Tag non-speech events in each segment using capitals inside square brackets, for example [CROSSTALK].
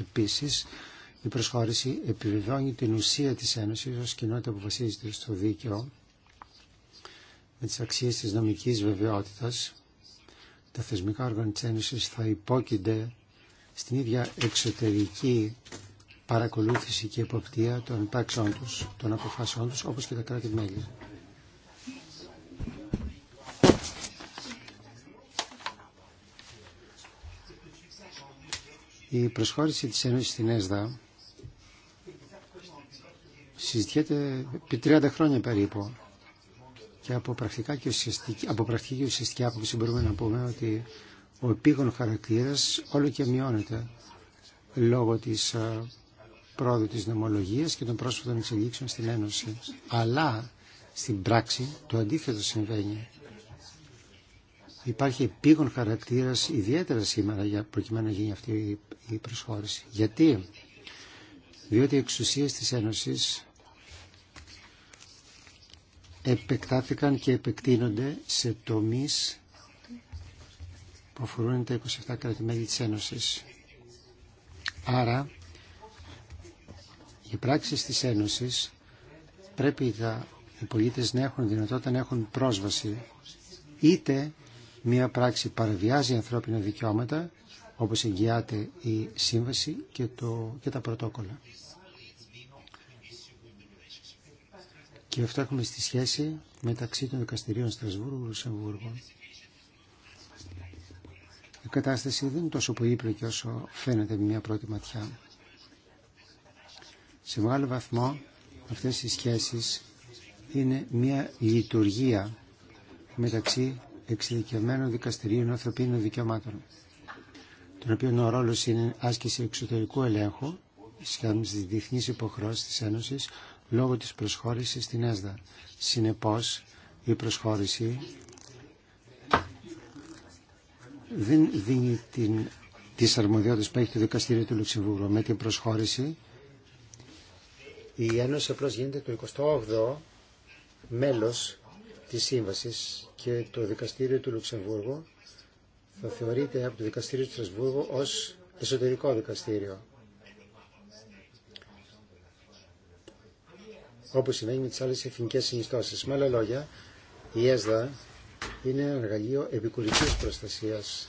Επίσης, η προσχώρηση επιβεβαιώνει την ουσία της Ένωσης ως κοινότητα που βασίζεται στο δίκαιο με τις αξίες της νομικής βεβαιότητας. Τα θεσμικά όργανα της Ένωσης θα υπόκεινται στην ίδια εξωτερική παρακολούθηση και υποπτία των τάξεων τους, των αποφάσεών τους, όπως και τα κράτη-μέλη. Η προσχώρηση της Ένωσης στην ΕΣΔΑ συζητιέται επί 30 χρόνια περίπου και από πρακτικά και ουσιαστική, από πρακτική και ουσιαστική άποψη μπορούμε να πούμε ότι ο επίγον χαρακτήρας όλο και μειώνεται λόγω της πρόοδου της νομολογίας και των πρόσφατων εξελίξεων στην Ένωση. Αλλά στην πράξη το αντίθετο συμβαίνει. Υπάρχει επίγον χαρακτήρας ιδιαίτερα σήμερα για προκειμένου να γίνει αυτή η προσχώρηση. Γιατί? Διότι οι εξουσίε της Ένωσης επεκτάθηκαν και επεκτείνονται σε τομεί που αφορούν τα 27 κράτη-μέλη της Ένωσης. Άρα, οι πράξεις της Ένωσης πρέπει τα, οι πολίτες να έχουν δυνατότητα να έχουν πρόσβαση είτε μία πράξη παραβιάζει ανθρώπινα δικαιώματα, όπως εγγυάται η σύμβαση και, το, και τα πρωτόκολλα. Και αυτό έχουμε στη σχέση μεταξύ των δικαστηρίων Στρασβούργου και Λουσεμβούργου. Η κατάσταση δεν είναι τόσο πολύπλοκη όσο φαίνεται με μια πρώτη ματιά. Σε μεγάλο βαθμό αυτές οι σχέσεις είναι μια λειτουργία μεταξύ εξειδικευμένων δικαστηρίων ανθρωπίνων δικαιωμάτων, τον οποίων ο ρόλο είναι άσκηση εξωτερικού ελέγχου σχεδόν στι διεθνεί υποχρεώσει τη Ένωση λόγω τη προσχώρηση στην ΕΣΔΑ. Συνεπώ, η προσχώρηση δεν δίνει την, τις αρμοδιότητες που έχει το δικαστήριο του Λουξεμβούργου. Με την προσχώρηση η Ένωση απλώς γίνεται το 28ο μέλος της Σύμβασης και το Δικαστήριο του Λουξεμβούργου θα θεωρείται από το Δικαστήριο του Στρασβούργου ως εσωτερικό δικαστήριο. Όπως συμβαίνει με τις άλλες εθνικές συνιστώσεις. Με άλλα λόγια, η ΕΣΔΑ είναι ένα εργαλείο επικουρική προστασίας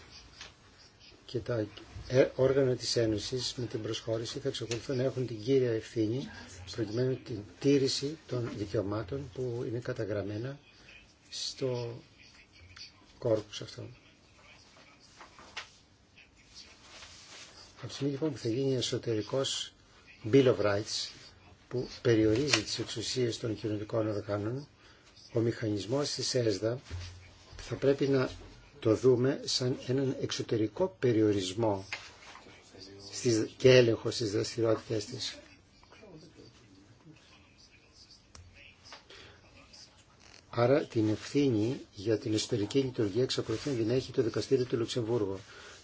και τα ε, όργανα της Ένωσης με την προσχώρηση θα εξακολουθούν να έχουν την κύρια ευθύνη προκειμένου την τήρηση των δικαιωμάτων που είναι καταγραμμένα στο κόρπους αυτό. Από τη στιγμή λοιπόν που θα γίνει εσωτερικός Bill of Rights που περιορίζει τις εξουσίες των κοινωνικών οργάνων, ο μηχανισμός της ΕΣΔΑ θα πρέπει να το δούμε σαν έναν εξωτερικό περιορισμό στις, και έλεγχο στις δραστηριότητες της. Άρα την ευθύνη για την εσωτερική λειτουργία εξακολουθεί να έχει το δικαστήριο του Λουξεμβούργου.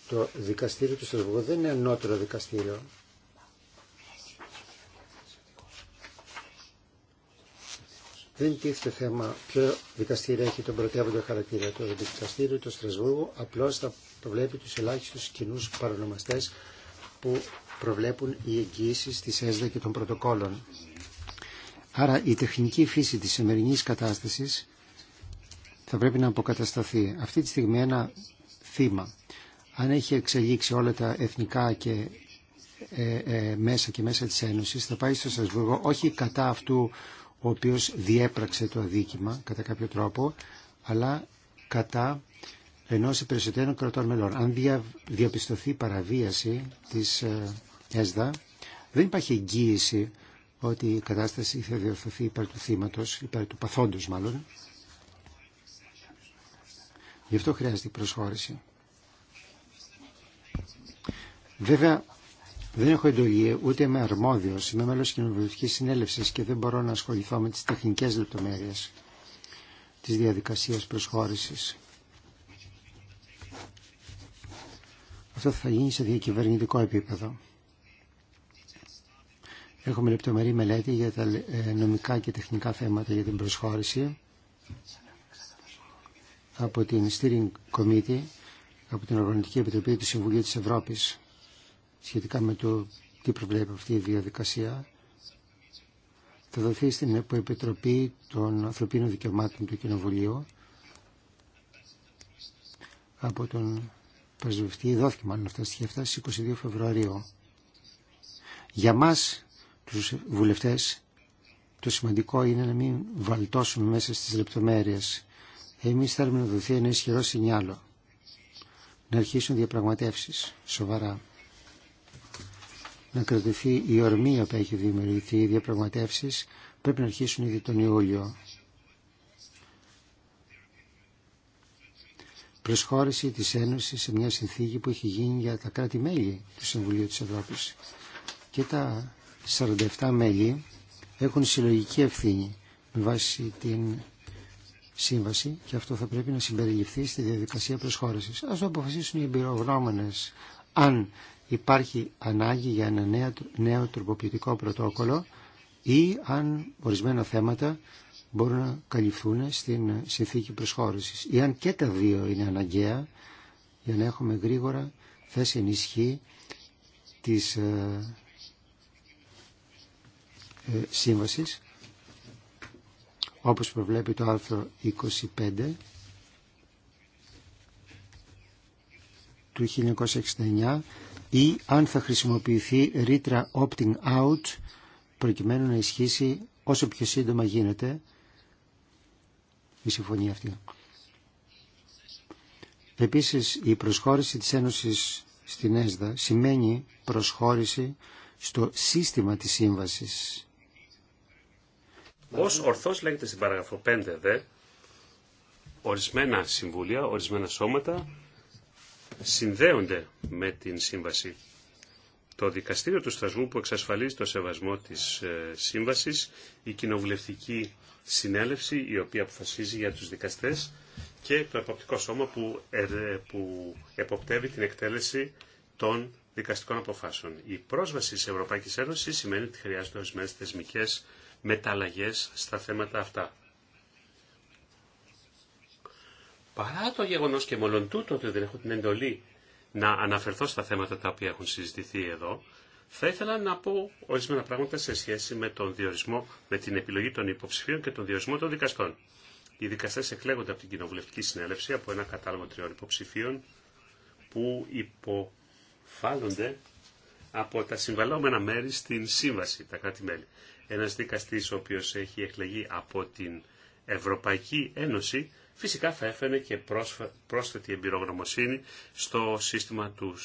Το δικαστήριο του Στρασβούργου δεν είναι ανώτερο δικαστήριο. Δεν τίθεται θέμα ποιο δικαστήριο έχει τον πρωτεύοντα χαρακτήρα. Το δικαστήριο του Στρασβούργου απλώ θα προβλέπει του ελάχιστου κοινού παρονομαστέ που προβλέπουν οι εγγύησει τη ΕΣΔΑ και των πρωτοκόλων. Άρα η τεχνική φύση της σημερινή κατάστασης θα πρέπει να αποκατασταθεί. Αυτή τη στιγμή ένα θύμα, αν έχει εξελίξει όλα τα εθνικά και ε, ε, μέσα και μέσα της Ένωσης, θα πάει στο Σασβουργό, όχι κατά αυτού ο οποίος διέπραξε το αδίκημα κατά κάποιο τρόπο, αλλά κατά ενός περισσότερων κρατών μελών. Αν δια, διαπιστωθεί παραβίαση της ε, ΕΣΔΑ, δεν υπάρχει εγγύηση ότι η κατάσταση θα διορθωθεί υπέρ του θύματος, υπέρ του παθόντος μάλλον. Γι' αυτό χρειάζεται η προσχώρηση. Βέβαια, δεν έχω εντολή, ούτε με αρμόδιο. Είμαι μέλο τη κοινοβουλευτική συνέλευση και δεν μπορώ να ασχοληθώ με τι τεχνικέ λεπτομέρειε τη διαδικασία προσχώρηση. Αυτό θα γίνει σε διακυβερνητικό επίπεδο. Έχουμε λεπτομερή μελέτη για τα ε, νομικά και τεχνικά θέματα για την προσχώρηση από την Steering Committee, από την Οργανωτική Επιτροπή του Συμβουλίου της Ευρώπης σχετικά με το τι προβλέπει αυτή η διαδικασία θα δοθεί στην Επιτροπή των Ανθρωπίνων Δικαιωμάτων του Κοινοβουλίου από τον Πρεσβευτή, δόθηκε μάλλον αυτά 22 Φεβρουαρίου. Για μας τους βουλευτές το σημαντικό είναι να μην βαλτώσουμε μέσα στις λεπτομέρειες. Εμείς θέλουμε να δοθεί ένα ισχυρό σινιάλο. Να αρχίσουν διαπραγματεύσεις σοβαρά. Να κρατηθεί η ορμή που έχει δημιουργηθεί. Οι διαπραγματεύσεις πρέπει να αρχίσουν ήδη τον Ιούλιο. Προσχώρηση της Ένωσης σε μια συνθήκη που έχει γίνει για τα κράτη-μέλη του Συμβουλίου της Ευρώπης. Και τα 47 μέλη έχουν συλλογική ευθύνη με βάση την σύμβαση και αυτό θα πρέπει να συμπεριληφθεί στη διαδικασία προσχώρησης. Ας το αποφασίσουν οι εμπειρογνώμονες αν υπάρχει ανάγκη για ένα νέο, τροποποιητικό πρωτόκολλο ή αν ορισμένα θέματα μπορούν να καλυφθούν στην συνθήκη προσχώρησης ή αν και τα δύο είναι αναγκαία για να έχουμε γρήγορα θέση ενισχύ της ε, σύμβασης όπως προβλέπει το άρθρο 25 του 1969 ή αν θα χρησιμοποιηθεί ρήτρα opting out προκειμένου να ισχύσει όσο πιο σύντομα γίνεται η συμφωνία αυτή. Επίσης η προσχώρηση της Ένωσης στην ΕΣΔΑ σημαίνει προσχώρηση στο σύστημα της σύμβασης ως ορθώς λέγεται στην παραγραφό 5 δε, ορισμένα συμβούλια, ορισμένα σώματα συνδέονται με την σύμβαση. Το δικαστήριο του Στρασβού που εξασφαλίζει το σεβασμό της ε, σύμβασης, η κοινοβουλευτική συνέλευση η οποία αποφασίζει για τους δικαστές και το εποπτικό σώμα που, ε, που εποπτεύει την εκτέλεση των δικαστικών αποφάσεων. Η πρόσβαση τη ευρωπαϊκή Ένωση σημαίνει ότι χρειάζονται ορισμένε θεσμικέ μεταλλαγές στα θέματα αυτά. Παρά το γεγονός και μόλον τούτο ότι δεν έχω την εντολή να αναφερθώ στα θέματα τα οποία έχουν συζητηθεί εδώ, θα ήθελα να πω ορισμένα πράγματα σε σχέση με τον διορισμό, με την επιλογή των υποψηφίων και τον διορισμό των δικαστών. Οι δικαστέ εκλέγονται από την κοινοβουλευτική συνέλευση από ένα κατάλογο τριών υποψηφίων που υποφάλλονται από τα συμβαλώμενα μέρη στην σύμβαση, τα κράτη-μέλη ένας δικαστής ο οποίος έχει εκλεγεί από την Ευρωπαϊκή Ένωση, φυσικά θα έφερε και πρόσθετη εμπειρογνωμοσύνη στο σύστημα του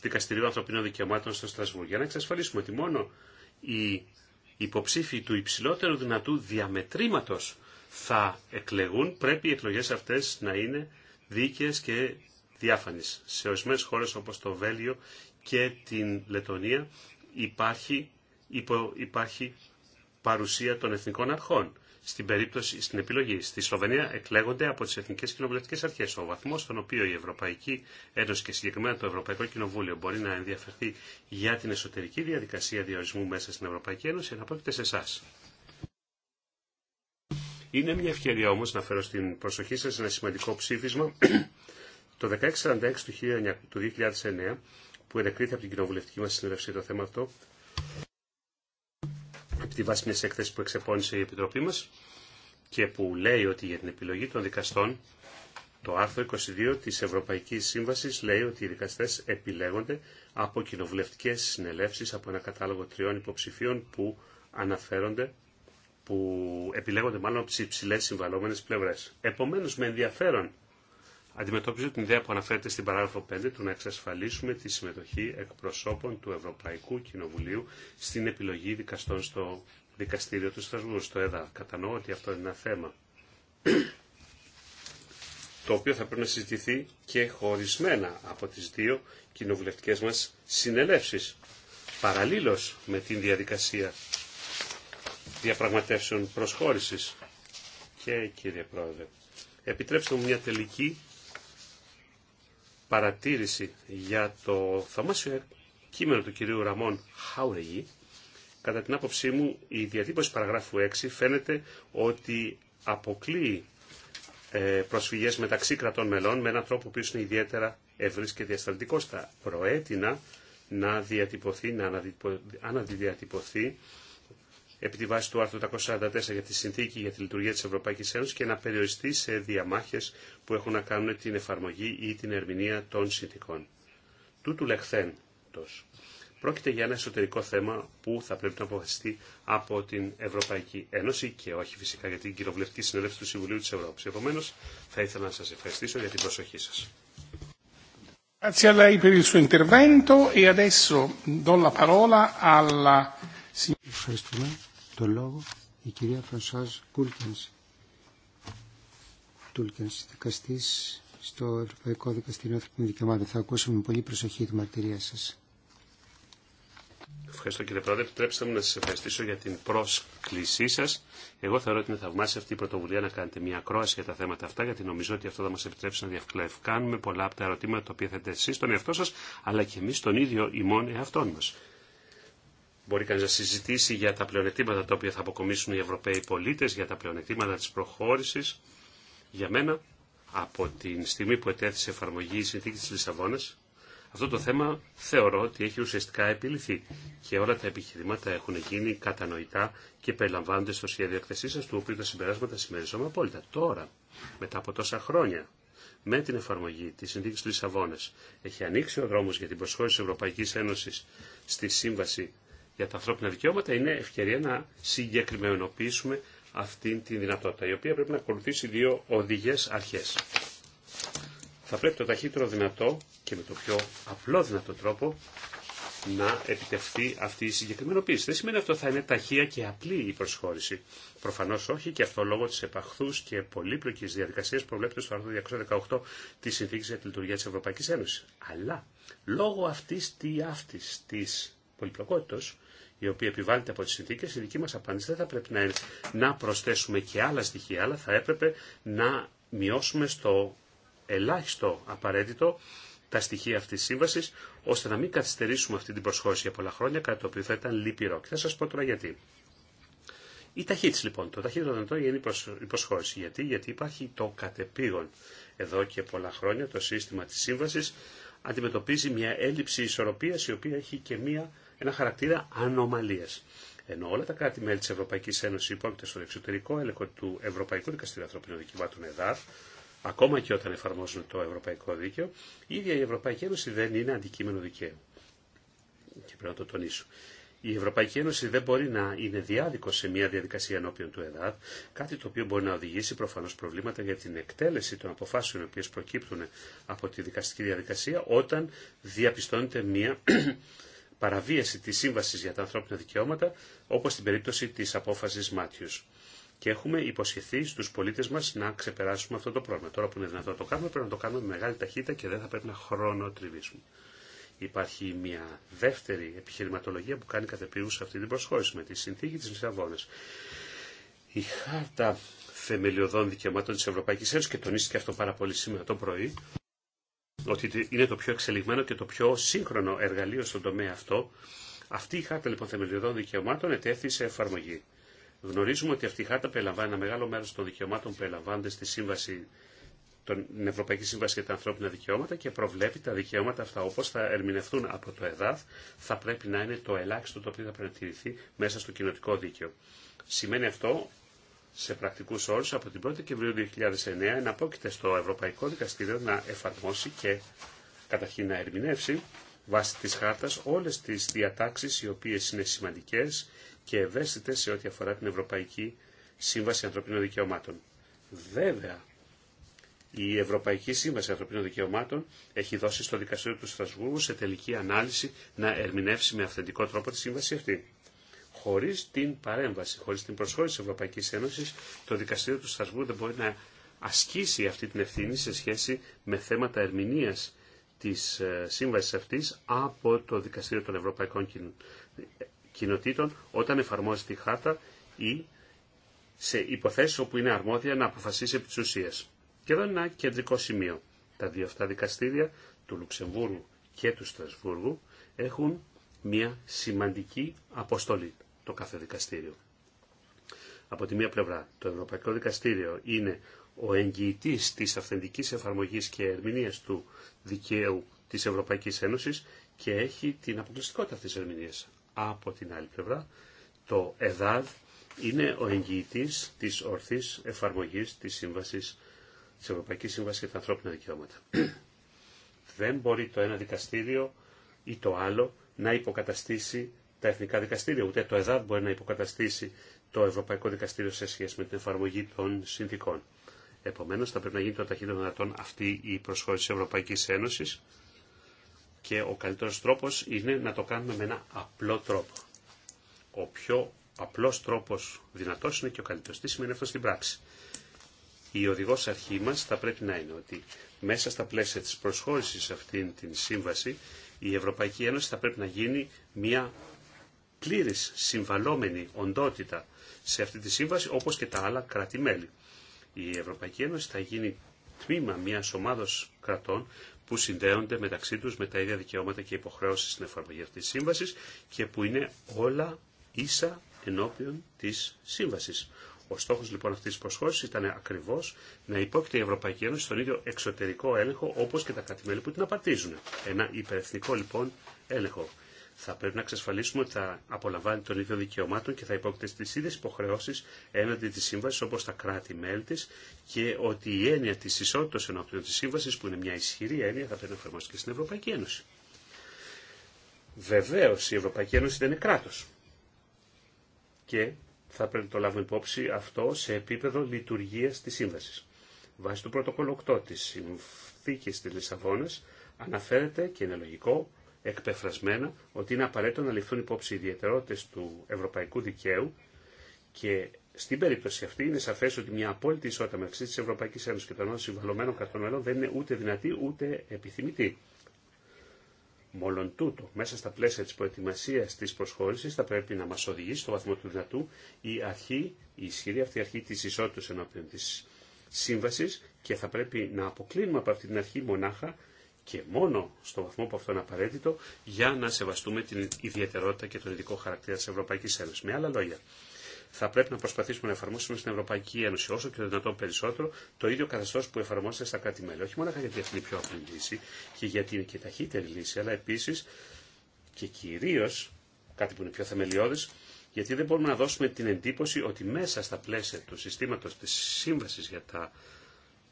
Δικαστηρίου Ανθρωπίνων Δικαιωμάτων στο Στρασβούργο. Για να εξασφαλίσουμε ότι μόνο οι υποψήφοι του υψηλότερου δυνατού διαμετρήματος θα εκλεγούν, πρέπει οι εκλογές αυτές να είναι δίκαιες και διάφανες. Σε ορισμένε χώρες όπως το Βέλιο και την Λετωνία υπάρχει υπάρχει παρουσία των εθνικών αρχών. Στην, περίπτωση, στην επιλογή στη Σλοβενία εκλέγονται από τι εθνικέ κοινοβουλευτικέ αρχέ, Ο βαθμό στον οποίο η Ευρωπαϊκή Ένωση και συγκεκριμένα το Ευρωπαϊκό Κοινοβούλιο μπορεί να ενδιαφερθεί για την εσωτερική διαδικασία διορισμού μέσα στην Ευρωπαϊκή Ένωση αναπόκειται σε εσά. Είναι μια ευκαιρία όμω να φέρω στην προσοχή σας ένα σημαντικό ψήφισμα [CLEARS THROAT] το 1646 του 2009 που ενεκρίθη από την κοινοβουλευτική μα συνέλευση το θέμα αυτό επί τη βάση μιας έκθεση που εξεπώνησε η Επιτροπή μας και που λέει ότι για την επιλογή των δικαστών το άρθρο 22 της Ευρωπαϊκής Σύμβασης λέει ότι οι δικαστές επιλέγονται από κοινοβουλευτικές συνελεύσεις από ένα κατάλογο τριών υποψηφίων που αναφέρονται που επιλέγονται μάλλον από τις υψηλές συμβαλόμενες πλευρές. Επομένως με ενδιαφέρον αντιμετώπιζε την ιδέα που αναφέρεται στην παράγραφο 5 του να εξασφαλίσουμε τη συμμετοχή εκπροσώπων του Ευρωπαϊκού Κοινοβουλίου στην επιλογή δικαστών στο δικαστήριο του Στρασβούργου, στο ΕΔΑ. Κατανοώ ότι αυτό είναι ένα θέμα το οποίο θα πρέπει να συζητηθεί και χωρισμένα από τις δύο κοινοβουλευτικές μας συνελεύσεις, παραλλήλως με την διαδικασία διαπραγματεύσεων προσχώρησης. Και κύριε Πρόεδρε, επιτρέψτε μου μια τελική παρατήρηση για το θαυμάσιο κείμενο του κυρίου Ραμών Χάουρεγη, κατά την άποψή μου η διατύπωση παραγράφου 6 φαίνεται ότι αποκλείει ε, προσφυγέ μεταξύ κρατών μελών με έναν τρόπο που είναι ιδιαίτερα ευρύ και διασταλτικός. Θα προέτεινα να διατυπωθεί, να αναδιατυπωθεί επί τη βάση του άρθρου 844 για τη συνθήκη για τη λειτουργία της Ευρωπαϊκής Ένωσης και να περιοριστεί σε διαμάχες που έχουν να κάνουν την εφαρμογή ή την ερμηνεία των συνθήκων. Τούτου λεχθέντος. Πρόκειται για ένα εσωτερικό θέμα που θα πρέπει να αποφασιστεί από την Ευρωπαϊκή Ένωση και όχι φυσικά για την κυριολεκτική Συνέλευση του Συμβουλίου της Ευρώπης. Επομένω, θα ήθελα να σας ευχαριστήσω για την προσοχή σας. Grazie lei per il suo intervento e adesso do la parola alla Ευχαριστούμε. Το λόγο η κυρία Φρανσουάζ Κούλκενς, Τούλκενς, δικαστής στο Ευρωπαϊκό Δικαστήριο Ανθρωπίνων Δικαιωμάτων. Θα ακούσουμε με πολύ προσοχή τη μαρτυρία σας. Ευχαριστώ κύριε Πρόεδρε. Επιτρέψτε μου να σα ευχαριστήσω για την πρόσκλησή σα. Εγώ θεωρώ ότι είναι θαυμάσια αυτή η πρωτοβουλία να κάνετε μια ακρόαση για τα θέματα αυτά, γιατί νομίζω ότι αυτό θα μα επιτρέψει να διευκλευκάνουμε πολλά από τα ερωτήματα τα οποία θέτε εσεί στον εαυτό σα, αλλά και εμεί τον ίδιο ημών εαυτόν μα. Μπορεί κανεί να συζητήσει για τα πλεονεκτήματα τα οποία θα αποκομίσουν οι Ευρωπαίοι πολίτε για τα πλεονεκτήματα τη προχώρηση Για μένα, από την στιγμή που ετέθησε εφαρμογή η συνθήκη τη Λισαβόνα, αυτό το θέμα θεωρώ ότι έχει ουσιαστικά επιληθεί και όλα τα επιχειρήματα έχουν γίνει κατανοητά και περιλαμβάνονται στο σχέδιο εκθεσή σα, του οποίου τα συμπεράσματα συμμεριζόμαι απόλυτα. Τώρα, μετά από τόσα χρόνια, με την εφαρμογή τη συνθήκη τη Λισαβόνα, έχει ανοίξει ο δρόμο για την προσχώρηση τη Ευρωπαϊκή Ένωση στη Σύμβαση για τα ανθρώπινα δικαιώματα είναι ευκαιρία να συγκεκριμενοποιήσουμε αυτή τη δυνατότητα, η οποία πρέπει να ακολουθήσει δύο οδηγές αρχέ. Θα πρέπει το ταχύτερο δυνατό και με το πιο απλό δυνατό τρόπο να επιτευχθεί αυτή η συγκεκριμενοποίηση. Δεν σημαίνει αυτό θα είναι ταχεία και απλή η προσχώρηση. Προφανώ όχι και αυτό λόγω τη επαχθού και πολύπλοκη διαδικασία που προβλέπεται στο άρθρο 218 τη Συνθήκη για τη Λειτουργία τη Ευρωπαϊκή Ένωση. Αλλά λόγω αυτή τη αυτή τη πολυπλοκότητα η οποία επιβάλλεται από τι συνθήκε, η δική μα απάντηση δεν θα πρέπει να είναι να προσθέσουμε και άλλα στοιχεία, αλλά θα έπρεπε να μειώσουμε στο ελάχιστο απαραίτητο τα στοιχεία αυτή τη σύμβαση, ώστε να μην καθυστερήσουμε αυτή την προσχώρηση για πολλά χρόνια, κάτι το οποίο θα ήταν λυπηρό. Και θα σα πω τώρα γιατί. Η ταχύτητα λοιπόν, το ταχύτητο δυνατό είναι η προσχώρηση. Γιατί? Γιατί υπάρχει το κατεπήγον. Εδώ και πολλά χρόνια το σύστημα τη σύμβαση αντιμετωπίζει μια έλλειψη ισορροπίας η οποία έχει και μια ένα χαρακτήρα ανομαλία. Ενώ όλα τα κράτη-μέλη τη Ευρωπαϊκή Ένωση υπόκειται στον εξωτερικό έλεγχο του Ευρωπαϊκού Δικαστηρίου Ανθρωπίνων Δικαιωμάτων ΕΔΑΤ, ακόμα και όταν εφαρμόζουν το Ευρωπαϊκό Δίκαιο, η ίδια η Ευρωπαϊκή Ένωση δεν είναι αντικείμενο δικαίου. Και πρέπει να το τονίσω. Η Ευρωπαϊκή Ένωση δεν μπορεί να είναι διάδικο σε μια διαδικασία ενώπιον του ΕΔΑΔ, κάτι το οποίο μπορεί να οδηγήσει προφανώ προβλήματα για την εκτέλεση των αποφάσεων οι οποίε προκύπτουν από τη δικαστική διαδικασία όταν διαπιστώνεται μια παραβίαση της Σύμβασης για τα ανθρώπινα δικαιώματα, όπως στην περίπτωση της απόφασης Μάτιους. Και έχουμε υποσχεθεί στους πολίτες μας να ξεπεράσουμε αυτό το πρόβλημα. Τώρα που είναι δυνατό να το κάνουμε, πρέπει να το κάνουμε με μεγάλη ταχύτητα και δεν θα πρέπει να χρόνο τριβήσουμε. Υπάρχει μια δεύτερη επιχειρηματολογία που κάνει σε αυτή την προσχώρηση με τη συνθήκη της Λισαβόνας. Η χάρτα θεμελιωδών δικαιωμάτων της Ευρωπαϊκής Ένωσης και τονίστηκε αυτό πάρα πολύ σήμερα το πρωί, ότι είναι το πιο εξελιγμένο και το πιο σύγχρονο εργαλείο στον τομέα αυτό. Αυτή η χάρτα λοιπόν θεμελιωδών δικαιωμάτων ετέθη σε εφαρμογή. Γνωρίζουμε ότι αυτή η χάρτα περιλαμβάνει ένα μεγάλο μέρο των δικαιωμάτων που περιλαμβάνονται στη σύμβαση, την Ευρωπαϊκή Σύμβαση για τα Ανθρώπινα Δικαιώματα και προβλέπει τα δικαιώματα αυτά όπω θα ερμηνευτούν από το ΕΔΑΘ, θα πρέπει να είναι το ελάχιστο το οποίο θα πρέπει μέσα στο κοινοτικό δίκαιο. Σημαίνει αυτό σε πρακτικού όρου από την 1η Κεβρίου 2009 εναπόκειται στο Ευρωπαϊκό Δικαστήριο να εφαρμόσει και καταρχήν να ερμηνεύσει βάσει της χάρτας όλες τις διατάξεις οι οποίες είναι σημαντικές και ευαίσθητες σε ό,τι αφορά την Ευρωπαϊκή Σύμβαση Ανθρωπίνων Δικαιωμάτων. Βέβαια, η Ευρωπαϊκή Σύμβαση Ανθρωπίνων Δικαιωμάτων έχει δώσει στο Δικαστήριο του Στρασβούργου σε τελική ανάλυση να εφαρμοσει και καταρχην να ερμηνευσει βασει τη χαρτα ολε τι διαταξει οι οποιε ειναι σημαντικε και ευαισθητε σε οτι αφορα την ευρωπαικη συμβαση ανθρωπινων δικαιωματων βεβαια η ευρωπαικη συμβαση ανθρωπινων δικαιωματων εχει δωσει στο δικαστηριο του στρασβουργου σε τελικη αναλυση να ερμηνευσει με αυθεντικό τρόπο τη σύμβαση αυτή χωρίς την παρέμβαση, χωρίς την προσχώρηση της Ευρωπαϊκής Ένωσης, το δικαστήριο του Στρασβούργου δεν μπορεί να ασκήσει αυτή την ευθύνη σε σχέση με θέματα ερμηνείας της ε, σύμβασης αυτής από το Δικαστήριο των Ευρωπαϊκών Κοινοτήτων όταν εφαρμόζει τη χάρτα ή σε υποθέσεις όπου είναι αρμόδια να αποφασίσει επί της ουσίας. Και εδώ είναι ένα κεντρικό σημείο. Τα δύο αυτά δικαστήρια του Λουξεμβούργου και του Στρασβούργου έχουν μια σημαντική αποστολή το κάθε δικαστήριο. Από τη μία πλευρά, το Ευρωπαϊκό Δικαστήριο είναι ο εγγυητής της αυθεντικής εφαρμογής και ερμηνείας του δικαίου της Ευρωπαϊκής Ένωσης και έχει την αποκλειστικότητα της ερμηνείας. Από την άλλη πλευρά, το ΕΔΑΔ είναι ο εγγυητής της ορθής εφαρμογής της, σύμβασης, της Ευρωπαϊκής Σύμβασης για τα ανθρώπινα δικαιώματα. [CLEARS THROAT] Δεν μπορεί το ένα δικαστήριο ή το άλλο να υποκαταστήσει τα εθνικά δικαστήρια, ούτε το ΕΔΑΤ μπορεί να υποκαταστήσει το Ευρωπαϊκό Δικαστήριο σε σχέση με την εφαρμογή των συνθήκων. Επομένως, θα πρέπει να γίνει το ταχύτερο δυνατόν αυτή η προσχώρηση της Ευρωπαϊκής Ένωσης και ο καλύτερος τρόπος είναι να το κάνουμε με ένα απλό τρόπο. Ο πιο απλός τρόπος δυνατός είναι και ο καλύτερος. Τι σημαίνει αυτό στην πράξη. Η οδηγός αρχή μας θα πρέπει να είναι ότι μέσα στα πλαίσια της προσχώρησης αυτήν την σύμβαση η Ευρωπαϊκή Ένωση θα πρέπει να γίνει μια πλήρης συμβαλόμενη οντότητα σε αυτή τη σύμβαση, όπως και τα άλλα κράτη-μέλη. Η Ευρωπαϊκή Ένωση θα γίνει τμήμα μιας ομάδος κρατών που συνδέονται μεταξύ τους με τα ίδια δικαιώματα και υποχρέωσεις στην εφαρμογή αυτής της σύμβασης και που είναι όλα ίσα ενώπιον της σύμβασης. Ο στόχος λοιπόν αυτής της προσχώρησης ήταν ακριβώς να υπόκειται η Ευρωπαϊκή Ένωση στον ίδιο εξωτερικό έλεγχο όπως και τα κρατη που την απαρτίζουν. Ένα υπερεθνικό λοιπόν έλεγχο. Θα πρέπει να εξασφαλίσουμε ότι θα απολαμβάνει τον ίδιων δικαιωμάτων και θα υπόκειται στι ίδιε υποχρεώσει έναντι τη σύμβαση όπω τα κράτη-μέλη τη και ότι η έννοια τη ισότητα ενώπιον τη σύμβαση, που είναι μια ισχυρή έννοια, θα πρέπει να εφαρμόσει και στην Ευρωπαϊκή Ένωση. Βεβαίω η Ευρωπαϊκή Ένωση δεν είναι κράτο. Και θα πρέπει να το λάβουμε υπόψη αυτό σε επίπεδο λειτουργία τη σύμβαση. Βάσει του πρωτοκόλλου 8 τη συνθήκη τη Λισαβόνα αναφέρεται και είναι λογικό εκπεφρασμένα ότι είναι απαραίτητο να ληφθούν υπόψη οι ιδιαιτερότητες του ευρωπαϊκού δικαίου και στην περίπτωση αυτή είναι σαφέ ότι μια απόλυτη ισότητα μεταξύ τη Ευρωπαϊκή Ένωση και των άλλων συμβαλωμένων κρατών μελών δεν είναι ούτε δυνατή ούτε επιθυμητή. Μόλον τούτο, μέσα στα πλαίσια τη προετοιμασία τη προσχώρηση θα πρέπει να μα οδηγήσει στο βαθμό του δυνατού η αρχή, η ισχυρή αυτή αρχή τη ισότητα ενώπιον τη σύμβαση και θα πρέπει να αποκλίνουμε από αυτή την αρχή μονάχα και μόνο στο βαθμό που αυτό είναι απαραίτητο για να σεβαστούμε την ιδιαιτερότητα και τον ειδικό χαρακτήρα της Ευρωπαϊκής Ένωσης. Με άλλα λόγια, θα πρέπει να προσπαθήσουμε να εφαρμόσουμε στην Ευρωπαϊκή Ένωση όσο και το δυνατόν περισσότερο το ίδιο καθεστώ που εφαρμόζεται στα κράτη-μέλη. Όχι μόνο γιατί αυτή είναι η πιο απλή λύση και γιατί είναι και ταχύτερη λύση, αλλά επίση και κυρίω κάτι που είναι πιο θεμελιώδη, γιατί δεν μπορούμε να δώσουμε την εντύπωση ότι μέσα στα πλαίσια του συστήματο τη Σύμβαση για τα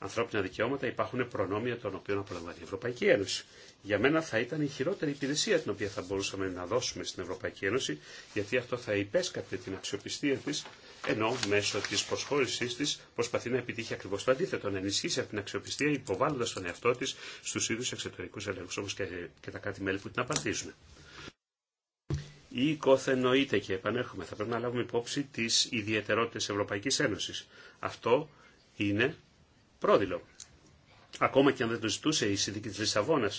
ανθρώπινα δικαιώματα υπάρχουν προνόμια των οποίων απολαμβάνει η Ευρωπαϊκή Ένωση. Για μένα θα ήταν η χειρότερη υπηρεσία την οποία θα μπορούσαμε να δώσουμε στην Ευρωπαϊκή Ένωση, γιατί αυτό θα υπέσκαπτε την αξιοπιστία τη, ενώ μέσω τη προσχώρησή τη προσπαθεί να επιτύχει ακριβώ το αντίθετο, να ενισχύσει αυτή την αξιοπιστία υποβάλλοντα τον εαυτό τη στου ίδιου εξωτερικού ελέγχου, όπω και τα κράτη-μέλη που την απαντήσουν. Ή κοθενοείται και επανέρχομαι, θα πρέπει να λάβουμε υπόψη τι ιδιαιτερότητε Ευρωπαϊκή Ένωση. Αυτό είναι πρόδειλο. Ακόμα και αν δεν το ζητούσε η συνδίκη τη Λισαβόνα,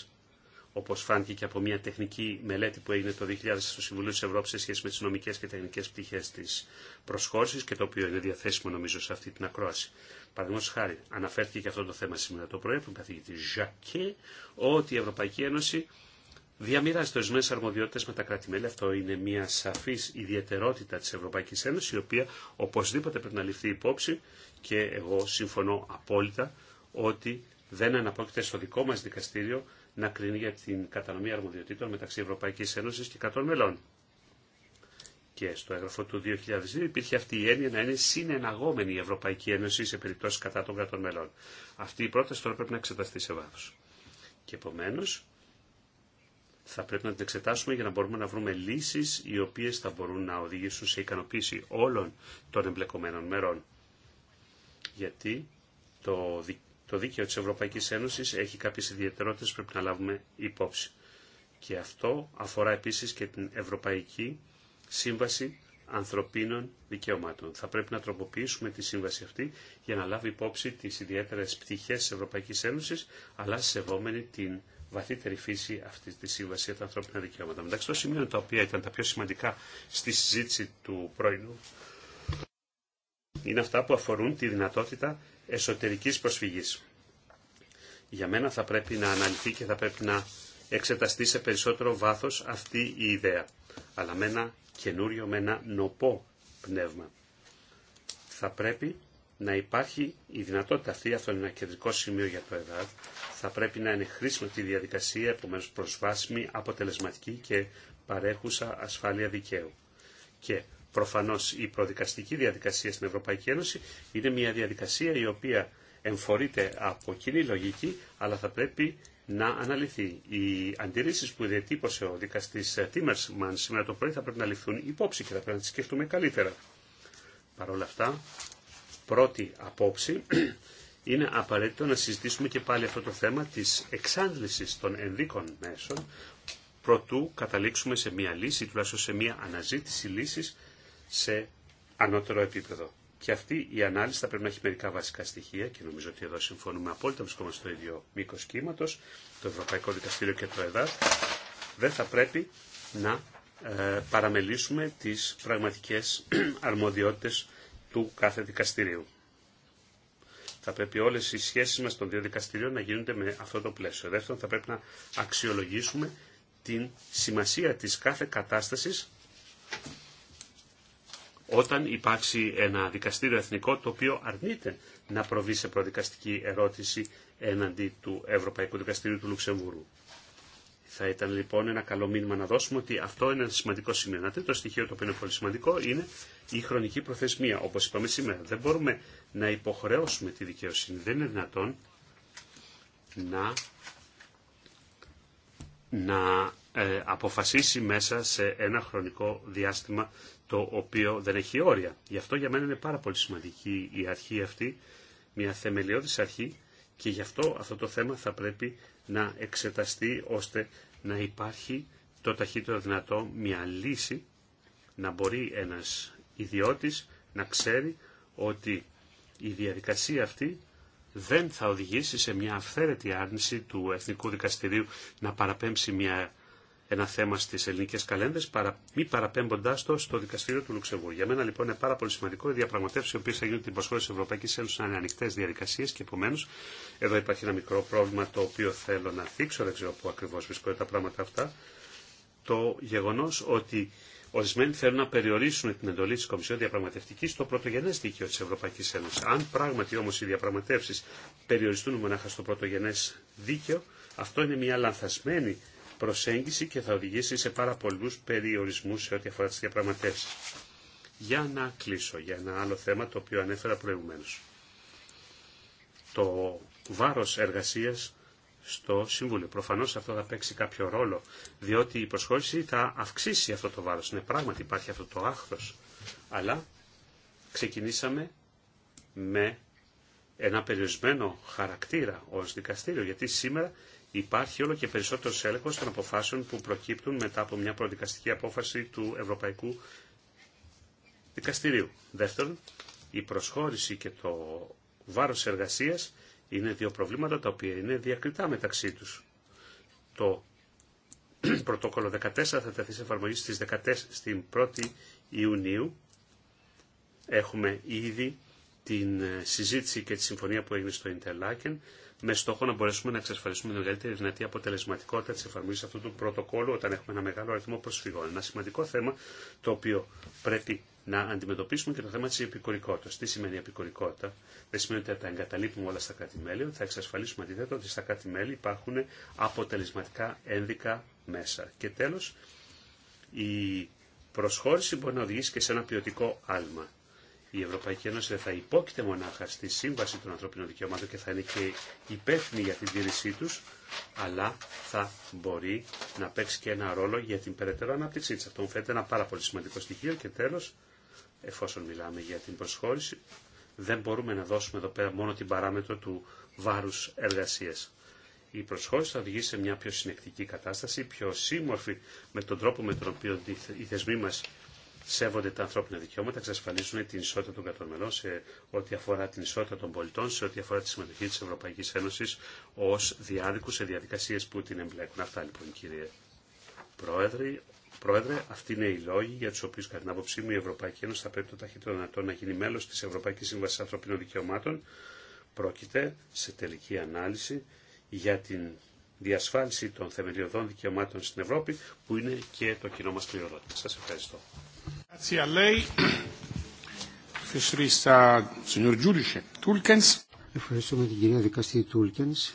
όπως φάνηκε και από μια τεχνική μελέτη που έγινε το 2000 στο Συμβουλίο της Ευρώπης σε σχέση με τι νομικέ και τεχνικές πτυχές της προσχώρηση και το οποίο είναι διαθέσιμο νομίζω σε αυτή την ακρόαση. Παραδείγματο χάρη, αναφέρθηκε και αυτό το θέμα σήμερα το πρωί από τον καθηγητή Ζακέ, ότι η Ευρωπαϊκή Ένωση διαμοιράζεται ορισμένε αρμοδιότητε με τα κράτη-μέλη. Αυτό είναι μια σαφή ιδιαιτερότητα τη Ευρωπαϊκή Ένωση, η οποία οπωσδήποτε πρέπει να ληφθεί υπόψη και εγώ συμφωνώ απόλυτα ότι δεν αναπόκειται στο δικό μα δικαστήριο να κρίνει για την κατανομή αρμοδιοτήτων μεταξύ Ευρωπαϊκή Ένωση και κρατών μελών. Και στο έγγραφο του 2002 υπήρχε αυτή η έννοια να είναι συνεναγόμενη η Ευρωπαϊκή Ένωση σε περιπτώσει κατά των κρατών μελών. Αυτή η πρόταση τώρα πρέπει να εξεταστεί σε βάθο. Και επομένω, θα πρέπει να την εξετάσουμε για να μπορούμε να βρούμε λύσεις οι οποίες θα μπορούν να οδηγήσουν σε ικανοποίηση όλων των εμπλεκομένων μερών. Γιατί το, το δίκαιο της Ευρωπαϊκής Ένωσης έχει κάποιες ιδιαιτερότητες που πρέπει να λάβουμε υπόψη. Και αυτό αφορά επίσης και την Ευρωπαϊκή Σύμβαση Ανθρωπίνων Δικαιωμάτων. Θα πρέπει να τροποποιήσουμε τη σύμβαση αυτή για να λάβει υπόψη τις ιδιαίτερες πτυχές της Ευρωπαϊκής Ένωσης, αλλά σεβόμενη την βαθύτερη φύση αυτή τη σύμβαση για τα ανθρώπινα δικαιώματα. Μεταξύ των σημείων τα οποία ήταν τα πιο σημαντικά στη συζήτηση του πρώην είναι αυτά που αφορούν τη δυνατότητα εσωτερικής προσφυγής. Για μένα θα πρέπει να αναλυθεί και θα πρέπει να εξεταστεί σε περισσότερο βάθος αυτή η ιδέα, αλλά με ένα καινούριο, με ένα νοπό πνεύμα. Θα πρέπει να υπάρχει η δυνατότητα αυτή, αυτό είναι ένα κεντρικό σημείο για το ΕΔΑΔ, θα πρέπει να είναι χρήσιμη τη διαδικασία, επομένως προσβάσιμη, αποτελεσματική και παρέχουσα ασφάλεια δικαίου. Και προφανώς η προδικαστική διαδικασία στην Ευρωπαϊκή Ένωση είναι μια διαδικασία η οποία εμφορείται από κοινή λογική, αλλά θα πρέπει να αναλυθεί. Οι αντιρρήσει που διατύπωσε ο δικαστή Τίμερσμαν σήμερα το πρωί θα πρέπει να ληφθούν υπόψη και θα πρέπει να τι σκεφτούμε καλύτερα. Παρ' όλα αυτά, πρώτη απόψη [CLEARS THROAT] είναι απαραίτητο να συζητήσουμε και πάλι αυτό το θέμα της εξάντλησης των ενδίκων μέσων προτού καταλήξουμε σε μια λύση, τουλάχιστον σε μια αναζήτηση λύσης σε ανώτερο επίπεδο. Και αυτή η ανάλυση θα πρέπει να έχει μερικά βασικά στοιχεία και νομίζω ότι εδώ συμφωνούμε απόλυτα, βρισκόμαστε στο ίδιο μήκο κύματο, το Ευρωπαϊκό Δικαστήριο και το ΕΔΑΣ. Δεν θα πρέπει να ε, παραμελήσουμε τις πραγματικές [CLEARS THROAT] αρμοδιότητες του κάθε δικαστηρίου. Θα πρέπει όλε οι σχέσει μα των δύο δικαστηρίων να γίνονται με αυτό το πλαίσιο. Δεύτερον, θα πρέπει να αξιολογήσουμε την σημασία τη κάθε κατάσταση όταν υπάρξει ένα δικαστήριο εθνικό το οποίο αρνείται να προβεί σε προδικαστική ερώτηση έναντι του Ευρωπαϊκού Δικαστηρίου του Λουξεμβούργου. Θα ήταν λοιπόν ένα καλό μήνυμα να δώσουμε ότι αυτό είναι ένα σημαντικό σημείο. Ένα τρίτο στοιχείο το οποίο είναι πολύ σημαντικό είναι η χρονική προθεσμία. Όπω είπαμε σήμερα, δεν μπορούμε να υποχρεώσουμε τη δικαιοσύνη. Δεν είναι δυνατόν να, να ε, αποφασίσει μέσα σε ένα χρονικό διάστημα το οποίο δεν έχει όρια. Γι' αυτό για μένα είναι πάρα πολύ σημαντική η αρχή αυτή, μια θεμελιώδης αρχή και γι' αυτό αυτό το θέμα θα πρέπει να εξεταστεί ώστε να υπάρχει το ταχύτερο δυνατό μια λύση να μπορεί ένας ιδιώτης να ξέρει ότι η διαδικασία αυτή δεν θα οδηγήσει σε μια αυθαίρετη άρνηση του Εθνικού Δικαστηρίου να παραπέμψει μια ένα θέμα στι ελληνικέ καλένδε, παρα, μη παραπέμποντά το στο δικαστήριο του Λουξεμβούργου. Για μένα λοιπόν είναι πάρα πολύ σημαντικό οι διαπραγματεύσει οι οποίε θα γίνουν την προσχώρηση τη Ευρωπαϊκή Ένωση να είναι ανοιχτέ διαδικασίε και επομένω εδώ υπάρχει ένα μικρό πρόβλημα το οποίο θέλω να θίξω, δεν ξέρω πού ακριβώ βρίσκονται τα πράγματα αυτά. Το γεγονό ότι Ορισμένοι θέλουν να περιορίσουν την εντολή τη Κομισιόν Διαπραγματευτική στο πρωτογενέ δίκαιο τη Ευρωπαϊκή Ένωση. Αν πράγματι όμω οι διαπραγματεύσει περιοριστούν μονάχα στο πρωτογενέ δίκαιο, αυτό είναι μια λανθασμένη προσέγγιση και θα οδηγήσει σε πάρα πολλού περιορισμού σε ό,τι αφορά τι διαπραγματεύσει. Για να κλείσω για ένα άλλο θέμα το οποίο ανέφερα προηγουμένως. Το βάρος εργασία στο Συμβούλιο. Προφανώς αυτό θα παίξει κάποιο ρόλο, διότι η προσχώρηση θα αυξήσει αυτό το βάρος. Ναι, πράγματι υπάρχει αυτό το άχρος, αλλά ξεκινήσαμε με ένα περιορισμένο χαρακτήρα ως δικαστήριο, γιατί σήμερα Υπάρχει όλο και περισσότερο έλεγχο των αποφάσεων που προκύπτουν μετά από μια προδικαστική απόφαση του Ευρωπαϊκού Δικαστηρίου. Δεύτερον, η προσχώρηση και το βάρος εργασίας είναι δύο προβλήματα τα οποία είναι διακριτά μεταξύ τους. Το [CLEARS THROAT] πρωτόκολλο 14 θα τεθεί σε εφαρμογή στις 14, στην 1η Ιουνίου. Έχουμε ήδη την ε, συζήτηση και τη συμφωνία που έγινε στο Ιντελάκεν με στόχο να μπορέσουμε να εξασφαλίσουμε την μεγαλύτερη δυνατή αποτελεσματικότητα τη εφαρμογή αυτού του πρωτοκόλου όταν έχουμε ένα μεγάλο αριθμό προσφυγών. Ένα σημαντικό θέμα το οποίο πρέπει να αντιμετωπίσουμε και το θέμα τη επικουρικότητα. Τι σημαίνει επικουρικότητα, δεν σημαίνει ότι θα τα εγκαταλείπουμε όλα στα κράτη-μέλη, θα εξασφαλίσουμε αντίθετα ότι στα κράτη-μέλη υπάρχουν αποτελεσματικά ένδικα μέσα. Και τέλο, η προσχώρηση μπορεί να οδηγήσει και σε ένα ποιοτικό άλμα η Ευρωπαϊκή Ένωση δεν θα υπόκειται μονάχα στη σύμβαση των ανθρωπίνων δικαιωμάτων και θα είναι και υπεύθυνη για την τήρησή του, αλλά θα μπορεί να παίξει και ένα ρόλο για την περαιτέρω ανάπτυξή τη. Αυτό μου φαίνεται ένα πάρα πολύ σημαντικό στοιχείο. Και τέλο, εφόσον μιλάμε για την προσχώρηση, δεν μπορούμε να δώσουμε εδώ πέρα μόνο την παράμετρο του βάρου εργασία. Η προσχώρηση θα οδηγήσει σε μια πιο συνεκτική κατάσταση, πιο σύμμορφη με τον τρόπο με τον οποίο οι θεσμοί μα σέβονται τα ανθρώπινα δικαιώματα, εξασφαλίζουν την ισότητα των κατορμενών σε ό,τι αφορά την ισότητα των πολιτών, σε ό,τι αφορά τη συμμετοχή τη Ευρωπαϊκή Ένωση ω διάδικου σε διαδικασίε που την εμπλέκουν. Αυτά λοιπόν, κύριε Πρόεδρε. Πρόεδρε, αυτοί είναι οι λόγοι για του οποίου, κατά την άποψή μου, η Ευρωπαϊκή Ένωση θα πρέπει το ταχύτερο δυνατό να γίνει μέλο τη Ευρωπαϊκή Σύμβαση Ανθρωπίνων Δικαιωμάτων. Πρόκειται, σε τελική ανάλυση, για την διασφάλιση των θεμελιωδών δικαιωμάτων στην Ευρώπη, που είναι και το κοινό μα πληροδότημα. Σα ευχαριστώ. Ευχαριστούμε την κυρία δικαστή Τούλκενς.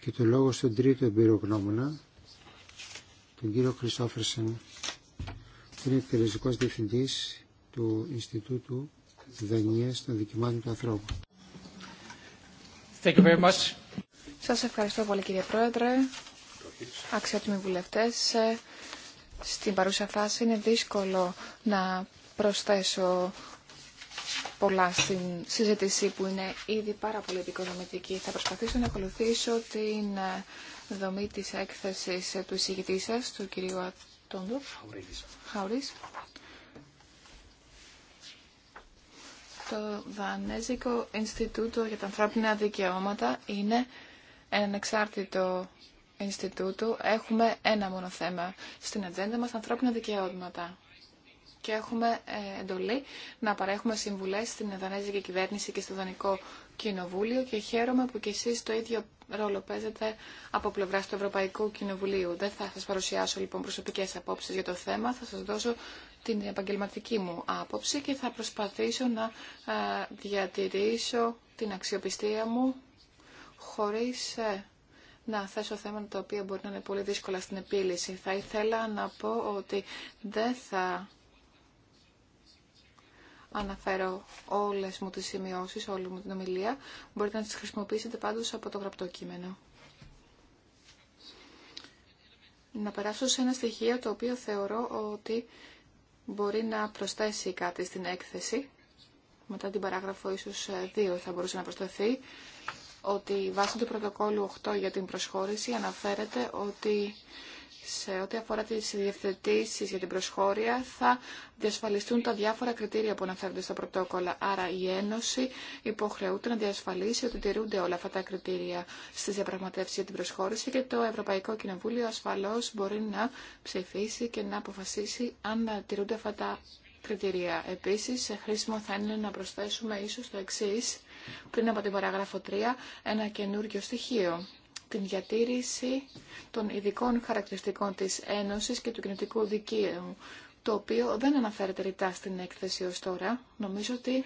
Και το λόγο στον τρίτο εμπειρογνώμονα, τον κύριο Χριστόφερσεν που είναι εκτελεστικός διευθυντής του Ινστιτούτου Δανίας των Δικημάτων του Ανθρώπου. Thank you very much. Σας ευχαριστώ πολύ κύριε Πρόεδρε αξιότιμοι βουλευτές. Ε, στην παρούσα φάση είναι δύσκολο να προσθέσω πολλά στην συζήτηση που είναι ήδη πάρα πολύ επικοδομητική. Θα προσπαθήσω να ακολουθήσω την ε, δομή της έκθεσης ε, του εισηγητή σας, του κυρίου Ατόντου. Χαουρίς. Το Δανέζικο Ινστιτούτο για τα Ανθρώπινα Δικαιώματα είναι ένα εξάρτητο Ινστιτούτου έχουμε ένα μόνο θέμα στην ατζέντα μας, ανθρώπινα δικαιώματα. Και έχουμε ε, εντολή να παρέχουμε συμβουλές στην Δανέζικη κυβέρνηση και στο Δανικό Κοινοβούλιο και χαίρομαι που και εσείς το ίδιο ρόλο παίζετε από πλευράς του Ευρωπαϊκού Κοινοβουλίου. Δεν θα σας παρουσιάσω λοιπόν προσωπικές απόψεις για το θέμα, θα σας δώσω την επαγγελματική μου άποψη και θα προσπαθήσω να ε, διατηρήσω την αξιοπιστία μου χωρίς ε, να θέσω θέματα τα οποία μπορεί να είναι πολύ δύσκολα στην επίλυση. Θα ήθελα να πω ότι δεν θα αναφέρω όλες μου τις σημειώσεις, όλη μου την ομιλία. Μπορείτε να τις χρησιμοποιήσετε πάντως από το γραπτό κείμενο. Να περάσω σε ένα στοιχείο το οποίο θεωρώ ότι μπορεί να προσθέσει κάτι στην έκθεση. Μετά την παράγραφο ίσως ε, δύο θα μπορούσε να προσθεθεί ότι βάσει του πρωτοκόλλου 8 για την προσχώρηση αναφέρεται ότι σε ό,τι αφορά τις διευθετήσεις για την προσχώρια θα διασφαλιστούν τα διάφορα κριτήρια που αναφέρονται στα πρωτόκολλα. Άρα η Ένωση υποχρεούται να διασφαλίσει ότι τηρούνται όλα αυτά τα κριτήρια στις διαπραγματεύσεις για την προσχώρηση και το Ευρωπαϊκό Κοινοβούλιο ασφαλώς μπορεί να ψηφίσει και να αποφασίσει αν τηρούνται αυτά τα κριτήρια. Επίσης, χρήσιμο θα είναι να προσθέσουμε ίσως το εξή πριν από την παράγραφο 3 ένα καινούργιο στοιχείο την διατήρηση των ειδικών χαρακτηριστικών της Ένωσης και του κινητικού δικαίου, το οποίο δεν αναφέρεται ρητά στην έκθεση ως τώρα. Νομίζω ότι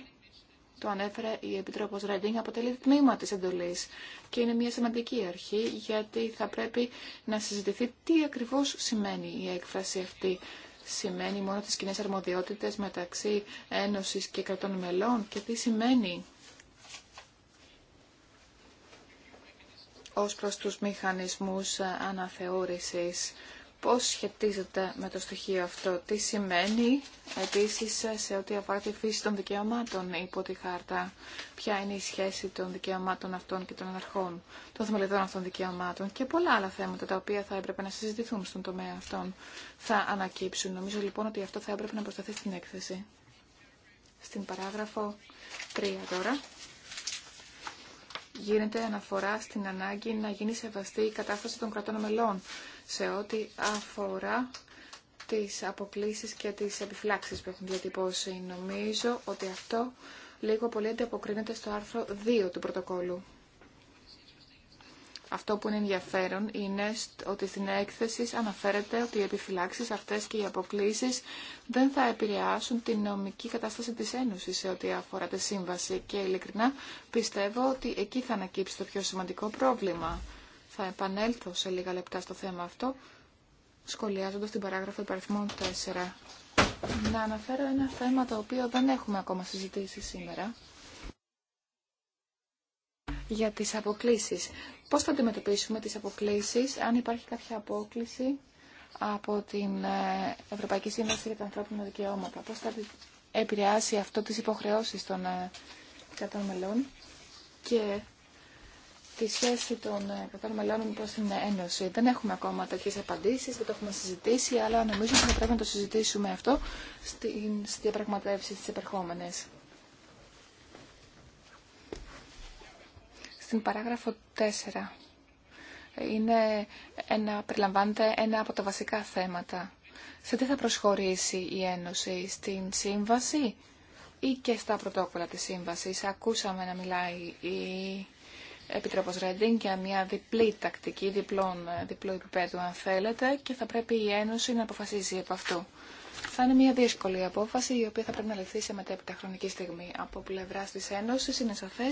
το ανέφερε η Επιτρόπος Ρέντινγκ, αποτελεί τμήμα της εντολής και είναι μια σημαντική αρχή γιατί θα πρέπει να συζητηθεί τι ακριβώς σημαίνει η έκφραση αυτή. Σημαίνει μόνο τις κοινέ αρμοδιότητες μεταξύ Ένωσης και κρατών μελών και τι σημαίνει ως προς τους μηχανισμούς αναθεώρησης. Πώς σχετίζεται με το στοιχείο αυτό, τι σημαίνει επίσης σε ό,τι αφορά τη φύση των δικαιωμάτων υπό τη χάρτα, ποια είναι η σχέση των δικαιωμάτων αυτών και των αρχών, των θεμελιδών αυτών δικαιωμάτων και πολλά άλλα θέματα τα οποία θα έπρεπε να συζητηθούν στον τομέα αυτών θα ανακύψουν. Νομίζω λοιπόν ότι αυτό θα έπρεπε να προσταθεί στην έκθεση. Στην παράγραφο 3 τώρα γίνεται αναφορά στην ανάγκη να γίνει σεβαστή η κατάσταση των κρατών μελών σε ό,τι αφορά τις αποκλήσεις και τις επιφυλάξεις που έχουν διατυπώσει. Νομίζω ότι αυτό λίγο πολύ ανταποκρίνεται στο άρθρο 2 του πρωτοκόλου. Αυτό που είναι ενδιαφέρον είναι ότι στην έκθεση αναφέρεται ότι οι επιφυλάξεις αυτές και οι αποκλήσεις δεν θα επηρεάσουν την νομική κατάσταση της Ένωσης σε ό,τι αφορά τη σύμβαση και ειλικρινά πιστεύω ότι εκεί θα ανακύψει το πιο σημαντικό πρόβλημα. Θα επανέλθω σε λίγα λεπτά στο θέμα αυτό, σχολιάζοντας την παράγραφο υπαριθμών 4. Να αναφέρω ένα θέμα το οποίο δεν έχουμε ακόμα συζητήσει σήμερα για τις αποκλήσεις. Πώς θα αντιμετωπίσουμε τις αποκλήσεις, αν υπάρχει κάποια απόκληση από την ε, Ευρωπαϊκή Σύμβαση για τα Ανθρώπινα Δικαιώματα. Πώς θα επηρεάσει αυτό τις υποχρεώσεις των ε, κρατών μελών και τη σχέση των ε, κρατών μελών προς την Ένωση. Δεν έχουμε ακόμα τέτοιες απαντήσεις, δεν το έχουμε συζητήσει, αλλά νομίζω ότι θα πρέπει να το συζητήσουμε αυτό στις διαπραγματεύσεις τις επερχόμενες. στην παράγραφο 4. Είναι ένα, περιλαμβάνεται ένα από τα βασικά θέματα. Σε τι θα προσχωρήσει η Ένωση, στην Σύμβαση ή και στα πρωτόκολλα της Σύμβασης. Ακούσαμε να μιλάει η Επιτρόπος Ρέντινγκ για μια διπλή τακτική, διπλών, διπλό επίπεδο αν θέλετε και θα πρέπει η Ένωση να αποφασίζει από αυτού. Θα είναι μια δύσκολη απόφαση η οποία θα πρέπει να λεφθεί σε μετέπειτα χρονική στιγμή. Από πλευρά τη Ένωση είναι σαφέ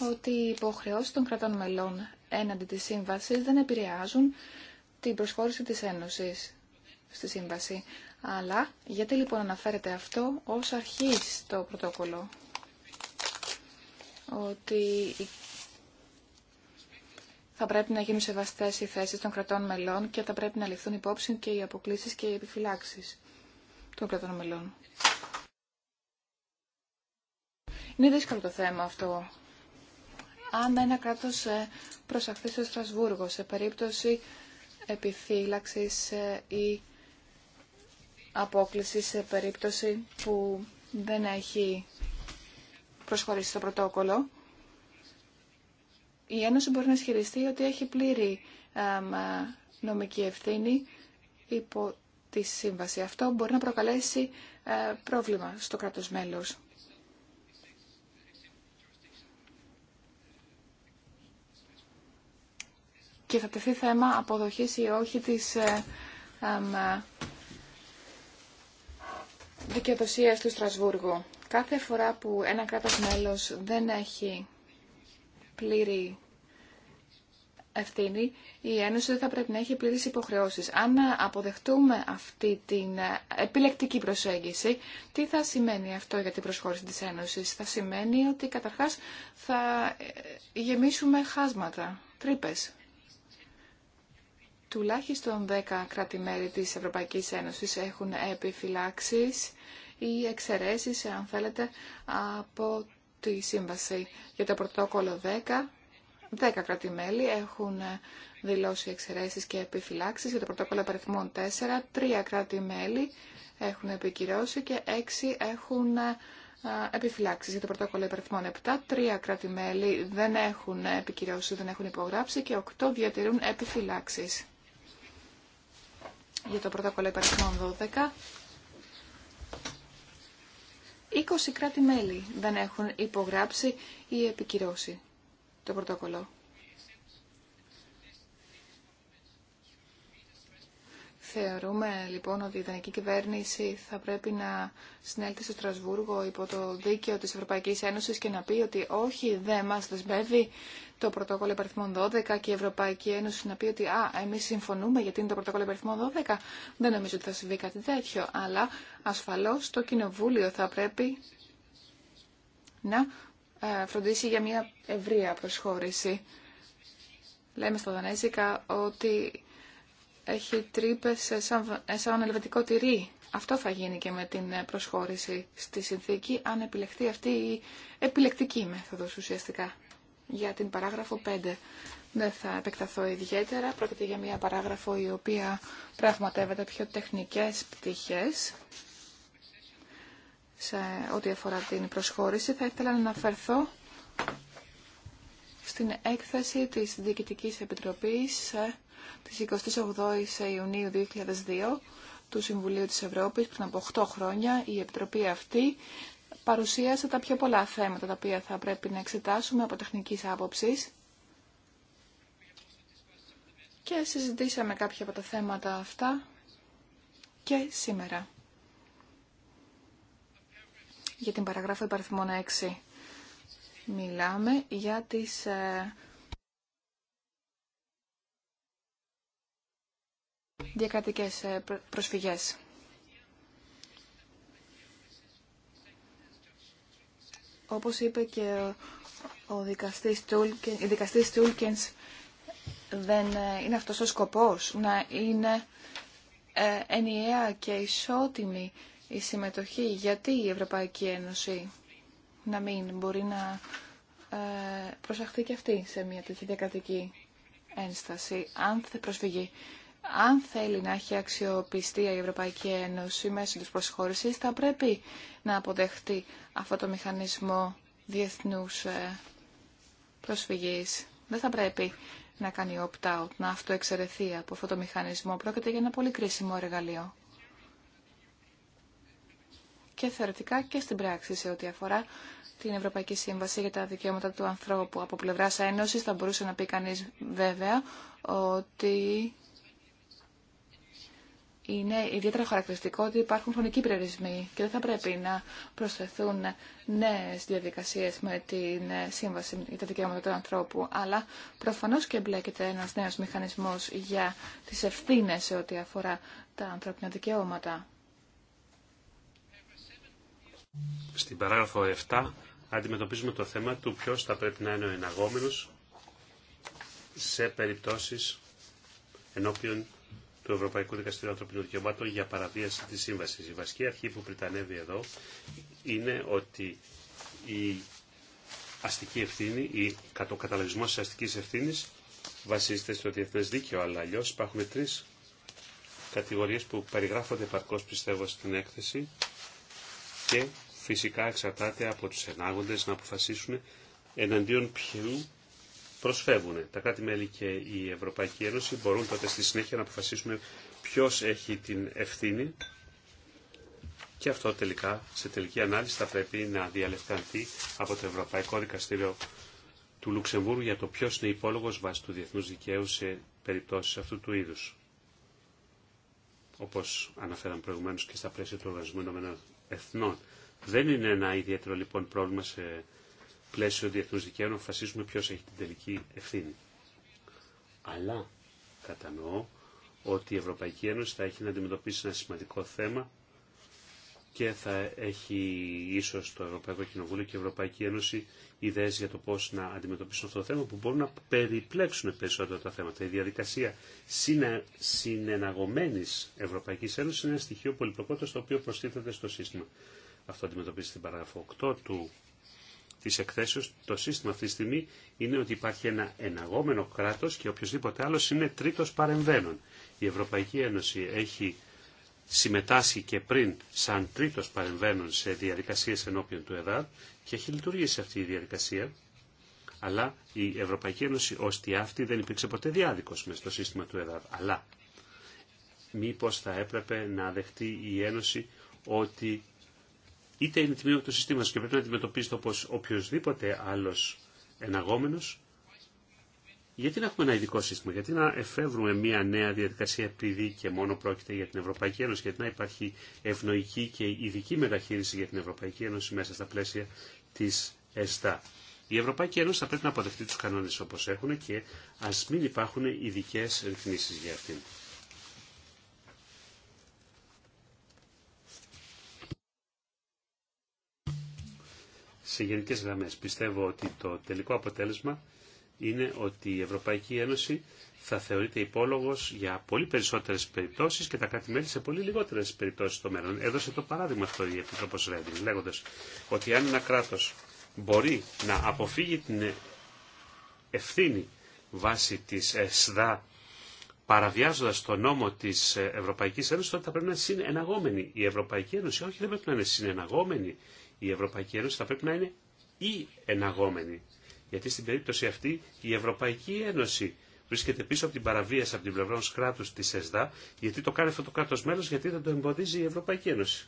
ότι οι υποχρεώσει των κρατών μελών έναντι της σύμβαση δεν επηρεάζουν την προσχώρηση της Ένωσης στη σύμβαση. Αλλά γιατί λοιπόν αναφέρεται αυτό ω αρχή στο πρωτόκολλο. Ότι θα πρέπει να γίνουν σεβαστές οι θέσει των κρατών μελών και θα πρέπει να ληφθούν υπόψη και οι αποκλήσει και οι επιφυλάξει των κρατών μελών. Είναι δύσκολο το θέμα αυτό αν ένα κράτος ε, προσαχθεί στο Στρασβούργο σε περίπτωση επιφύλαξης ε, ή απόκληση σε περίπτωση που δεν έχει προσχωρήσει στο πρωτόκολλο. Η Ένωση μπορεί να ισχυριστεί ότι έχει πλήρη ε, νομική ευθύνη υπό τη σύμβαση. Αυτό μπορεί να προκαλέσει πρόβλημα στο κράτος μέλος. και θα τεθεί θέμα αποδοχής ή όχι της ε, ε, δικαιοδοσίας του Στρασβούργου. Κάθε φορά που ένα κράτος μέλος δεν έχει πλήρη ευθύνη, η Ένωση δεν θα πρέπει να έχει πλήρες υποχρεώσεις. Αν αποδεχτούμε αυτή την ε, επιλεκτική προσέγγιση, τι θα σημαίνει αυτό για την προσχώρηση της Ένωσης. Θα σημαίνει ότι καταρχάς θα ε, γεμίσουμε χάσματα, τρύπες τουλάχιστον 10 κρατη μέλη της Ευρωπαϊκής Ένωσης έχουν επιφυλάξεις ή εξαιρέσεις, αν θέλετε, από τη Σύμβαση. Για το πρωτόκολλο 10, 10 κράτη-μέλη έχουν δηλώσει εξαιρέσεις και επιφυλάξεις. Για το πρωτόκολλο απαριθμών 4, 3 κράτη-μέλη έχουν επικυρώσει και 6 έχουν ε, επιφυλάξεις για το πρωτόκολλο υπερθμών 7. 3 κρατη κράτη-μέλη δεν έχουν επικυρώσει, δεν έχουν υπογράψει και 8 διατηρούν επιφυλάξεις για το πρωτόκολλο υπαριθμών 12. 20 κράτη-μέλη δεν έχουν υπογράψει ή επικυρώσει το πρωτόκολλο. Θεωρούμε λοιπόν ότι η ιδανική κυβέρνηση θα πρέπει να συνέλθει στο Στρασβούργο υπό το δίκαιο της Ευρωπαϊκής Ένωσης και να πει ότι όχι δεν μας δεσμεύει το πρωτόκολλο υπαριθμών 12 και η Ευρωπαϊκή Ένωση να πει ότι α, εμείς συμφωνούμε γιατί είναι το πρωτόκολλο υπαριθμών 12. Δεν νομίζω ότι θα συμβεί κάτι τέτοιο, αλλά ασφαλώς το Κοινοβούλιο θα πρέπει να ε, φροντίσει για μια ευρεία προσχώρηση. Λέμε στα Δανέζικα ότι έχει τρύπες σαν, ε, σαν ελβετικό τυρί. Αυτό θα γίνει και με την ε, προσχώρηση στη συνθήκη, αν επιλεχθεί αυτή η επιλεκτική μέθοδος ουσιαστικά. Για την παράγραφο 5 δεν θα επεκταθώ ιδιαίτερα. Πρόκειται για μια παράγραφο η οποία πραγματεύεται πιο τεχνικές πτυχές σε ό,τι αφορά την προσχώρηση. Θα ήθελα να αναφερθώ στην έκθεση της Διοικητικής Επιτροπής ε, της 28ης Ιουνίου 2002 του Συμβουλίου της Ευρώπης πριν από 8 χρόνια η Επιτροπή αυτή παρουσίασε τα πιο πολλά θέματα τα οποία θα πρέπει να εξετάσουμε από τεχνικής άποψης και συζητήσαμε κάποια από τα θέματα αυτά και σήμερα. Για την παραγράφη παραθυμόνα 6 μιλάμε για τις ε, διακρατικές ε, προσφυγές. Όπως είπε και ο δικαστής, Τούλκεν, η δικαστής δεν ε, είναι αυτός ο σκοπός να είναι ε, ενιαία και ισότιμη η συμμετοχή. Γιατί η Ευρωπαϊκή Ένωση να μην μπορεί να προσαχθεί και αυτή σε μια τέτοια διακρατική ένσταση, αν θε προσφυγεί αν θέλει να έχει αξιοπιστία η Ευρωπαϊκή Ένωση μέσω της προσχώρησης, θα πρέπει να αποδεχτεί αυτό το μηχανισμό διεθνούς ε, προσφυγής. Δεν θα πρέπει να κάνει opt-out, να αυτοεξαιρεθεί από αυτό το μηχανισμό. Πρόκειται για ένα πολύ κρίσιμο εργαλείο. Και θεωρητικά και στην πράξη σε ό,τι αφορά την Ευρωπαϊκή Σύμβαση για τα Δικαιώματα του Ανθρώπου. Από πλευράς Ένωσης θα μπορούσε να πει κανείς βέβαια ότι είναι ιδιαίτερα χαρακτηριστικό ότι υπάρχουν χρονικοί περιορισμοί και δεν θα πρέπει να προσθεθούν νέε διαδικασίε με την Σύμβαση για τα Δικαιώματα του Ανθρώπου. Αλλά προφανώ και εμπλέκεται ένα νέο μηχανισμό για τι ευθύνε σε ό,τι αφορά τα ανθρώπινα δικαιώματα. Στην παράγραφο 7 αντιμετωπίζουμε το θέμα του ποιο θα πρέπει να είναι ο εναγόμενο σε περιπτώσεις ενώπιον του Ευρωπαϊκού Δικαστηρίου Ανθρωπίνων Δικαιωμάτων για παραβίαση τη σύμβαση. Η βασική αρχή που πριτανεύει εδώ είναι ότι η αστική ευθύνη, η, ο τη αστική αστικής βασίζεται στο διεθνές δίκαιο, αλλά αλλιώ υπάρχουν τρει κατηγορίε που περιγράφονται επαρκώ πιστεύω στην έκθεση και φυσικά εξαρτάται από του ενάγοντε να αποφασίσουν εναντίον ποιου προσφεύγουν. Τα κράτη-μέλη και η Ευρωπαϊκή Ένωση μπορούν τότε στη συνέχεια να αποφασίσουν ποιο έχει την ευθύνη και αυτό τελικά, σε τελική ανάλυση, θα πρέπει να διαλευκανθεί από το Ευρωπαϊκό Δικαστήριο του Λουξεμβούργου για το ποιο είναι υπόλογος βάσει του διεθνού δικαίου σε περιπτώσεις αυτού του είδους. όπω αναφέραμε προηγουμένω και στα πλαίσια του Οργανισμού Εθνών. Δεν είναι ένα ιδιαίτερο λοιπόν πρόβλημα σε πλαίσιο διεθνού δικαίου να αποφασίσουμε ποιο έχει την τελική ευθύνη. Αλλά κατανοώ ότι η Ευρωπαϊκή Ένωση θα έχει να αντιμετωπίσει ένα σημαντικό θέμα και θα έχει ίσω το Ευρωπαϊκό Κοινοβούλιο και η Ευρωπαϊκή Ένωση ιδέε για το πώ να αντιμετωπίσουν αυτό το θέμα που μπορούν να περιπλέξουν περισσότερο τα θέματα. Η διαδικασία συνε... συνεναγωμένης Ευρωπαϊκής Ένωσης είναι ένα στοιχείο πολυπλοκότητα το οποίο προστίθεται στο σύστημα. Αυτό αντιμετωπίζει στην παράγραφο 8 του το σύστημα αυτή τη στιγμή είναι ότι υπάρχει ένα εναγόμενο κράτος και οποιοδήποτε άλλο είναι τρίτος παρεμβαίνων. Η Ευρωπαϊκή Ένωση έχει συμμετάσχει και πριν σαν τρίτος παρεμβαίνων σε διαδικασίες ενώπιον του ΕΔΑΔ και έχει λειτουργήσει αυτή η διαδικασία. Αλλά η Ευρωπαϊκή Ένωση ως τη αυτή δεν υπήρξε ποτέ διάδικος με στο σύστημα του ΕΔΑΔ. Αλλά μήπως θα έπρεπε να δεχτεί η Ένωση ότι είτε είναι τμήμα του συστήματος και πρέπει να αντιμετωπίζεται όπως οποιοδήποτε άλλος εναγόμενος, γιατί να έχουμε ένα ειδικό σύστημα, γιατί να εφεύρουμε μια νέα διαδικασία επειδή και μόνο πρόκειται για την Ευρωπαϊκή Ένωση, γιατί να υπάρχει ευνοϊκή και ειδική μεταχείριση για την Ευρωπαϊκή Ένωση μέσα στα πλαίσια της ΕΣΤΑ. Η Ευρωπαϊκή Ένωση θα πρέπει να αποδεχτεί τους κανόνες όπως έχουν και ας μην υπάρχουν ειδικέ ρυθμίσεις για αυτήν. σε γενικές γραμμές. Πιστεύω ότι το τελικό αποτέλεσμα είναι ότι η Ευρωπαϊκή Ένωση θα θεωρείται υπόλογος για πολύ περισσότερες περιπτώσεις και τα κράτη-μέλη σε πολύ λιγότερες περιπτώσεις στο μέλλον. Έδωσε το παράδειγμα αυτό η Επιτρόπος Ρέντινγκ λέγοντας ότι αν ένα κράτος μπορεί να αποφύγει την ευθύνη βάσει της ΕΣΔΑ παραβιάζοντας το νόμο της Ευρωπαϊκής Ένωσης, τότε θα πρέπει να είναι συνεναγόμενη η Ευρωπαϊκή Ένωση. Όχι, δεν πρέπει να είναι συνεναγόμενη η Ευρωπαϊκή Ένωση θα πρέπει να είναι ή εναγόμενη. Γιατί στην περίπτωση αυτή η Ευρωπαϊκή Ένωση βρίσκεται πίσω από την παραβίαση από την πλευρά του κράτου τη ΕΣΔΑ, γιατί το κάνει αυτό το κράτο μέλο, γιατί δεν το εμποδίζει η Ευρωπαϊκή Ένωση.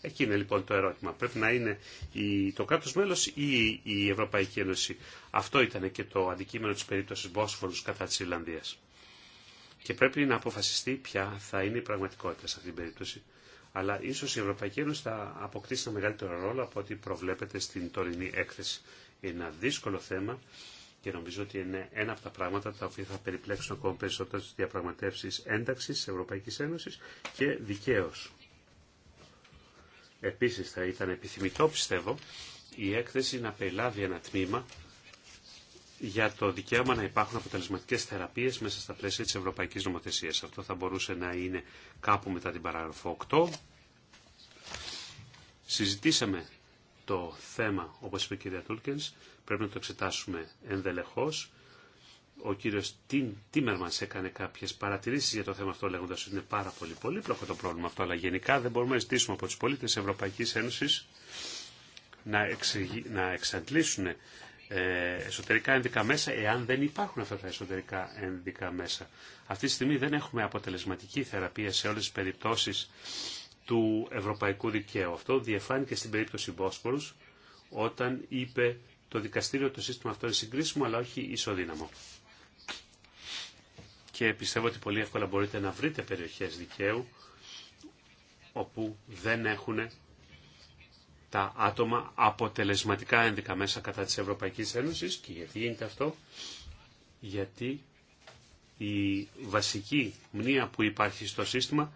Εκεί είναι λοιπόν το ερώτημα. Πρέπει να είναι η, το κράτο μέλο ή η Ευρωπαϊκή Ένωση. Αυτό ήταν και το αντικείμενο τη περίπτωση Μπόσφορου κατά τη Ιρλανδία. Και πρέπει να αποφασιστεί ποια θα είναι η πραγματικότητα σε αυτή την περίπτωση αλλά ίσως η Ευρωπαϊκή Ένωση θα αποκτήσει ένα μεγαλύτερο ρόλο από ό,τι προβλέπεται στην τωρινή έκθεση. Είναι ένα δύσκολο θέμα και νομίζω ότι είναι ένα από τα πράγματα τα οποία θα περιπλέξουν ακόμα περισσότερο τι διαπραγματεύσει ένταξη τη Ευρωπαϊκή Ένωση και δικαίω. Επίση, θα ήταν επιθυμητό, πιστεύω, η έκθεση να περιλάβει ένα τμήμα για το δικαίωμα να υπάρχουν αποτελεσματικές θεραπείες μέσα στα πλαίσια της Ευρωπαϊκής Νομοθεσίας. Αυτό θα μπορούσε να είναι κάπου μετά την παράγραφο 8. Συζητήσαμε το θέμα, όπως είπε η κυρία Τούλκενς, πρέπει να το εξετάσουμε ενδελεχώς. Ο κύριος Τιν, Τίμερμανς έκανε κάποιες παρατηρήσεις για το θέμα αυτό λέγοντας ότι είναι πάρα πολύ πολύπλοκο το πρόβλημα αυτό, αλλά γενικά δεν μπορούμε να ζητήσουμε από τους πολίτες της Ευρωπαϊκής Ένωσης να, να εξαντλήσουν ε, εσωτερικά ένδικα μέσα, εάν δεν υπάρχουν αυτά τα εσωτερικά ένδικα μέσα. Αυτή τη στιγμή δεν έχουμε αποτελεσματική θεραπεία σε όλες τις περιπτώσεις του ευρωπαϊκού δικαίου. Αυτό διεφάνηκε στην περίπτωση Μπόσπορους όταν είπε το δικαστήριο το σύστημα αυτό είναι συγκρίσιμο αλλά όχι ισοδύναμο. Και πιστεύω ότι πολύ εύκολα μπορείτε να βρείτε περιοχές δικαίου όπου δεν έχουν τα άτομα αποτελεσματικά ένδικα μέσα κατά της Ευρωπαϊκής Ένωσης και γιατί γίνεται αυτό, γιατί η βασική μνήα που υπάρχει στο σύστημα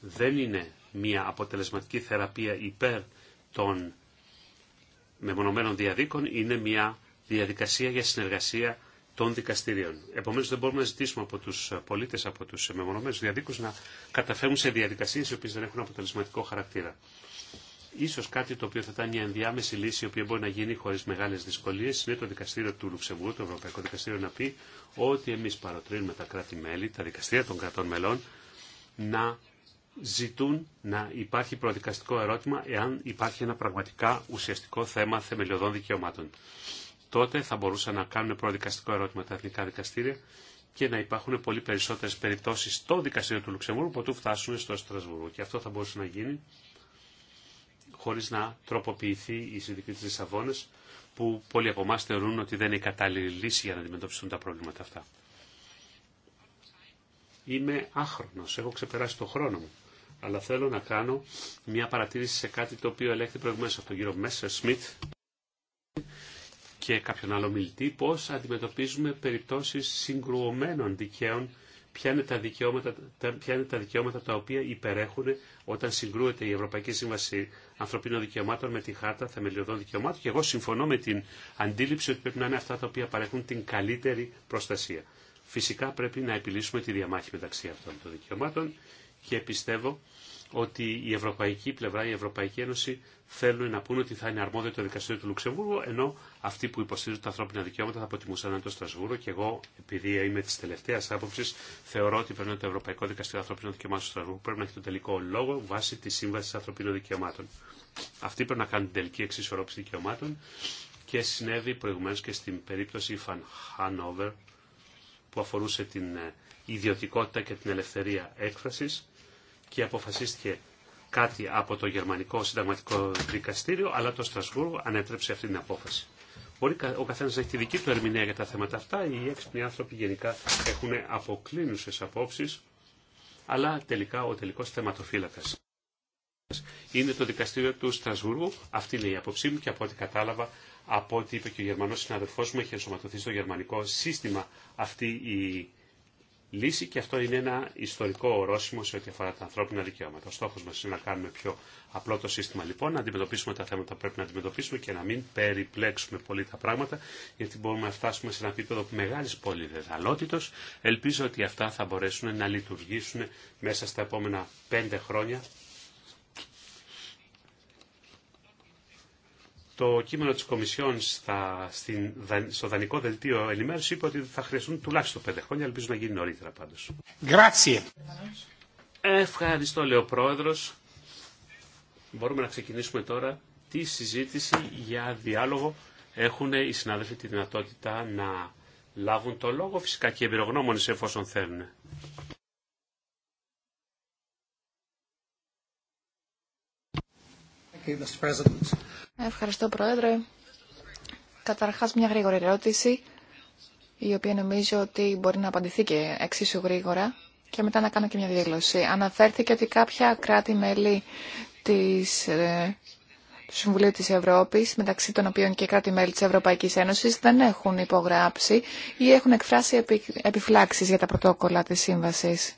δεν είναι μια αποτελεσματική θεραπεία υπέρ των μεμονωμένων διαδίκων, είναι μια διαδικασία για συνεργασία των δικαστηρίων. Επομένω δεν μπορούμε να ζητήσουμε από του πολίτε από του μεμονωμένου διαδικού να καταφέρουν σε διαδικασίε οι οποίε δεν έχουν αποτελεσματικό χαρακτήρα. Ίσως κάτι το οποίο θα ήταν μια ενδιάμεση λύση, η οποία μπορεί να γίνει χωρίς μεγάλες δυσκολίες, είναι το δικαστήριο του Λουξεμβούργου, το Ευρωπαϊκό Δικαστήριο, να πει ότι εμείς παροτρύνουμε τα κράτη-μέλη, τα δικαστήρια των κρατών μελών, να ζητούν να υπάρχει προδικαστικό ερώτημα εάν υπάρχει ένα πραγματικά ουσιαστικό θέμα θεμελιωδών δικαιωμάτων. Τότε θα μπορούσαν να κάνουν προδικαστικό ερώτημα τα εθνικά δικαστήρια και να υπάρχουν πολύ περισσότερες περιπτώσεις στο δικαστήριο του Λουξεμβούργου που φτάσουν στο Στρασβούργο. Και αυτό θα μπορούσε να γίνει χωρίς να τροποποιηθεί η συνδική της Λισαβόνας που πολλοί από εμάς θεωρούν ότι δεν είναι η κατάλληλη λύση για να αντιμετωπιστούν τα προβλήματα αυτά. Είμαι άχρονος, έχω ξεπεράσει το χρόνο μου, αλλά θέλω να κάνω μια παρατήρηση σε κάτι το οποίο ελέγχθη προηγουμένως από τον κύριο Μέσσερ Σμιτ και κάποιον άλλο μιλητή, πώς αντιμετωπίζουμε περιπτώσεις συγκρουωμένων δικαίων ποια είναι τα δικαιώματα, τα, τα, δικαιώματα τα οποία υπερέχουν όταν συγκρούεται η Ευρωπαϊκή Σύμβαση Ανθρωπίνων Δικαιωμάτων με τη Χάρτα Θεμελιωδών Δικαιωμάτων και εγώ συμφωνώ με την αντίληψη ότι πρέπει να είναι αυτά τα οποία παρέχουν την καλύτερη προστασία. Φυσικά πρέπει να επιλύσουμε τη διαμάχη μεταξύ αυτών των δικαιωμάτων και πιστεύω ότι η ευρωπαϊκή πλευρά, η Ευρωπαϊκή Ένωση θέλουν να πούνε ότι θα είναι αρμόδιο το δικαστήριο του Λουξεμβούργου, ενώ αυτοί που υποστηρίζουν τα ανθρώπινα δικαιώματα θα αποτιμούσαν να είναι το Στρασβούργο. Και εγώ, επειδή είμαι τη τελευταία άποψη, θεωρώ ότι πρέπει να είναι το Ευρωπαϊκό Δικαστήριο Ανθρωπίνων Δικαιωμάτων του Στρασβούργου πρέπει να έχει τον τελικό λόγο βάσει τη Σύμβαση Ανθρωπίνων Δικαιωμάτων. Αυτοί πρέπει να κάνουν την τελική εξισορρόπηση δικαιωμάτων και συνέβη προηγουμένω και στην περίπτωση Φαν Hanover που αφορούσε την ε, ιδιωτικότητα και την ελευθερία έκφρασης και αποφασίστηκε κάτι από το Γερμανικό Συνταγματικό Δικαστήριο, αλλά το Στρασβούργο ανέτρεψε αυτή την απόφαση. Μπορεί ο καθένα να έχει τη δική του ερμηνεία για τα θέματα αυτά. Οι έξυπνοι άνθρωποι γενικά έχουν αποκλίνουσε απόψει, αλλά τελικά ο τελικό θεματοφύλακα είναι το δικαστήριο του Στρασβούργου. Αυτή είναι η απόψή μου και από ό,τι κατάλαβα, από ό,τι είπε και ο Γερμανό συναδελφό μου, έχει ενσωματωθεί στο γερμανικό σύστημα αυτή η λύση και αυτό είναι ένα ιστορικό ορόσημο σε ό,τι αφορά τα ανθρώπινα δικαιώματα. Ο στόχος μας είναι να κάνουμε πιο απλό το σύστημα λοιπόν, να αντιμετωπίσουμε τα θέματα που πρέπει να αντιμετωπίσουμε και να μην περιπλέξουμε πολύ τα πράγματα, γιατί μπορούμε να φτάσουμε σε ένα επίπεδο μεγάλης πολυδεδαλότητος. Ελπίζω ότι αυτά θα μπορέσουν να λειτουργήσουν μέσα στα επόμενα πέντε χρόνια Το κείμενο της Κομισιόν στο δανεικό δελτίο ενημέρωση είπε ότι θα χρειαστούν τουλάχιστον πέντε χρόνια, ελπίζω να γίνει νωρίτερα πάντως. Grazie. Ευχαριστώ, λέει ο Πρόεδρος. Μπορούμε να ξεκινήσουμε τώρα τη συζήτηση για διάλογο. Έχουν οι συνάδελφοι τη δυνατότητα να λάβουν το λόγο, φυσικά και οι εμπειρογνώμονες εφόσον θέλουν. Ευχαριστώ, Πρόεδρε. Καταρχάς, μια γρήγορη ερώτηση, η οποία νομίζω ότι μπορεί να απαντηθεί και εξίσου γρήγορα. Και μετά να κάνω και μια δήλωση. Αναφέρθηκε ότι κάποια κράτη-μέλη της ε, του Συμβουλίου της Ευρώπης, μεταξύ των οποίων και κράτη-μέλη της Ευρωπαϊκής Ένωσης, δεν έχουν υπογράψει ή έχουν εκφράσει επιφυλάξεις για τα πρωτόκολλα της Σύμβασης.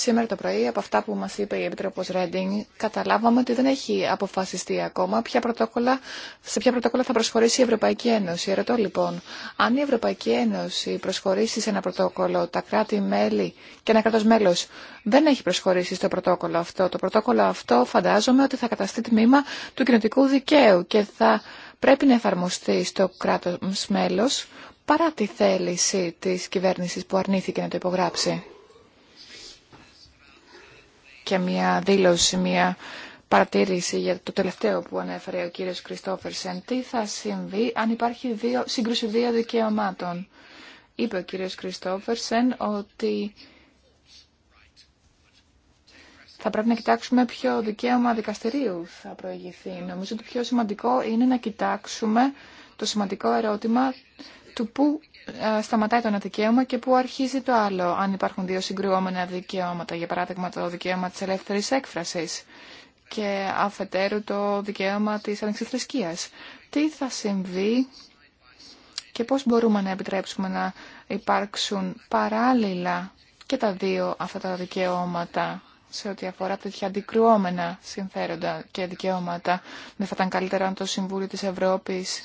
Σήμερα το πρωί, από αυτά που μας είπε η Επιτροπός Ρέντινγκ, καταλάβαμε ότι δεν έχει αποφασιστεί ακόμα ποια πρωτόκολλα, σε ποια πρωτόκολλα θα προσχωρήσει η Ευρωπαϊκή Ένωση. Ερωτώ λοιπόν, αν η Ευρωπαϊκή Ένωση προσχωρήσει σε ένα πρωτόκολλο, τα κράτη-μέλη και ένα κράτος μέλος δεν έχει προσχωρήσει στο πρωτόκολλο αυτό. Το πρωτόκολλο αυτό φαντάζομαι ότι θα καταστεί τμήμα του κοινωτικού δικαίου και θα πρέπει να εφαρμοστεί στο κράτος μέλος παρά τη θέληση της κυβέρνησης που αρνήθηκε να το υπογράψει και μια δήλωση, μια παρατήρηση για το τελευταίο που ανέφερε ο κύριος Κριστόφερσεν. Τι θα συμβεί αν υπάρχει δύο, σύγκρουση δύο δικαιωμάτων. Είπε ο κύριος Κριστόφερσεν ότι θα πρέπει να κοιτάξουμε ποιο δικαίωμα δικαστηρίου θα προηγηθεί. Νομίζω ότι πιο σημαντικό είναι να κοιτάξουμε το σημαντικό ερώτημα του πού σταματάει το ένα δικαίωμα και πού αρχίζει το άλλο, αν υπάρχουν δύο συγκρουόμενα δικαιώματα, για παράδειγμα το δικαίωμα της ελεύθερης έκφρασης και αφετέρου το δικαίωμα της ανεξιθρησκείας. Τι θα συμβεί και πώς μπορούμε να επιτρέψουμε να υπάρξουν παράλληλα και τα δύο αυτά τα δικαιώματα σε ό,τι αφορά τέτοια αντικρουόμενα συμφέροντα και δικαιώματα. Δεν θα ήταν καλύτερα αν το Συμβούλιο της Ευρώπης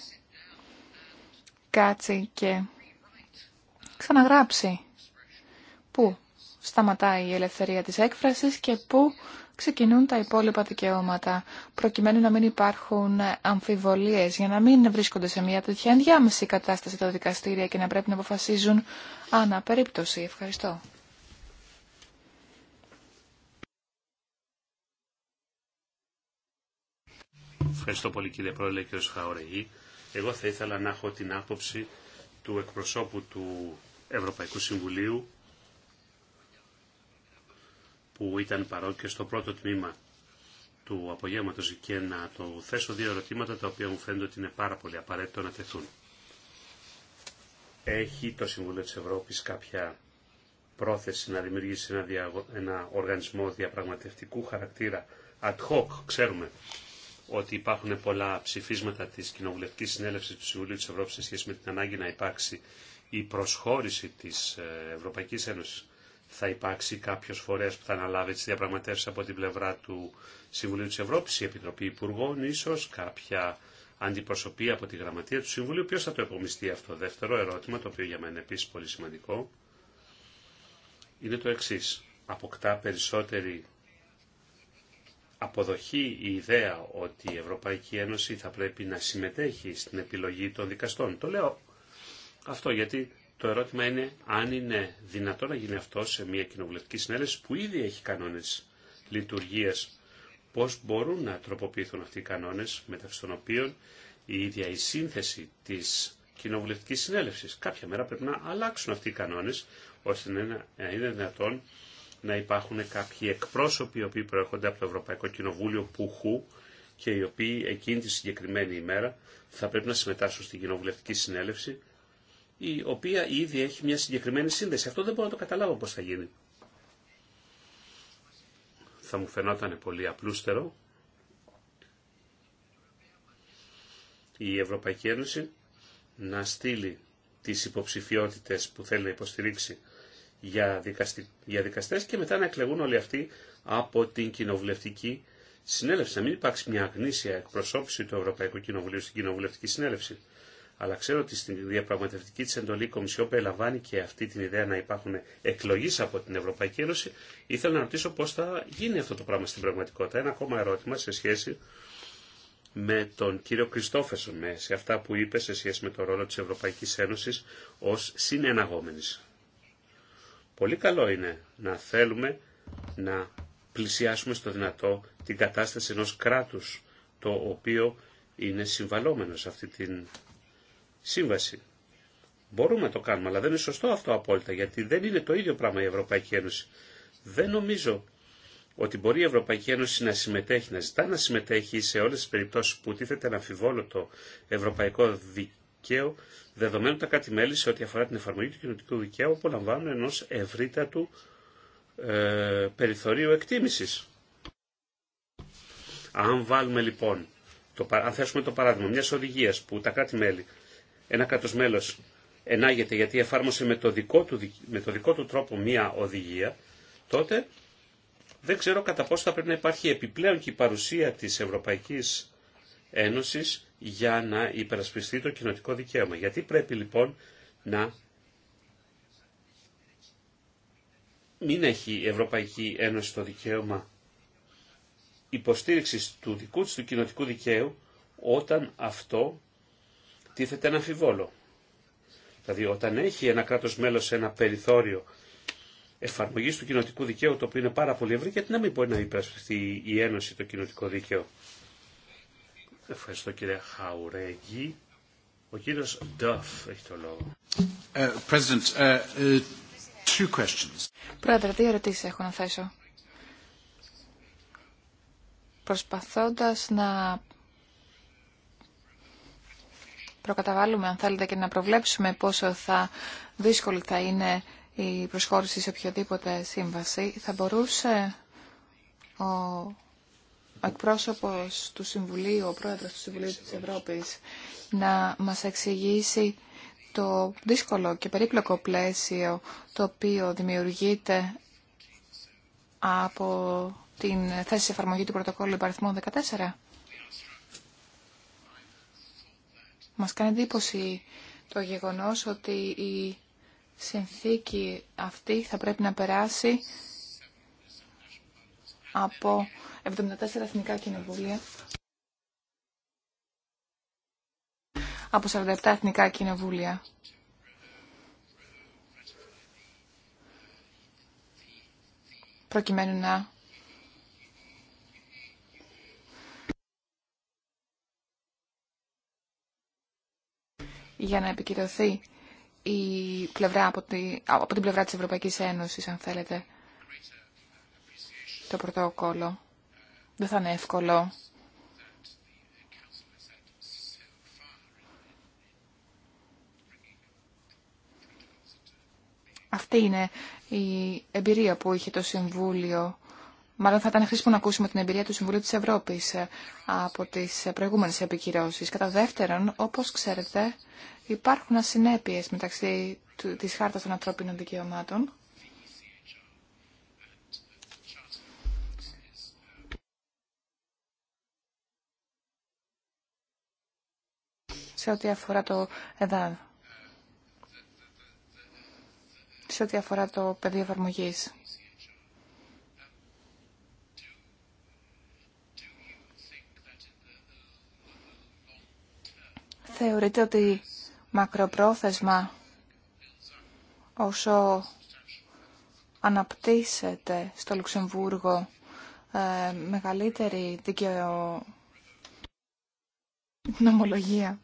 κάτσει και ξαναγράψει πού σταματάει η ελευθερία της έκφρασης και πού ξεκινούν τα υπόλοιπα δικαιώματα, προκειμένου να μην υπάρχουν αμφιβολίες, για να μην βρίσκονται σε μια τέτοια ενδιάμεση κατάσταση τα δικαστήρια και να πρέπει να αποφασίζουν αναπερίπτωση. Ευχαριστώ. Ευχαριστώ πολύ κύριε Πρόεδρε και ως Εγώ θα ήθελα να έχω την άποψη του εκπροσώπου του Ευρωπαϊκού Συμβουλίου που ήταν παρόν και στο πρώτο τμήμα του απογεύματος και να το θέσω δύο ερωτήματα τα οποία μου φαίνεται ότι είναι πάρα πολύ απαραίτητο να τεθούν. Έχει το Συμβούλιο της Ευρώπης κάποια πρόθεση να δημιουργήσει ένα, ένα οργανισμό διαπραγματευτικού χαρακτήρα ad hoc. Ξέρουμε ότι υπάρχουν πολλά ψηφίσματα της Κοινοβουλευτικής Συνέλευσης του Συμβουλίου της Ευρώπης σε σχέση με την ανάγκη να υπάρξει η προσχώρηση της ε, Ευρωπαϊκής Ένωσης. Θα υπάρξει κάποιος φορέας που θα αναλάβει τις διαπραγματεύσεις από την πλευρά του Συμβουλίου της Ευρώπης, η Επιτροπή Υπουργών, ίσως κάποια αντιπροσωπή από τη Γραμματεία του Συμβουλίου. Ποιος θα το επομιστεί αυτό. Δεύτερο ερώτημα, το οποίο για μένα είναι επίσης πολύ σημαντικό, είναι το εξή. Αποκτά περισσότερη αποδοχή η ιδέα ότι η Ευρωπαϊκή Ένωση θα πρέπει να συμμετέχει στην επιλογή των δικαστών. Το λέω αυτό γιατί το ερώτημα είναι αν είναι δυνατό να γίνει αυτό σε μια κοινοβουλευτική συνέλευση που ήδη έχει κανόνες λειτουργίας. Πώς μπορούν να τροποποιηθούν αυτοί οι κανόνες μεταξύ των οποίων η ίδια η σύνθεση της κοινοβουλευτικής συνέλευσης. Κάποια μέρα πρέπει να αλλάξουν αυτοί οι κανόνες ώστε να είναι δυνατόν να υπάρχουν κάποιοι εκπρόσωποι οι οποίοι προέρχονται από το Ευρωπαϊκό Κοινοβούλιο Πουχού και οι οποίοι εκείνη τη συγκεκριμένη ημέρα θα πρέπει να συμμετάσχουν στην κοινοβουλευτική συνέλευση η οποία ήδη έχει μια συγκεκριμένη σύνδεση. Αυτό δεν μπορώ να το καταλάβω πώς θα γίνει. Θα μου φαινόταν πολύ απλούστερο η Ευρωπαϊκή Ένωση να στείλει τις υποψηφιότητες που θέλει να υποστηρίξει για, δικαστη... για δικαστές και μετά να εκλεγούν όλοι αυτοί από την κοινοβουλευτική συνέλευση. Να μην υπάρξει μια αγνήσια εκπροσώπηση του Ευρωπαϊκού Κοινοβουλίου στην κοινοβουλευτική συνέλευση αλλά ξέρω ότι στην διαπραγματευτική της εντολή η Κομισιόν περιλαμβάνει και αυτή την ιδέα να υπάρχουν εκλογέ από την Ευρωπαϊκή Ένωση. Ήθελα να ρωτήσω πώ θα γίνει αυτό το πράγμα στην πραγματικότητα. Ένα ακόμα ερώτημα σε σχέση με τον κύριο Κριστόφεσον, σε αυτά που είπε σε σχέση με το ρόλο τη Ευρωπαϊκή Ένωση ω συνεναγόμενη. Πολύ καλό είναι να θέλουμε να πλησιάσουμε στο δυνατό την κατάσταση ενός κράτους, το οποίο είναι συμβαλόμενο σε αυτή την σύμβαση. Μπορούμε να το κάνουμε, αλλά δεν είναι σωστό αυτό απόλυτα, γιατί δεν είναι το ίδιο πράγμα η Ευρωπαϊκή Ένωση. Δεν νομίζω ότι μπορεί η Ευρωπαϊκή Ένωση να συμμετέχει, να ζητά να συμμετέχει σε όλες τις περιπτώσεις που τίθεται να αμφιβόλο το ευρωπαϊκό δικαίο, δεδομένου τα κάτι μέλη σε ό,τι αφορά την εφαρμογή του κοινωτικού δικαίου, που λαμβάνουν ενός ευρύτατου ε, περιθωρίου εκτίμησης. Αν βάλουμε λοιπόν, το, αν θέσουμε το παράδειγμα μιας οδηγίας που τα κράτη-μέλη ένα κράτο μέλο ενάγεται γιατί εφάρμοσε με το δικό του, με το τρόπο μία οδηγία, τότε δεν ξέρω κατά πόσο θα πρέπει να υπάρχει επιπλέον και η παρουσία της Ευρωπαϊκής Ένωσης για να υπερασπιστεί το κοινοτικό δικαίωμα. Γιατί πρέπει λοιπόν να μην έχει η Ευρωπαϊκή Ένωση το δικαίωμα υποστήριξης του δικού του κοινοτικού δικαίου όταν αυτό τίθεται ένα αμφιβόλο. Δηλαδή όταν έχει ένα κράτος μέλος ένα περιθώριο εφαρμογή του κοινοτικού δικαίου, το οποίο είναι πάρα πολύ ευρύ, γιατί να μην μπορεί να υπερασπιστεί η Ένωση το κοινοτικό δίκαιο. Ευχαριστώ κύριε Χαουρέγγι. Ο κύριος Νταφ έχει το λόγο. Ε, ε, ε, Πρόεδρε, δύο ερωτήσεις έχω να θέσω. Προσπαθώντας να προκαταβάλουμε, αν θέλετε, και να προβλέψουμε πόσο θα δύσκολη θα είναι η προσχώρηση σε οποιοδήποτε σύμβαση, θα μπορούσε ο εκπρόσωπος του Συμβουλίου, ο πρόεδρος του Συμβουλίου της Ευρώπης, να μας εξηγήσει το δύσκολο και περίπλοκο πλαίσιο το οποίο δημιουργείται από την θέση εφαρμογή του πρωτοκόλλου υπαριθμών 14. Μας κάνει εντύπωση το γεγονός ότι η συνθήκη αυτή θα πρέπει να περάσει από 74 εθνικά κοινοβούλια. Από 47 εθνικά κοινοβούλια. Προκειμένου να για να επικυρωθεί η πλευρά από, τη, από την πλευρά της Ευρωπαϊκής Ένωσης, αν θέλετε, το πρωτόκολλο. Δεν θα είναι εύκολο. Αυτή είναι η εμπειρία που είχε το Συμβούλιο Μάλλον θα ήταν χρήσιμο να ακούσουμε την εμπειρία του Συμβουλίου της Ευρώπης ε, από τις ε, προηγούμενες επικυρώσεις. Κατά δεύτερον, όπως ξέρετε, υπάρχουν ασυνέπειες μεταξύ της Χάρτας των Ανθρώπινων Δικαιωμάτων σε ό,τι αφορά το ΕΔΑΔ, σε ό,τι αφορά το πεδίο εφαρμογή. θεωρείτε ότι μακροπρόθεσμα όσο αναπτύσσεται στο Λουξεμβούργο ε, μεγαλύτερη δικαιονομολογία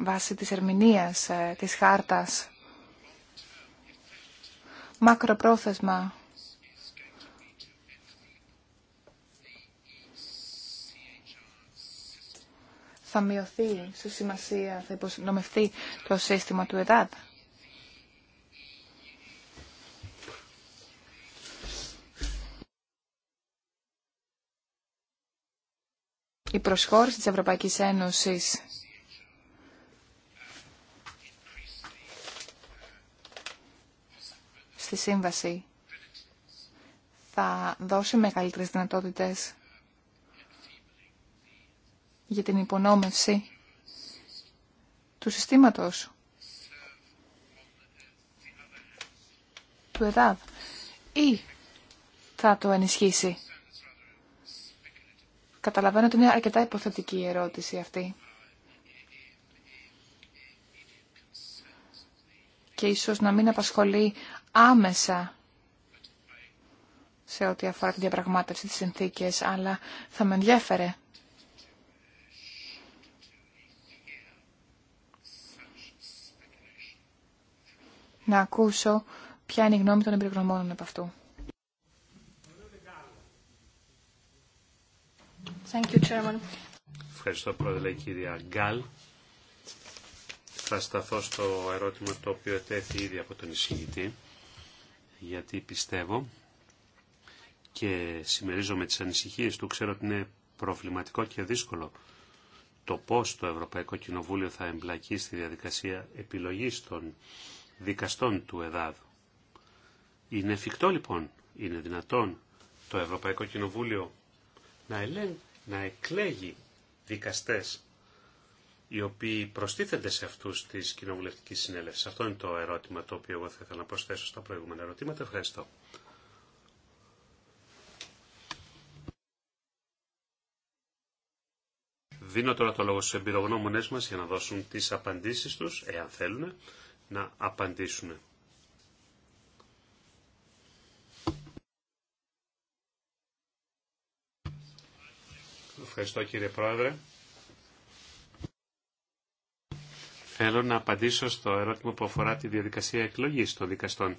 βάσει της ερμηνείας ε, της χάρτας μακροπρόθεσμα θα μειωθεί σε σημασία, θα υποσυνομευτεί το σύστημα του ΕΔΑΤ. Η προσχώρηση της Ευρωπαϊκής Ένωσης στη Σύμβαση θα δώσει μεγαλύτερες δυνατότητες για την υπονόμευση του συστήματος του ΕΔΑΔ ή θα το ενισχύσει. Καταλαβαίνω ότι είναι αρκετά υποθετική ερώτηση αυτή. Και ίσως να μην απασχολεί άμεσα σε ό,τι αφορά τη διαπραγμάτευση της συνθήκες, αλλά θα με ενδιέφερε να ακούσω ποια είναι η γνώμη των εμπειρογνωμόνων από αυτού. Ευχαριστώ, Πρόεδρε, κυρία Γκάλ. Θα σταθώ στο ερώτημα το οποίο έτεθη ήδη από τον εισηγητή, γιατί πιστεύω και συμμερίζομαι τις ανησυχίες του. Ξέρω ότι είναι προβληματικό και δύσκολο το πώς το Ευρωπαϊκό Κοινοβούλιο θα εμπλακεί στη διαδικασία επιλογής των δικαστών του ΕΔΑΔ. Είναι εφικτό λοιπόν, είναι δυνατόν το Ευρωπαϊκό Κοινοβούλιο να, να εκλέγει δικαστές οι οποίοι προστίθενται σε αυτούς της κοινοβουλευτική συνέλευση. Αυτό είναι το ερώτημα το οποίο εγώ θα ήθελα να προσθέσω στα προηγούμενα ερωτήματα. Ευχαριστώ. Δίνω τώρα το λόγο στους εμπειρογνώμονές μας για να δώσουν τις απαντήσεις τους, εάν θέλουν να απαντήσουν. Ευχαριστώ κύριε Πρόεδρε. Θέλω να απαντήσω στο ερώτημα που αφορά τη διαδικασία εκλογής των δικαστών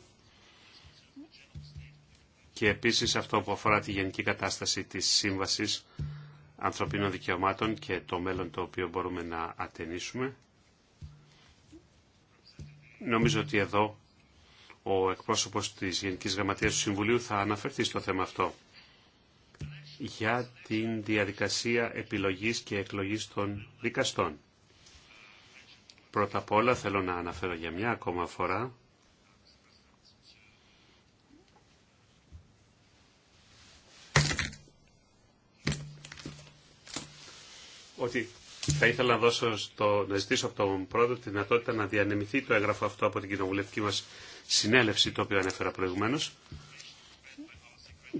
και επίσης αυτό που αφορά τη γενική κατάσταση της Σύμβασης Ανθρωπίνων Δικαιωμάτων και το μέλλον το οποίο μπορούμε να ατενίσουμε. Νομίζω ότι εδώ ο εκπρόσωπος της Γενικής Γραμματείας του Συμβουλίου θα αναφερθεί στο θέμα αυτό για την διαδικασία επιλογής και εκλογής των δικαστών. Πρώτα απ' όλα θέλω να αναφέρω για μια ακόμα φορά ότι θα ήθελα να, δώσω στο, να ζητήσω από τον πρόεδρο τη δυνατότητα να διανεμηθεί το έγγραφο αυτό από την κοινοβουλευτική μα συνέλευση, το οποίο ανέφερα προηγουμένως.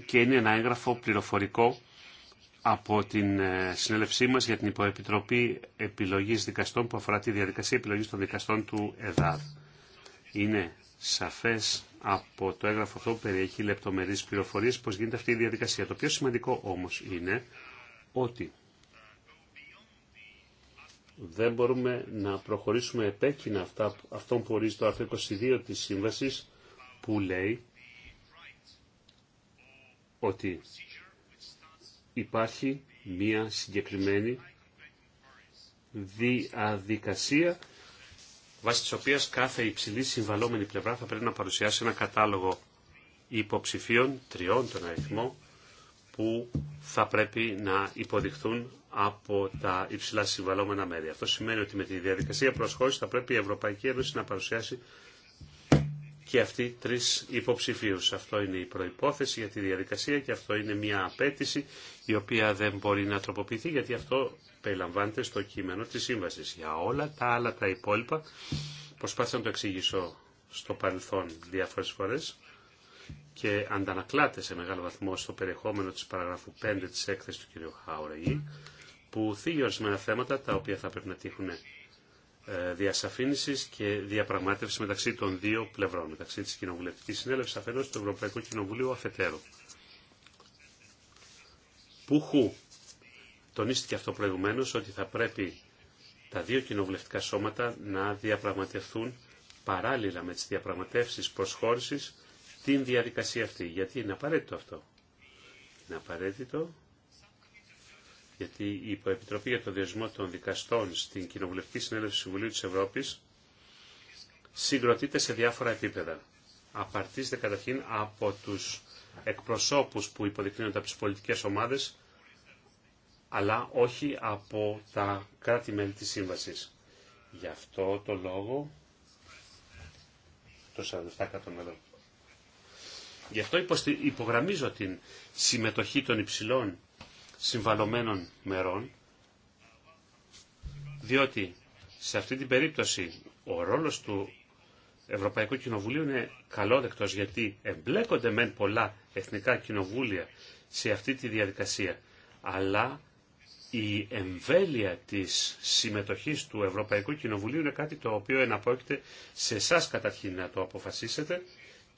Και είναι ένα έγγραφο πληροφορικό από την ε, συνέλευσή μας για την Υποεπιτροπή Επιλογής Δικαστών που αφορά τη διαδικασία επιλογής των δικαστών του ΕΔΑΔ. Είναι σαφές από το έγγραφο αυτό που περιέχει λεπτομερεί πληροφορίες πώς γίνεται αυτή η διαδικασία. Το πιο σημαντικό όμως είναι ότι δεν μπορούμε να προχωρήσουμε επέκεινα αυτά, αυτόν που ορίζει το άρθρο 22 της Σύμβασης που λέει ότι υπάρχει μία συγκεκριμένη διαδικασία βάσει της οποίας κάθε υψηλή συμβαλόμενη πλευρά θα πρέπει να παρουσιάσει ένα κατάλογο υποψηφίων τριών τον αριθμό που θα πρέπει να υποδειχθούν από τα υψηλά συμβαλόμενα μέρη. Αυτό σημαίνει ότι με τη διαδικασία προσχώρηση θα πρέπει η Ευρωπαϊκή Ένωση να παρουσιάσει και αυτοί τρει υποψηφίου. Αυτό είναι η προπόθεση για τη διαδικασία και αυτό είναι μια απέτηση η οποία δεν μπορεί να τροποποιηθεί γιατί αυτό περιλαμβάνεται στο κείμενο τη σύμβαση. Για όλα τα άλλα τα υπόλοιπα προσπάθησα να το εξηγήσω στο παρελθόν διάφορε φορέ και αντανακλάται σε μεγάλο βαθμό στο περιεχόμενο της παραγράφου 5 της έκθεσης του κ. Χαουραγή που θίγει ορισμένα θέματα τα οποία θα πρέπει να τύχουν ε, διασαφήνιση και διαπραγμάτευση μεταξύ των δύο πλευρών, μεταξύ της κοινοβουλευτική Συνέλευσης αφενός του Ευρωπαϊκού Κοινοβουλίου αφετέρου. Πουχού τονίστηκε αυτό προηγουμένω ότι θα πρέπει τα δύο κοινοβουλευτικά σώματα να διαπραγματευθούν παράλληλα με τις διαπραγματεύσεις προσχώρησης την διαδικασία αυτή. Γιατί είναι απαραίτητο αυτό. Είναι απαραίτητο γιατί η Υποεπιτροπή για το Διασμό των Δικαστών στην Κοινοβουλευτική Συνέλευση του Συμβουλίου της Ευρώπης συγκροτείται σε διάφορα επίπεδα. Απαρτίζεται καταρχήν από τους εκπροσώπους που υποδεικνύονται από τις πολιτικές ομάδες, αλλά όχι από τα κράτη-μέλη της Σύμβασης. Γι' αυτό το λόγο το 47 μέλλον. Γι' αυτό υπογραμμίζω την συμμετοχή των υψηλών συμβαλωμένων μερών, διότι σε αυτή την περίπτωση ο ρόλος του Ευρωπαϊκού Κοινοβουλίου είναι καλόδεκτος γιατί εμπλέκονται μεν πολλά εθνικά κοινοβούλια σε αυτή τη διαδικασία, αλλά η εμβέλεια της συμμετοχής του Ευρωπαϊκού Κοινοβουλίου είναι κάτι το οποίο εναπόκειται σε εσά καταρχήν να το αποφασίσετε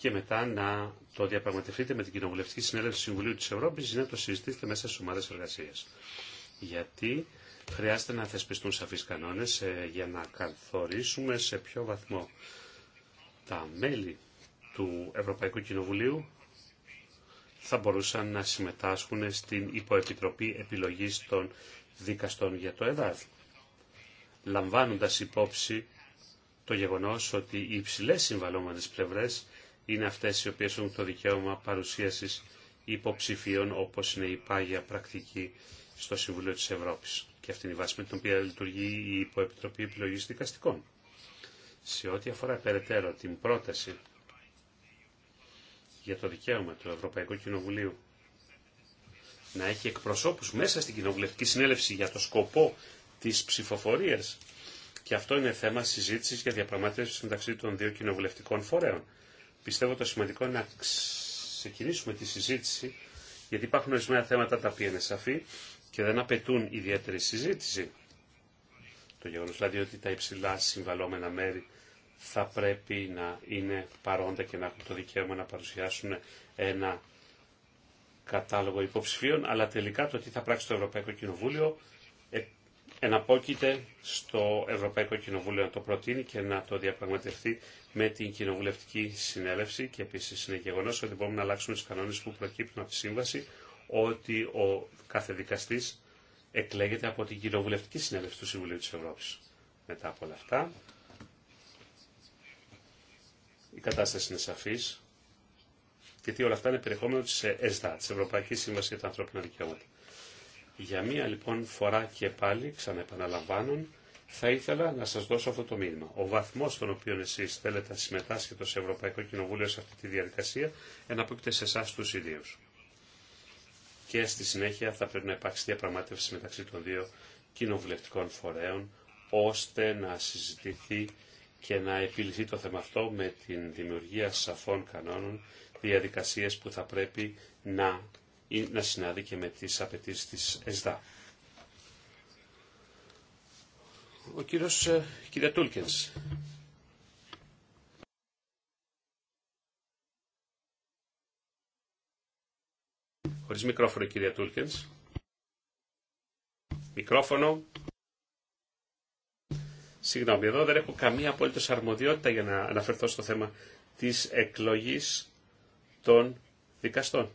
και μετά να το διαπραγματευτείτε με την Κοινοβουλευτική Συνέλευση Συμβουλίου τη Ευρώπη, ή να το συζητήσετε μέσα στι ομάδε εργασία. Γιατί χρειάζεται να θεσπιστούν σαφείς κανόνες ε, για να καθορίσουμε σε ποιο βαθμό τα μέλη του Ευρωπαϊκού Κοινοβουλίου θα μπορούσαν να συμμετάσχουν στην υποεπιτροπή επιλογής των δικαστών για το ΕΔΑΔ, λαμβάνοντας υπόψη το γεγονός ότι οι υψηλές συμβαλόμενες πλευρές είναι αυτές οι οποίες έχουν το δικαίωμα παρουσίασης υποψηφίων όπως είναι η πάγια πρακτική στο Συμβουλίο της Ευρώπης. Και αυτή είναι η βάση με την οποία λειτουργεί η Υποεπιτροπή επιλογή Δικαστικών. Σε ό,τι αφορά περαιτέρω την πρόταση για το δικαίωμα του Ευρωπαϊκού Κοινοβουλίου να έχει εκπροσώπους μέσα στην Κοινοβουλευτική Συνέλευση για το σκοπό της ψηφοφορίας. Και αυτό είναι θέμα συζήτησης για διαπραγμάτευση μεταξύ των δύο κοινοβουλευτικών φορέων πιστεύω το σημαντικό είναι να ξεκινήσουμε τη συζήτηση, γιατί υπάρχουν ορισμένα θέματα τα οποία είναι σαφή και δεν απαιτούν ιδιαίτερη συζήτηση. Το γεγονός δηλαδή ότι τα υψηλά συμβαλόμενα μέρη θα πρέπει να είναι παρόντα και να έχουν το δικαίωμα να παρουσιάσουν ένα κατάλογο υποψηφίων, αλλά τελικά το τι θα πράξει το Ευρωπαϊκό Κοινοβούλιο εναπόκειται στο Ευρωπαϊκό Κοινοβούλιο να το προτείνει και να το διαπραγματευτεί με την Κοινοβουλευτική Συνέλευση και επίσης είναι γεγονό ότι μπορούμε να αλλάξουμε του κανόνες που προκύπτουν από τη Σύμβαση ότι ο κάθε δικαστή εκλέγεται από την Κοινοβουλευτική Συνέλευση του Συμβουλίου τη Ευρώπη. Μετά από όλα αυτά, η κατάσταση είναι σαφής, γιατί όλα αυτά είναι περιεχόμενο τη ΕΣΔΑ, της Ευρωπαϊκής Σύμβασης για τα Ανθρώπινα Δικαιώματα. Για μία λοιπόν φορά και πάλι, ξαναεπαναλαμβάνουν, θα ήθελα να σας δώσω αυτό το μήνυμα. Ο βαθμός στον οποίο εσείς θέλετε να συμμετάσχετε στο Ευρωπαϊκό Κοινοβούλιο σε αυτή τη διαδικασία εναπόκειται σε εσά τους ιδίους. Και στη συνέχεια θα πρέπει να υπάρξει διαπραγμάτευση μεταξύ των δύο κοινοβουλευτικών φορέων, ώστε να συζητηθεί και να επιληθεί το θέμα αυτό με την δημιουργία σαφών κανόνων, διαδικασίες που θα πρέπει να ή να συνάδει και με τις απαιτήσει της ΕΣΔΑ. Ο κύριος ε, κύριε Τούλκενς. Χωρίς μικρόφωνο κυρία Τούλκενς. Μικρόφωνο. Συγγνώμη, εδώ δεν έχω καμία απολύτως αρμοδιότητα για να αναφερθώ στο θέμα της εκλογής των δικαστών.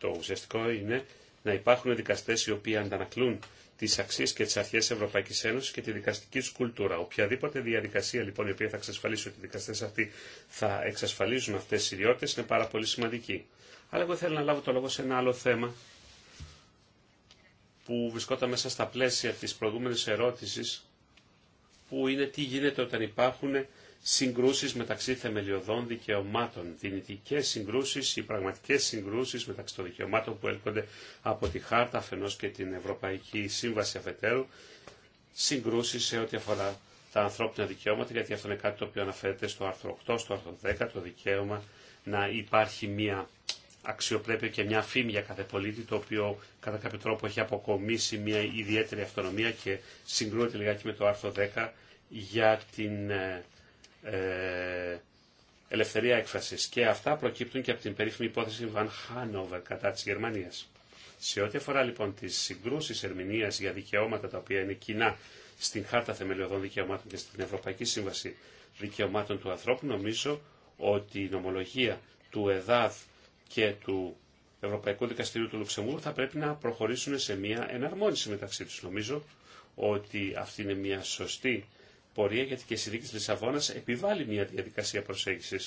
Το ουσιαστικό είναι να υπάρχουν δικαστέ οι οποίοι αντανακλούν τι αξίε και τι αρχέ Ευρωπαϊκή Ένωση και τη δικαστική του κουλτούρα. Οποιαδήποτε διαδικασία λοιπόν η οποία θα εξασφαλίσει ότι οι δικαστέ αυτοί θα εξασφαλίζουν αυτέ τι ιδιότητε είναι πάρα πολύ σημαντική. Αλλά εγώ θέλω να λάβω το λόγο σε ένα άλλο θέμα που βρισκόταν μέσα στα πλαίσια τη προηγούμενη ερώτηση που είναι τι γίνεται όταν υπάρχουν συγκρούσεις μεταξύ θεμελιωδών δικαιωμάτων, δυνητικές συγκρούσεις ή πραγματικές συγκρούσεις μεταξύ των δικαιωμάτων που έρχονται από τη Χάρτα αφενός και την Ευρωπαϊκή Σύμβαση αφετέρου, συγκρούσεις σε ό,τι αφορά τα ανθρώπινα δικαιώματα, γιατί αυτό είναι κάτι το οποίο αναφέρεται στο άρθρο 8, στο άρθρο 10, το δικαίωμα να υπάρχει μια αξιοπρέπεια και μια φήμη για κάθε πολίτη, το οποίο κατά κάποιο τρόπο έχει αποκομίσει μια ιδιαίτερη αυτονομία και συγκρούεται λιγάκι με το άρθρο 10 για την ε, ε, ελευθερία έκφρασης. Και αυτά προκύπτουν και από την περίφημη υπόθεση Βαν Χάνοβερ κατά της Γερμανίας. Σε ό,τι αφορά λοιπόν τις συγκρούσεις ερμηνείας για δικαιώματα τα οποία είναι κοινά στην Χάρτα Θεμελιωδών Δικαιωμάτων και στην Ευρωπαϊκή Σύμβαση Δικαιωμάτων του Ανθρώπου, νομίζω ότι η νομολογία του ΕΔΑΔ και του Ευρωπαϊκού Δικαστηρίου του Λουξεμβούργου θα πρέπει να προχωρήσουν σε μια εναρμόνιση μεταξύ τους. Νομίζω ότι αυτή είναι μια σωστή πορεία, γιατί και η συνδίκη τη Λισαβόνα επιβάλλει μια διαδικασία προσέγγιση.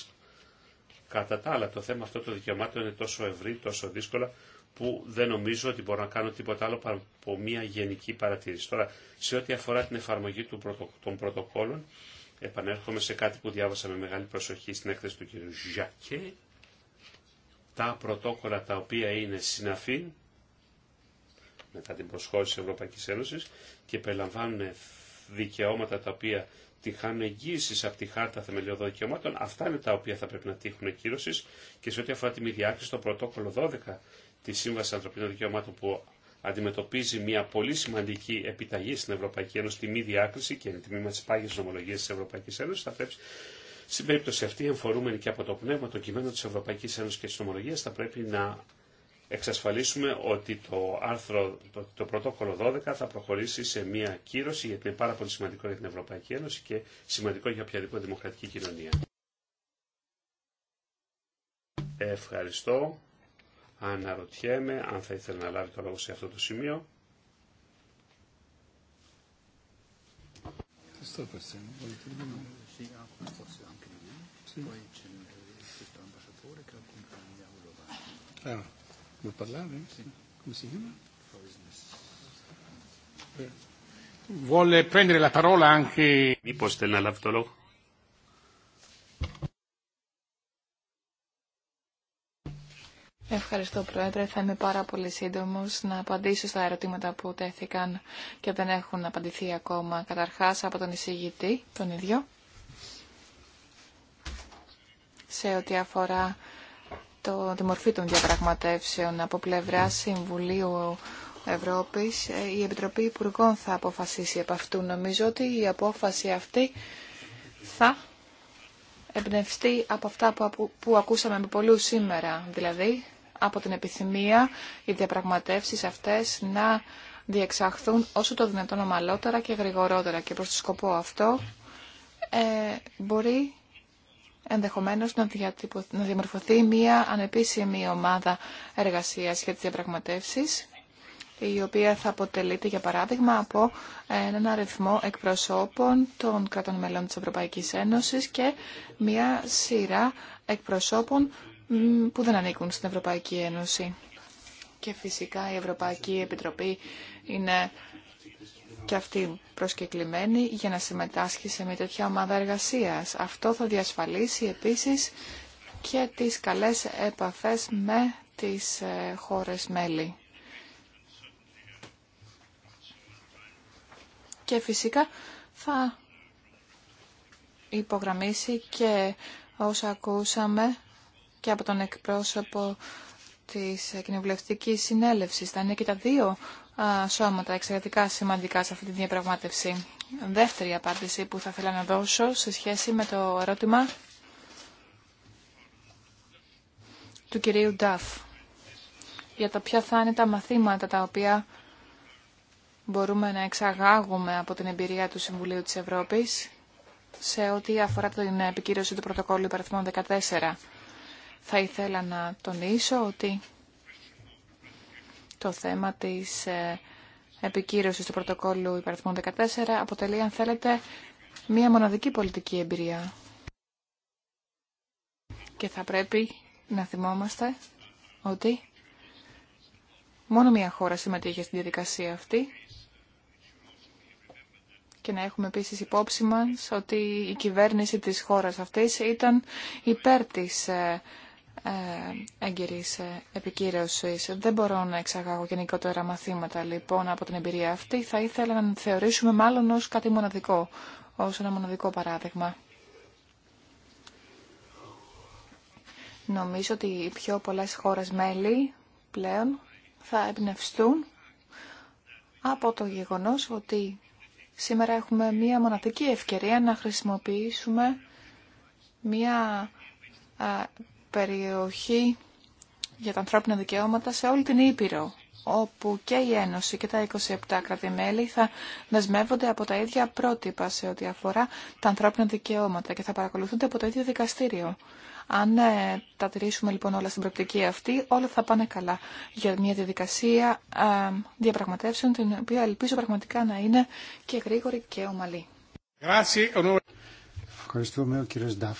Κατά τα άλλα, το θέμα αυτό των δικαιωμάτων είναι τόσο ευρύ, τόσο δύσκολα, που δεν νομίζω ότι μπορώ να κάνω τίποτα άλλο παρά από μια γενική παρατήρηση. Τώρα, σε ό,τι αφορά την εφαρμογή των πρωτοκόλων, επανέρχομαι σε κάτι που διάβασα με μεγάλη προσοχή στην έκθεση του κ. Ζακέ. Τα πρωτόκολλα τα οποία είναι συναφή μετά την προσχώρηση της Ευρωπαϊκή Ένωση και περιλαμβάνουν δικαιώματα τα οποία τη χάνουν εγγύηση από τη Χάρτα Θεμελιωδών Δικαιωμάτων, αυτά είναι τα οποία θα πρέπει να τύχουν κύρωση και σε ό,τι αφορά τη μη διάκριση, το πρωτόκολλο 12 τη Σύμβαση Ανθρωπίνων Δικαιωμάτων που αντιμετωπίζει μια πολύ σημαντική επιταγή στην Ευρωπαϊκή Ένωση, τη μη διάκριση και είναι τμήμα τη πάγια νομολογία τη Ευρωπαϊκή Ένωση, θα πρέπει στην περίπτωση αυτή, εμφορούμενη και από το πνεύμα των κειμένων τη Ευρωπαϊκή Ένωση και τη νομολογία, θα πρέπει να εξασφαλίσουμε ότι το, άρθρο, το, πρωτόκολλο 12 θα προχωρήσει σε μια κύρωση γιατί είναι πάρα πολύ σημαντικό για την Ευρωπαϊκή Ένωση και σημαντικό για οποιαδήποτε δημοκρατική κοινωνία. Ευχαριστώ. Αναρωτιέμαι αν θα ήθελα να λάβει το λόγο σε αυτό το σημείο. Come Ευχαριστώ Πρόεδρε. Θα είμαι πάρα πολύ σύντομο να απαντήσω στα ερωτήματα που τέθηκαν και δεν έχουν απαντηθεί ακόμα. Καταρχάς από τον εισηγητή, τον ίδιο, σε ό,τι αφορά το, τη μορφή των διαπραγματεύσεων από πλευρά Συμβουλίου Ευρώπης. Ε, η Επιτροπή Υπουργών θα αποφασίσει από αυτού. Νομίζω ότι η απόφαση αυτή θα εμπνευστεί από αυτά που, ακούσαμε με πολλού σήμερα, δηλαδή από την επιθυμία οι διαπραγματεύσεις αυτές να διεξαχθούν όσο το δυνατόν ομαλότερα και γρηγορότερα και προς το σκοπό αυτό ε, μπορεί ενδεχομένως να, να διαμορφωθεί μία ανεπίσημη ομάδα εργασίας για τις διαπραγματεύσεις, η οποία θα αποτελείται, για παράδειγμα, από έναν αριθμό εκπροσώπων των κρατών μελών της Ευρωπαϊκής Ένωσης και μία σειρά εκπροσώπων που δεν ανήκουν στην Ευρωπαϊκή Ένωση. Και φυσικά η Ευρωπαϊκή Επιτροπή είναι και αυτή προσκεκλημένη για να συμμετάσχει σε μια τέτοια ομάδα εργασίας. Αυτό θα διασφαλίσει επίσης και τις καλές επαφές με τις ε, χώρες μέλη. Και φυσικά θα υπογραμμίσει και όσα ακούσαμε και από τον εκπρόσωπο της Κοινοβουλευτικής Συνέλευσης. Θα είναι και τα δύο σώματα εξαιρετικά σημαντικά σε αυτή τη διαπραγμάτευση. Δεύτερη απάντηση που θα ήθελα να δώσω σε σχέση με το ερώτημα του κυρίου Νταφ για το ποια θα είναι τα μαθήματα τα οποία μπορούμε να εξαγάγουμε από την εμπειρία του Συμβουλίου της Ευρώπης σε ό,τι αφορά την επικύρωση του πρωτοκόλλου υπαριθμών 14. Θα ήθελα να τονίσω ότι το θέμα της ε, επικύρωσης του πρωτοκόλλου υπαριθμών 14 αποτελεί, αν θέλετε, μία μοναδική πολιτική εμπειρία. Και θα πρέπει να θυμόμαστε ότι μόνο μία χώρα συμμετείχε στην διαδικασία αυτή και να έχουμε επίσης υπόψη μας ότι η κυβέρνηση της χώρας αυτής ήταν υπέρ της ε, ε, έγκαιρης ε, επικύρωσης. Δεν μπορώ να εξαγάγω γενικότερα μαθήματα λοιπόν από την εμπειρία αυτή. Θα ήθελα να θεωρήσουμε μάλλον ως κάτι μοναδικό, ως ένα μοναδικό παράδειγμα. Νομίζω ότι οι πιο πολλές χώρες μέλη πλέον θα εμπνευστούν από το γεγονός ότι σήμερα έχουμε μία μοναδική ευκαιρία να χρησιμοποιήσουμε μία ε, περιοχή για τα ανθρώπινα δικαιώματα σε όλη την Ήπειρο, όπου και η Ένωση και τα 27 κράτη-μέλη θα δεσμεύονται από τα ίδια πρότυπα σε ό,τι αφορά τα ανθρώπινα δικαιώματα και θα παρακολουθούνται από το ίδιο δικαστήριο. Αν ε, τα τηρήσουμε λοιπόν όλα στην προπτική αυτή, όλα θα πάνε καλά για μια διαδικασία ε, διαπραγματεύσεων, την οποία ελπίζω πραγματικά να είναι και γρήγορη και ομαλή. Ευχαριστούμε ο κύριος Νταφ.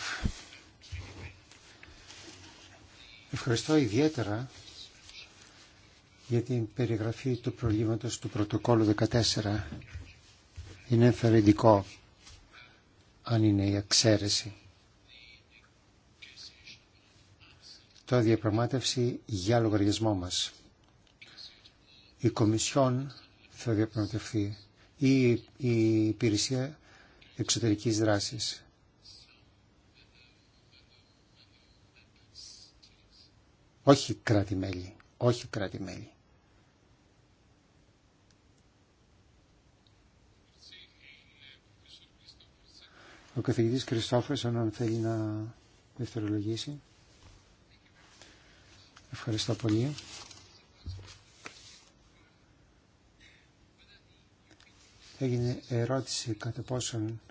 Ευχαριστώ ιδιαίτερα για την περιγραφή του προβλήματος του πρωτοκόλου 14. Είναι ενθαρρυντικό αν είναι η εξαίρεση. Το διαπραγμάτευση για λογαριασμό μας. Η Κομισιόν θα διαπραγματευτεί ή η υπηρεσία εξωτερικής δράσης. Όχι κράτη-μέλη. Όχι κράτη-μέλη. Ο καθηγητής Κριστόφερσον αν θέλει να δευτερολογήσει. Ευχαριστώ πολύ. Έγινε ερώτηση κατά πόσον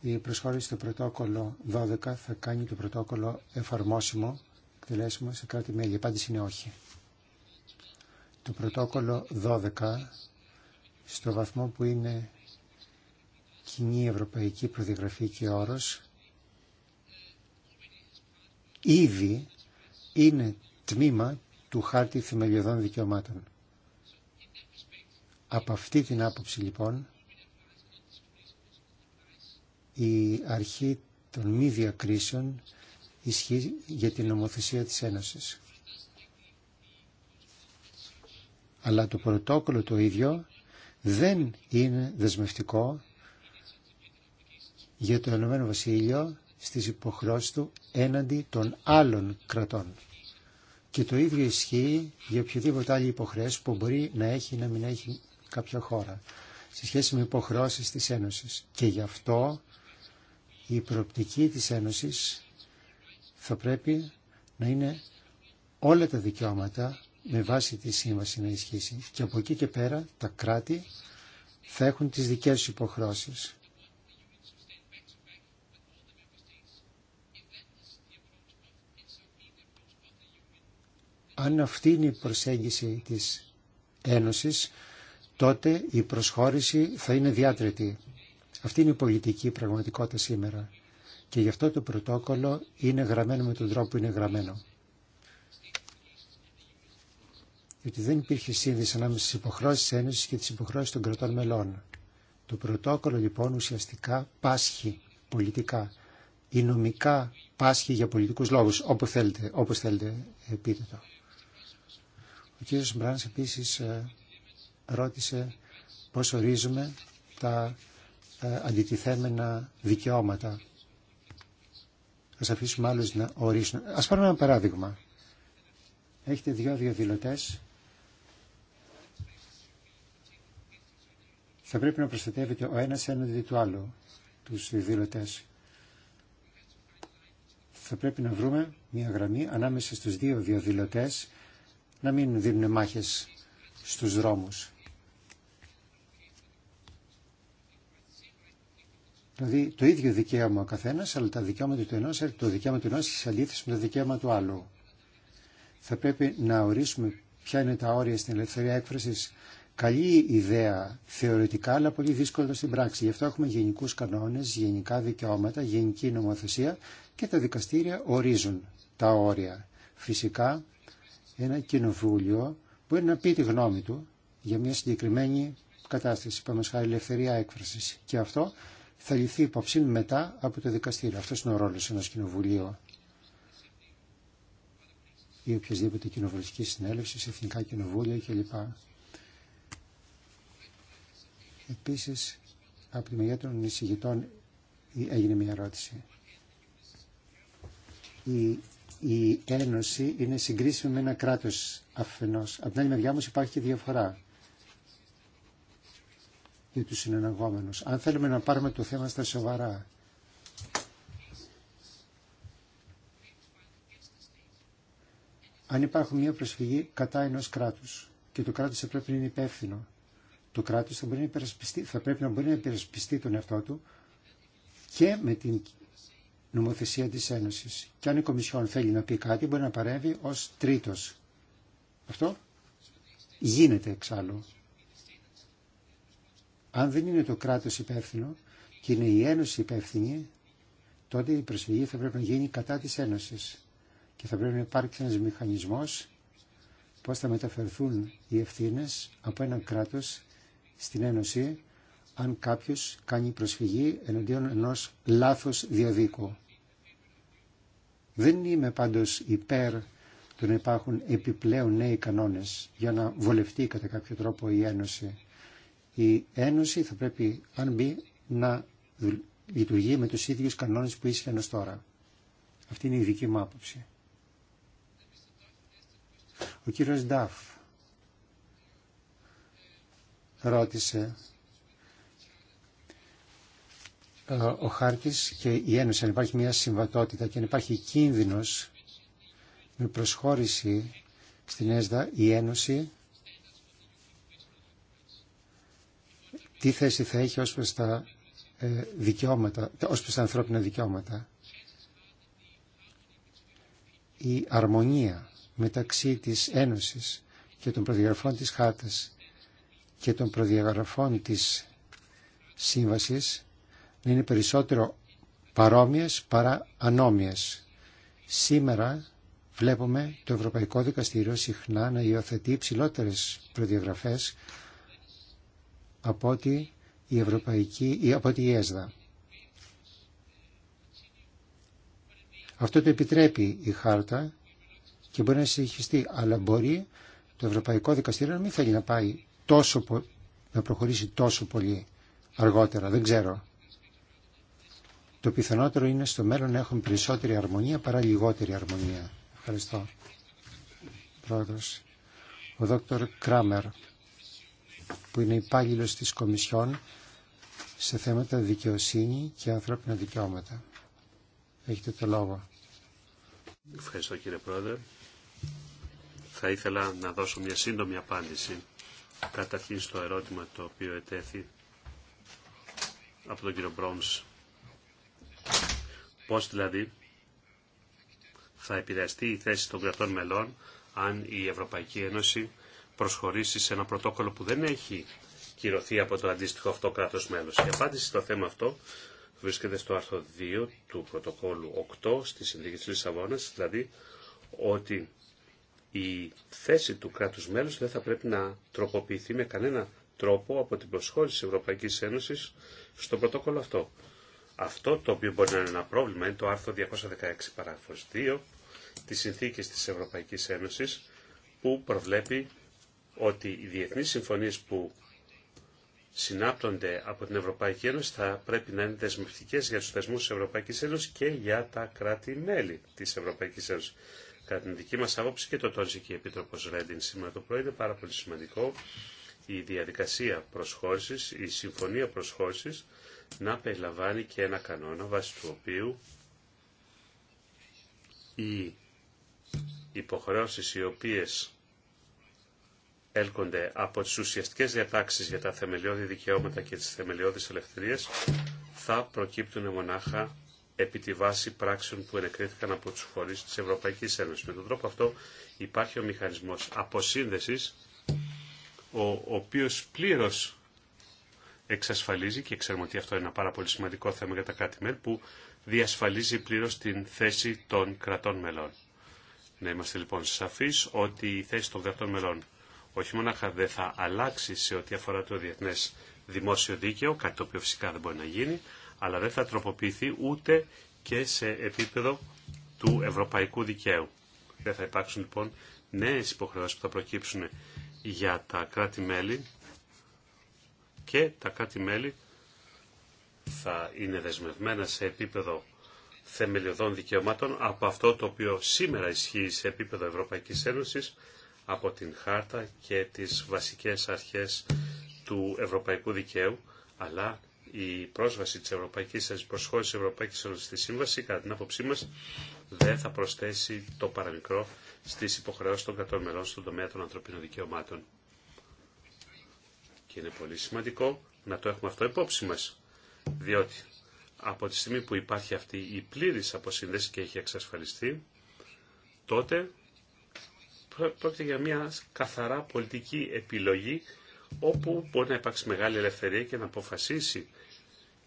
η προσχώρηση στο πρωτόκολλο 12 θα κάνει το πρωτόκολλο εφαρμόσιμο εκτελέσουμε σε κράτη-μέλη. Η απάντηση είναι όχι. Το πρωτόκολλο 12, στο βαθμό που είναι κοινή ευρωπαϊκή προδιαγραφή και όρος, ήδη είναι τμήμα του χάρτη θεμελιωδών δικαιωμάτων. Από αυτή την άποψη λοιπόν η αρχή των μη διακρίσεων ισχύει για την νομοθεσία της Ένωσης. Αλλά το πρωτόκολλο το ίδιο δεν είναι δεσμευτικό για το Ενωμένο Βασίλειο στις υποχρώσεις του έναντι των άλλων κρατών. Και το ίδιο ισχύει για οποιοδήποτε άλλη υποχρέωση που μπορεί να έχει ή να μην έχει κάποια χώρα σε σχέση με υποχρώσεις της Ένωσης. Και γι' αυτό η προοπτική της Ένωσης θα πρέπει να είναι όλα τα δικαιώματα με βάση τη σύμβαση να ισχύσει. Και από εκεί και πέρα τα κράτη θα έχουν τις δικές τους υποχρώσεις. Αν αυτή είναι η προσέγγιση της Ένωσης, τότε η προσχώρηση θα είναι διάτρετη. Αυτή είναι η πολιτική πραγματικότητα σήμερα. Και γι' αυτό το πρωτόκολλο είναι γραμμένο με τον τρόπο που είναι γραμμένο. Γιατί δεν υπήρχε σύνδεση ανάμεσα στι υποχρώσεις της και τι υποχρώσεις των κρατών μελών. Το πρωτόκολλο λοιπόν ουσιαστικά πάσχει πολιτικά ή νομικά πάσχει για πολιτικούς λόγους, όπω θέλετε, όπως θέλετε ε, πείτε Ο κ. Μπράνς επίσης ε, ρώτησε πώς ορίζουμε τα ε, αντιτιθέμενα δικαιώματα Ας αφήσουμε άλλους να ορίσουν. Ας πάρουμε ένα παράδειγμα. Έχετε δυο διαδηλωτέ. Θα πρέπει να προστατεύετε ο ένας έναντι του άλλου, τους διαδηλωτέ. Θα πρέπει να βρούμε μια γραμμή ανάμεσα στους δύο διαδηλωτέ να μην δίνουν μάχες στους δρόμους. Δηλαδή το ίδιο δικαίωμα ο καθένα, αλλά τα δικαιώματα του ενό, το δικαίωμα του ενό αντίθεση με το δικαίωμα του άλλου. Θα πρέπει να ορίσουμε ποια είναι τα όρια στην ελευθερία έκφραση. Καλή ιδέα θεωρητικά, αλλά πολύ δύσκολο στην πράξη. Γι' αυτό έχουμε γενικού κανόνε, γενικά δικαιώματα, γενική νομοθεσία και τα δικαστήρια ορίζουν τα όρια. Φυσικά, ένα κοινοβούλιο μπορεί να πει τη γνώμη του για μια συγκεκριμένη κατάσταση, πάμε χάρη ελευθερία έκφραση. Και αυτό θα ληφθεί υπόψη μετά από το δικαστήριο. Αυτός είναι ο ρόλο ένα κοινοβουλίου. Ή οποιοδήποτε κοινοβολική ενός κοινοβουλίου ή οποιασδήποτε κοινοβουλευτική συνέλευση, εθνικά κοινοβούλια κλπ. Επίσης, από τη μεριά των εισηγητών έγινε μια ερώτηση. Η, η Ένωση είναι συγκρίσιμη με ένα κράτος αφενός. Από την άλλη μεριά όμω υπάρχει και διαφορά για τους συνεναγόμενους. Αν θέλουμε να πάρουμε το θέμα στα σοβαρά. Αν υπάρχουν μια προσφυγή κατά ενός κράτους και το κράτος θα πρέπει να είναι υπεύθυνο, το κράτος θα, μπορεί να θα πρέπει να μπορεί να υπερασπιστεί τον εαυτό του και με την νομοθεσία της Ένωσης. Και αν η Κομισιόν θέλει να πει κάτι, μπορεί να παρέμβει ως τρίτος. Αυτό γίνεται εξάλλου. Αν δεν είναι το κράτος υπεύθυνο και είναι η Ένωση υπεύθυνη, τότε η προσφυγή θα πρέπει να γίνει κατά της Ένωσης και θα πρέπει να υπάρξει ένα μηχανισμός πώ θα μεταφερθούν οι ευθύνε από ένα κράτος στην Ένωση αν κάποιος κάνει προσφυγή εναντίον ενός λάθο διαδίκου. Δεν είμαι πάντω υπέρ του να υπάρχουν επιπλέον νέοι κανόνε για να βολευτεί κατά κάποιο τρόπο η Ένωση η Ένωση θα πρέπει, αν μπει, να λειτουργεί με τους ίδιους κανόνες που ίσχυαν ως τώρα. Αυτή είναι η δική μου άποψη. Ο κύριος Νταφ ρώτησε ε, ο χάρτης και η Ένωση, αν υπάρχει μια συμβατότητα και αν υπάρχει κίνδυνος με προσχώρηση στην ΕΣΔΑ, η Ένωση τι θέση θα έχει ως προς τα ε, δικαιώματα, ως προς τα ανθρώπινα δικαιώματα. Η αρμονία μεταξύ της Ένωσης και των προδιαγραφών της Χάρτας και των προδιαγραφών της Σύμβασης είναι περισσότερο παρόμοιες παρά ανόμοιες. Σήμερα βλέπουμε το Ευρωπαϊκό Δικαστήριο συχνά να υιοθετεί υψηλότερε προδιαγραφές από ότι η Ευρωπαϊκή ή από ΕΣΔΑ. Αυτό το επιτρέπει η χάρτα και μπορεί να συνεχιστεί, αλλά μπορεί το Ευρωπαϊκό Δικαστήριο να μην θέλει να πάει τόσο, να προχωρήσει τόσο πολύ αργότερα, δεν ξέρω. Το πιθανότερο είναι στο μέλλον να έχουν περισσότερη αρμονία παρά λιγότερη αρμονία. Ευχαριστώ. Πρόεδρος. Ο δόκτωρ Κράμερ που είναι υπάλληλο της Κομισιόν σε θέματα δικαιοσύνη και ανθρώπινα δικαιώματα. Έχετε το λόγο. Ευχαριστώ κύριε Πρόεδρε. Θα ήθελα να δώσω μια σύντομη απάντηση καταρχήν στο ερώτημα το οποίο ετέθη από τον κύριο Μπρόμς. Πώς δηλαδή θα επηρεαστεί η θέση των κρατών μελών αν η Ευρωπαϊκή Ένωση προσχωρήσει σε ένα πρωτόκολλο που δεν έχει κυρωθεί από το αντίστοιχο αυτό κράτος μέλος. Η απάντηση στο θέμα αυτό βρίσκεται στο άρθρο 2 του πρωτοκόλλου 8 στη Συνθήκη της Λισαβόνας, δηλαδή ότι η θέση του κράτους μέλους δεν θα πρέπει να τροποποιηθεί με κανένα τρόπο από την προσχώρηση της Ευρωπαϊκής Ένωσης στο πρωτόκολλο αυτό. Αυτό το οποίο μπορεί να είναι ένα πρόβλημα είναι το άρθρο 216 παράγραφος 2 της Συνθήκης της Ευρωπαϊκής Ένωσης που προβλέπει ότι οι διεθνείς συμφωνίες που συνάπτονται από την Ευρωπαϊκή Ένωση θα πρέπει να είναι δεσμευτικές για τους θεσμού της Ευρωπαϊκής Ένωσης και για τα κράτη-μέλη της Ευρωπαϊκής Ένωσης. Κατά την δική μα άποψη και το τόνισε και η Επίτροπο Ρέντιν σήμερα το πρωί, είναι πάρα πολύ σημαντικό η διαδικασία προσχώρησης η συμφωνία προσχώρησης να περιλαμβάνει και ένα κανόνα βάσει του οποίου οι υποχρεώσεις οι οποίες έλκονται από τις ουσιαστικές διατάξεις για τα θεμελιώδη δικαιώματα και τις θεμελιώδεις ελευθερίες θα προκύπτουν μονάχα επί τη βάση πράξεων που ενεκρίθηκαν από τους φορείς της Ευρωπαϊκής Ένωσης. Με τον τρόπο αυτό υπάρχει ο μηχανισμός αποσύνδεσης ο οποίος πλήρως εξασφαλίζει και ξέρουμε ότι αυτό είναι ένα πάρα πολύ σημαντικό θέμα για τα κράτη-μέλη που διασφαλίζει πλήρως την θέση των κρατών μελών. Να είμαστε λοιπόν σαφείς ότι η θέση των κρατών μελών όχι μόνο δεν θα αλλάξει σε ό,τι αφορά το διεθνές δημόσιο δίκαιο, κάτι το οποίο φυσικά δεν μπορεί να γίνει, αλλά δεν θα τροποποιηθεί ούτε και σε επίπεδο του ευρωπαϊκού δικαίου. Δεν θα υπάρξουν λοιπόν νέες υποχρεώσεις που θα προκύψουν για τα κράτη-μέλη και τα κράτη-μέλη θα είναι δεσμευμένα σε επίπεδο θεμελιωδών δικαιωμάτων από αυτό το οποίο σήμερα ισχύει σε επίπεδο Ευρωπαϊκής Ένωσης από την χάρτα και τις βασικές αρχές του ευρωπαϊκού δικαίου, αλλά η πρόσβαση της Ευρωπαϊκής Ένωσης, προσχώρηση της Ευρωπαϊκής Ένωσης στη Σύμβαση, κατά την άποψή μας, δεν θα προσθέσει το παραμικρό στις υποχρεώσεις των κρατών μελών στον τομέα των ανθρωπίνων δικαιωμάτων. Και είναι πολύ σημαντικό να το έχουμε αυτό υπόψη μας, διότι από τη στιγμή που υπάρχει αυτή η πλήρης αποσύνδεση και έχει εξασφαλιστεί, τότε πρόκειται για μια καθαρά πολιτική επιλογή όπου μπορεί να υπάρξει μεγάλη ελευθερία και να αποφασίσει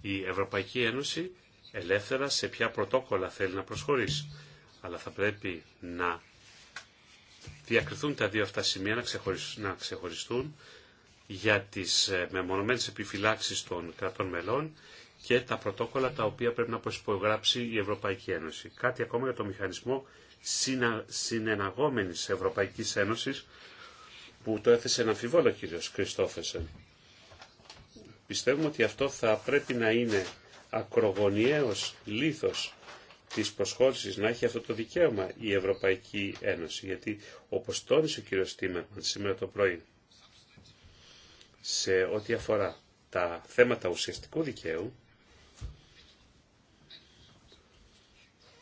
η Ευρωπαϊκή Ένωση ελεύθερα σε ποια πρωτόκολλα θέλει να προσχωρήσει. Αλλά θα πρέπει να διακριθούν τα δύο αυτά σημεία, να, να ξεχωριστούν για τις ε, μεμονωμένες επιφυλάξεις των κρατών μελών και τα πρωτόκολλα τα οποία πρέπει να προσπογράψει η Ευρωπαϊκή Ένωση. Κάτι ακόμα για το μηχανισμό συνεναγόμενης Ευρωπαϊκής Ένωσης που το έθεσε ένα αμφιβόλο κύριος Κριστόφεσεν. Πιστεύουμε ότι αυτό θα πρέπει να είναι ακρογωνιαίος λίθος της προσχώρησης να έχει αυτό το δικαίωμα η Ευρωπαϊκή Ένωση. Γιατί όπως τόνισε ο κύριος Τίμερμαν σήμερα το πρωί σε ό,τι αφορά τα θέματα ουσιαστικού δικαίου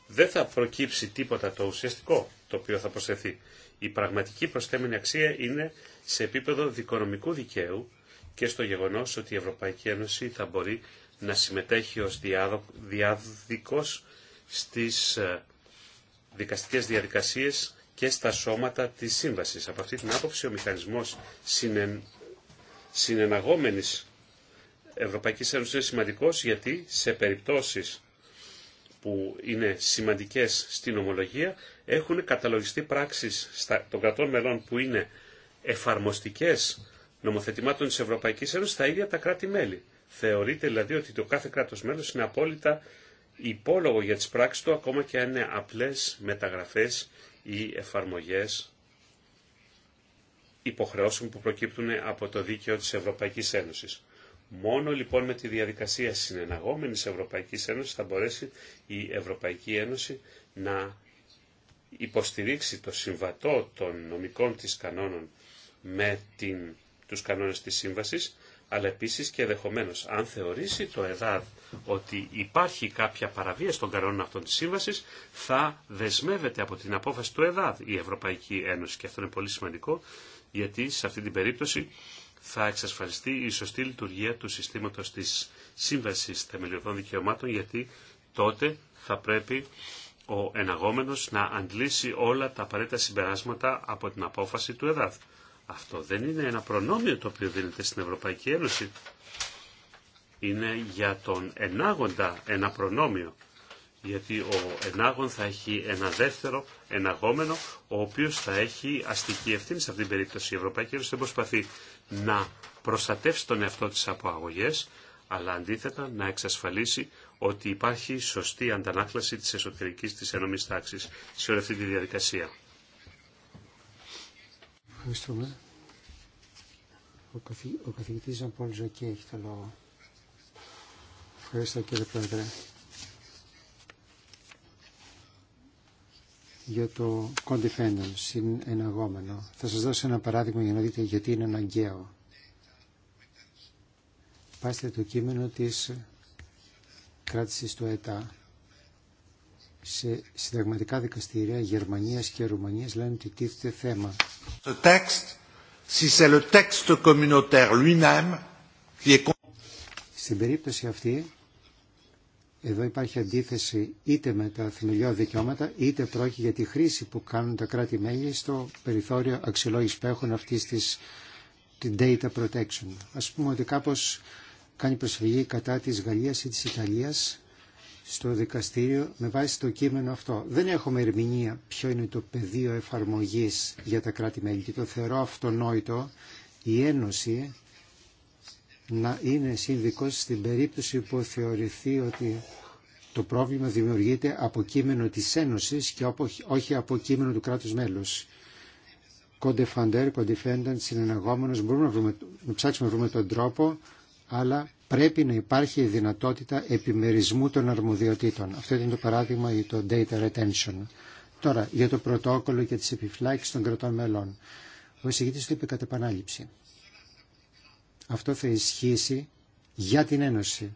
δεν θα προκύψει τίποτα το ουσιαστικό το οποίο θα προσθεθεί. Η πραγματική προσθέμενη αξία είναι σε επίπεδο δικονομικού δικαίου και στο γεγονός ότι η Ευρωπαϊκή Ένωση θα μπορεί να συμμετέχει ως διάδικος στις ε, δικαστικές διαδικασίες και στα σώματα της σύμβασης. Από αυτή την άποψη ο μηχανισμός συνεν... συνεναγόμενης Ευρωπαϊκής Ένωσης είναι σημαντικός γιατί σε περιπτώσεις που είναι σημαντικές στην ομολογία έχουν καταλογιστεί πράξεις των κρατών μελών που είναι εφαρμοστικές νομοθετημάτων της Ευρωπαϊκής Ένωσης στα ίδια τα κράτη-μέλη. Θεωρείται δηλαδή ότι το κάθε κράτος μέλος είναι απόλυτα υπόλογο για τις πράξεις του ακόμα και αν είναι απλές μεταγραφές ή εφαρμογές υποχρεώσεων που προκύπτουν από το δίκαιο της Ευρωπαϊκής Ένωσης. Μόνο λοιπόν με τη διαδικασία συνεναγόμενης Ευρωπαϊκής Ένωσης θα μπορέσει η Ευρωπαϊκή Ένωση να υποστηρίξει το συμβατό των νομικών της κανόνων με την, τους κανόνες της σύμβασης, αλλά επίσης και ενδεχομένω, αν θεωρήσει το ΕΔΑΔ ότι υπάρχει κάποια παραβίαση των κανόνων αυτών της σύμβασης, θα δεσμεύεται από την απόφαση του ΕΔΑΔ η Ευρωπαϊκή Ένωση. Και αυτό είναι πολύ σημαντικό, γιατί σε αυτή την περίπτωση θα εξασφαλιστεί η σωστή λειτουργία του συστήματος της Σύμβασης Θεμελιωδών Δικαιωμάτων γιατί τότε θα πρέπει ο εναγόμενος να αντλήσει όλα τα απαραίτητα συμπεράσματα από την απόφαση του ΕΔΑΘ. Αυτό δεν είναι ένα προνόμιο το οποίο δίνεται στην Ευρωπαϊκή Ένωση. Είναι για τον ενάγοντα ένα προνόμιο γιατί ο ενάγων θα έχει ένα δεύτερο εναγόμενο, ο οποίος θα έχει αστική ευθύνη σε αυτήν την περίπτωση. Η Ευρωπαϊκή Ένωση δεν προσπαθεί να προστατεύσει τον εαυτό της από αγωγές, αλλά αντίθετα να εξασφαλίσει ότι υπάρχει σωστή αντανάκλαση της εσωτερικής της ενομής τάξης σε όλη αυτή τη διαδικασία. Ευχαριστούμε. Ο, καθηγητής Ζαμπόλ έχει το λόγο. Ευχαριστώ κύριε Πρόεδρε. για το ένα συνεναγόμενο. Θα σας δώσω ένα παράδειγμα για να δείτε γιατί είναι αναγκαίο. Πάστε το κείμενο της κράτησης του ΕΤΑ. Σε συνταγματικά δικαστήρια Γερμανίας και Ρουμανίας λένε ότι τίθεται θέμα. Το τέξτ, si c'est le texte communautaire qui est... Στην περίπτωση αυτή, εδώ υπάρχει αντίθεση είτε με τα θεμελιώδη δικαιώματα, είτε πρόκειται για τη χρήση που κάνουν τα κράτη-μέλη στο περιθώριο αξιολόγηση που έχουν αυτή τη data protection. Ας πούμε ότι κάπω κάνει προσφυγή κατά της Γαλλίας ή της Ιταλίας στο δικαστήριο με βάση το κείμενο αυτό. Δεν έχουμε ερμηνεία ποιο είναι το πεδίο εφαρμογής για τα κράτη-μέλη και το θεωρώ αυτονόητο η Ένωση να είναι σύνδικος στην περίπτωση που θεωρηθεί ότι το πρόβλημα δημιουργείται από κείμενο της Ένωσης και όχι από κείμενο του κράτους μέλους. Κοντεφαντέρ, κοντεφέντεν, συνεναγόμενος, μπορούμε να, βρούμε, να ψάξουμε να βρούμε τον τρόπο, αλλά πρέπει να υπάρχει η δυνατότητα επιμερισμού των αρμοδιοτήτων. Αυτό ήταν το παράδειγμα για το data retention. Τώρα, για το πρωτόκολλο και τις επιφλάκεις των κρατών μελών. Ο εισηγητής το είπε κατά επανάληψη. Αυτό θα ισχύσει για την Ένωση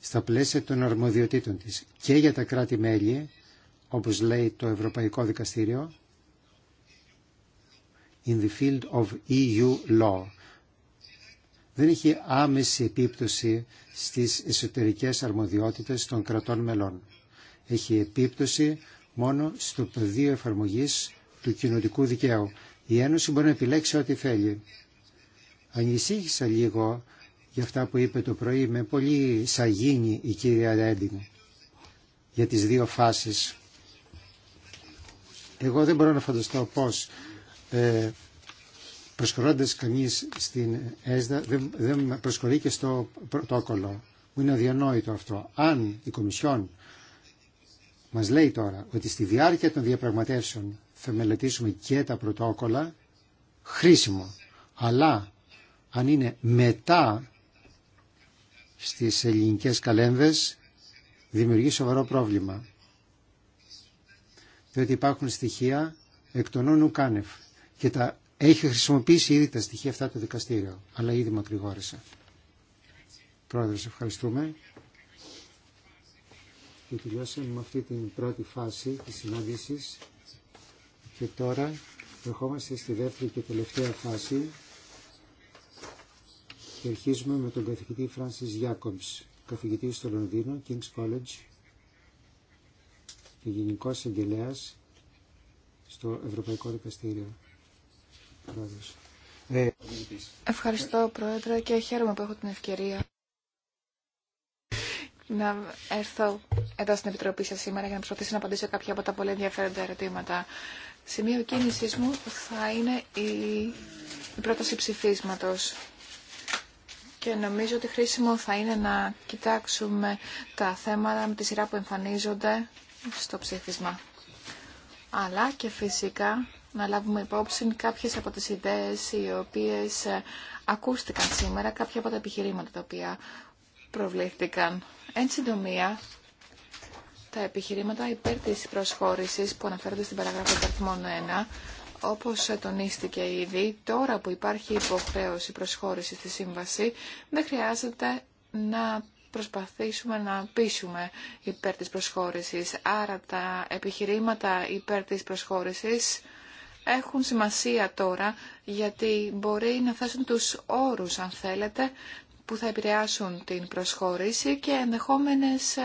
στα πλαίσια των αρμοδιοτήτων της και για τα κράτη-μέλη, όπως λέει το Ευρωπαϊκό Δικαστήριο, in the field of EU law. Δεν έχει άμεση επίπτωση στις εσωτερικές αρμοδιότητες των κρατών μελών. Έχει επίπτωση μόνο στο πεδίο εφαρμογής του κοινωτικού δικαίου. Η Ένωση μπορεί να επιλέξει ό,τι θέλει ανησύχησα λίγο για αυτά που είπε το πρωί. Με πολύ σαγίνη η κυρία Ρέντιν για τις δύο φάσεις. Εγώ δεν μπορώ να φανταστώ πώς ε, προσχωρώντας κανείς στην ΕΣΔΑ δεν, δεν προσχωρεί και στο πρωτόκολλο. Μου είναι αδιανόητο αυτό. Αν η Κομισιόν μας λέει τώρα ότι στη διάρκεια των διαπραγματεύσεων θα μελετήσουμε και τα πρωτόκολλα, χρήσιμο. Αλλά αν είναι μετά στις ελληνικές καλέμβες δημιουργεί σοβαρό πρόβλημα. Διότι υπάρχουν στοιχεία εκ των όνου κάνευ και τα έχει χρησιμοποιήσει ήδη τα στοιχεία αυτά το δικαστήριο, αλλά ήδη μακρηγόρησε. Πρόεδρος, ευχαριστούμε και τελειώσαμε με αυτή την πρώτη φάση της συνάντησης και τώρα ερχόμαστε στη δεύτερη και τελευταία φάση και αρχίζουμε με τον καθηγητή Francis Jacobs, καθηγητή στο Λονδίνο, King's College και γενικό εγγελέα στο Ευρωπαϊκό Δικαστήριο. Ε, Ευχαριστώ, Πρόεδρε, και χαίρομαι που έχω την ευκαιρία να έρθω εδώ στην Επιτροπή σας σήμερα για να προσπαθήσω να απαντήσω κάποια από τα πολύ ενδιαφέροντα ερωτήματα. Σημείο κίνησης μου θα είναι η, η πρόταση ψηφίσματος και νομίζω ότι χρήσιμο θα είναι να κοιτάξουμε τα θέματα με τη σειρά που εμφανίζονται στο ψήφισμα. Αλλά και φυσικά να λάβουμε υπόψη κάποιες από τις ιδέες οι οποίες ε, ακούστηκαν σήμερα, κάποια από τα επιχειρήματα τα οποία προβλήθηκαν. Εν συντομία, τα επιχειρήματα υπέρ της προσχώρησης που αναφέρονται στην παραγράφη 1 όπως τονίστηκε ήδη, τώρα που υπάρχει υποχρέωση προσχώρηση στη σύμβαση, δεν χρειάζεται να προσπαθήσουμε να πείσουμε υπέρ της προσχώρησης. Άρα τα επιχειρήματα υπέρ της προσχώρησης έχουν σημασία τώρα γιατί μπορεί να θέσουν τους όρους, αν θέλετε, που θα επηρεάσουν την προσχώρηση και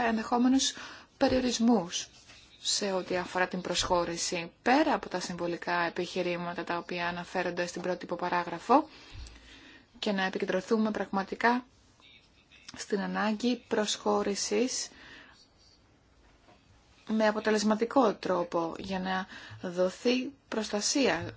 ενδεχόμενους περιορισμούς σε ό,τι αφορά την προσχώρηση, πέρα από τα συμβολικά επιχειρήματα τα οποία αναφέρονται στην πρώτη υποπαράγραφο και να επικεντρωθούμε πραγματικά στην ανάγκη προσχώρησης με αποτελεσματικό τρόπο για να δοθεί προστασία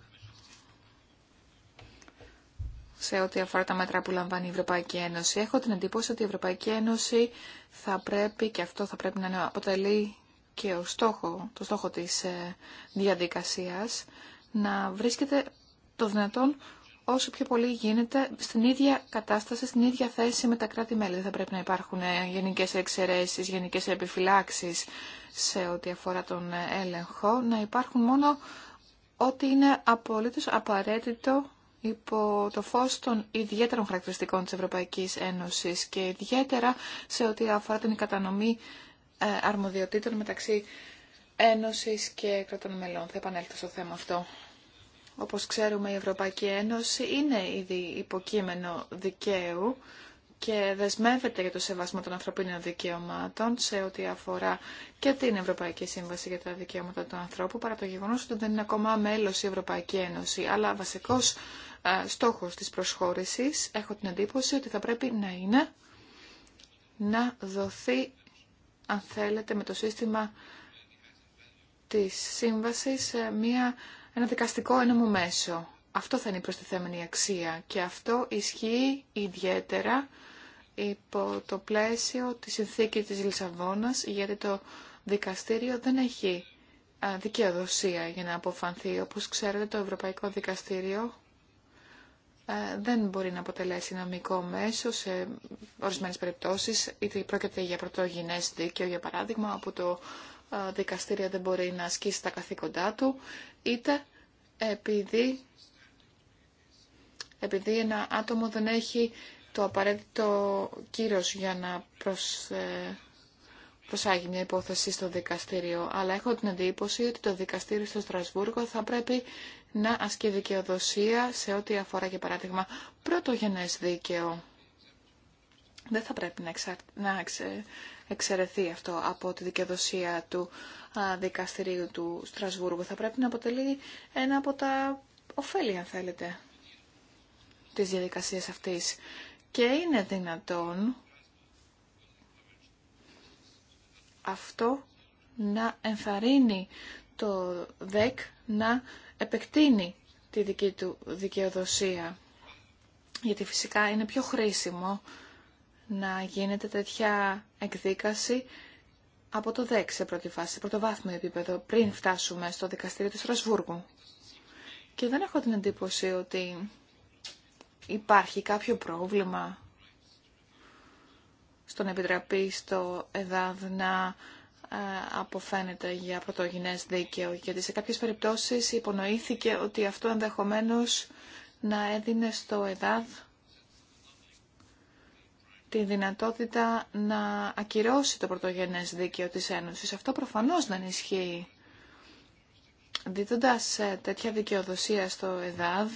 σε ό,τι αφορά τα μέτρα που λαμβάνει η Ευρωπαϊκή Ένωση. Έχω την εντύπωση ότι η Ευρωπαϊκή Ένωση θα πρέπει, και αυτό θα πρέπει να αποτελεί και ο στόχο, το στόχο της ε, διαδικασίας να βρίσκεται το δυνατόν όσο πιο πολύ γίνεται στην ίδια κατάσταση, στην ίδια θέση με τα κράτη-μέλη. Δεν θα πρέπει να υπάρχουν ε, γενικές εξαιρέσεις, γενικές επιφυλάξεις σε ό,τι αφορά τον ε, έλεγχο, να υπάρχουν μόνο ό,τι είναι απολύτω απαραίτητο υπό το φως των ιδιαίτερων χαρακτηριστικών της Ευρωπαϊκής Ένωσης και ιδιαίτερα σε ό,τι αφορά την κατανομή ε, αρμοδιοτήτων μεταξύ Ένωσης και κρατών μελών. Θα επανέλθω στο θέμα αυτό. Όπως ξέρουμε η Ευρωπαϊκή Ένωση είναι ήδη υποκείμενο δικαίου και δεσμεύεται για το σεβασμό των ανθρωπίνων δικαιωμάτων σε ό,τι αφορά και την Ευρωπαϊκή Σύμβαση για τα Δικαιώματα του Ανθρώπου, παρά το γεγονός ότι δεν είναι ακόμα μέλος η Ευρωπαϊκή Ένωση. Αλλά βασικός ε, στόχος της προσχώρησης, έχω την εντύπωση ότι θα πρέπει να είναι να δοθεί αν θέλετε, με το σύστημα της σύμβασης μια, ένα δικαστικό ένομο μέσο. Αυτό θα είναι η προστιθέμενη αξία και αυτό ισχύει ιδιαίτερα υπό το πλαίσιο της συνθήκης της Λισαβόνας γιατί το δικαστήριο δεν έχει δικαιοδοσία για να αποφανθεί. Όπως ξέρετε το Ευρωπαϊκό Δικαστήριο ε, δεν μπορεί να αποτελέσει νομικό μέσο σε ορισμένες περιπτώσεις, είτε πρόκειται για πρωτογενές δίκαιο, για παράδειγμα, όπου το ε, δικαστήριο δεν μπορεί να ασκήσει τα καθήκοντά του, είτε επειδή, επειδή ένα άτομο δεν έχει το απαραίτητο κύρος για να προς, ε, προσάγει μια υπόθεση στο δικαστήριο. Αλλά έχω την εντύπωση ότι το δικαστήριο στο Στρασβούργο θα πρέπει να ασκεί δικαιοδοσία σε ό,τι αφορά, για παράδειγμα, πρωτογενές δίκαιο. Δεν θα πρέπει να, να εξαιρεθεί αυτό από τη δικαιοδοσία του δικαστηρίου του Στρασβούργου. Θα πρέπει να αποτελεί ένα από τα ωφέλη, αν θέλετε, της διαδικασίας αυτής. Και είναι δυνατόν αυτό να ενθαρρύνει το ΔΕΚ να επεκτείνει τη δική του δικαιοδοσία. Γιατί φυσικά είναι πιο χρήσιμο να γίνεται τέτοια εκδίκαση από το ΔΕΚ σε πρώτη φάση, σε πρωτοβάθμιο επίπεδο, πριν φτάσουμε στο δικαστήριο του Στρασβούργου. Και δεν έχω την εντύπωση ότι υπάρχει κάποιο πρόβλημα στον επιτραπή στο ΕΔΑΔ να ε, αποφαίνεται για πρωτογενές δίκαιο, γιατί σε κάποιες περιπτώσεις υπονοήθηκε ότι αυτό ενδεχομένως να έδινε στο ΕΔΑΔ τη δυνατότητα να ακυρώσει το πρωτογενές δίκαιο της Ένωσης. Αυτό προφανώς δεν ισχύει. Δίδοντας ε, τέτοια δικαιοδοσία στο ΕΔΑΔ,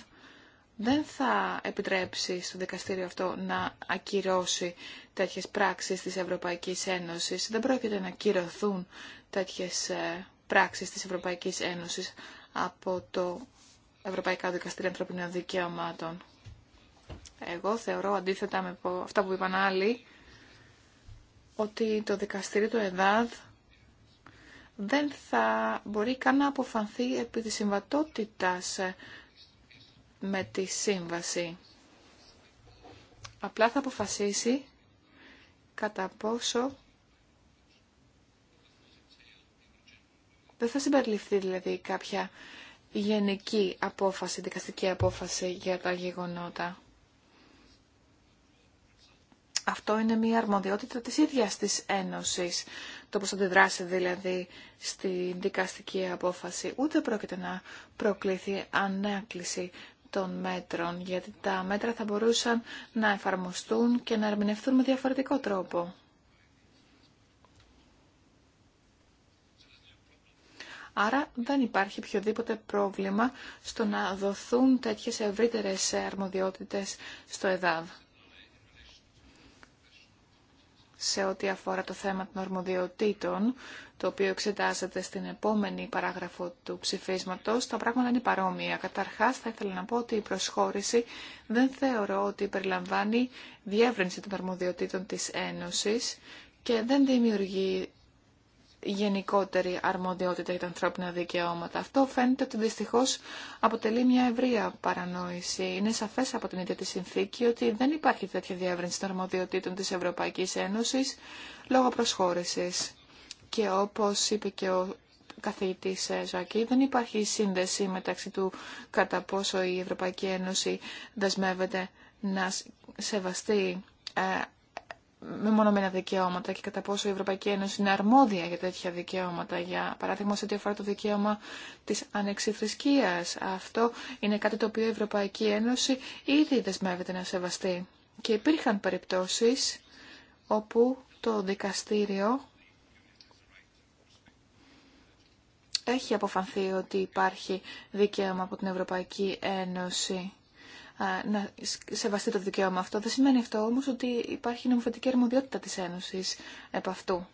δεν θα επιτρέψει στο δικαστήριο αυτό να ακυρώσει τέτοιες πράξεις της Ευρωπαϊκής Ένωσης. Δεν πρόκειται να ακυρωθούν τέτοιες ε, πράξεις της Ευρωπαϊκής Ένωσης από το Ευρωπαϊκό Δικαστήριο Ανθρωπινών Δικαιωμάτων. Εγώ θεωρώ, αντίθετα με αυτά που είπαν άλλοι, ότι το δικαστήριο του ΕΔΑΔ δεν θα μπορεί καν να αποφανθεί επί της συμβατότητας ε, με τη σύμβαση. Απλά θα αποφασίσει κατά πόσο δεν θα συμπεριληφθεί δηλαδή κάποια γενική απόφαση, δικαστική απόφαση για τα γεγονότα. Αυτό είναι μια αρμοδιότητα της ίδιας της Ένωσης, το πώς αντιδράσει δηλαδή στη δικαστική απόφαση. Ούτε πρόκειται να προκληθεί ανάκληση των μέτρων, γιατί τα μέτρα θα μπορούσαν να εφαρμοστούν και να ερμηνευτούν με διαφορετικό τρόπο. Άρα δεν υπάρχει οποιοδήποτε πρόβλημα στο να δοθούν τέτοιες ευρύτερες αρμοδιότητες στο ΕΔΑΒ σε ό,τι αφορά το θέμα των ορμοδιοτήτων, το οποίο εξετάζεται στην επόμενη παράγραφο του ψηφίσματος, τα πράγματα είναι παρόμοια. Καταρχάς, θα ήθελα να πω ότι η προσχώρηση δεν θεωρώ ότι περιλαμβάνει διεύρυνση των αρμοδιοτήτων της Ένωσης και δεν δημιουργεί γενικότερη αρμοδιότητα για τα ανθρώπινα δικαιώματα. Αυτό φαίνεται ότι δυστυχώς αποτελεί μια ευρεία παρανόηση. Είναι σαφέ από την ίδια τη συνθήκη ότι δεν υπάρχει τέτοια διεύρυνση των αρμοδιοτήτων της Ευρωπαϊκής Ένωσης λόγω προσχώρηση. Και όπως είπε και ο καθηγητής ε, Ζακή, δεν υπάρχει σύνδεση μεταξύ του κατά πόσο η Ευρωπαϊκή Ένωση δεσμεύεται να σεβαστεί ε, μεμονωμένα δικαιώματα και κατά πόσο η Ευρωπαϊκή Ένωση είναι αρμόδια για τέτοια δικαιώματα. Για παράδειγμα, σε ό,τι αφορά το δικαίωμα της ανεξιθρησκείας. Αυτό είναι κάτι το οποίο η Ευρωπαϊκή Ένωση ήδη δεσμεύεται να σεβαστεί. Και υπήρχαν περιπτώσεις όπου το δικαστήριο έχει αποφανθεί ότι υπάρχει δικαίωμα από την Ευρωπαϊκή Ένωση να σεβαστεί το δικαίωμα αυτό. Δεν σημαίνει αυτό όμως ότι υπάρχει νομοθετική αρμοδιότητα της Ένωσης επ' αυτού.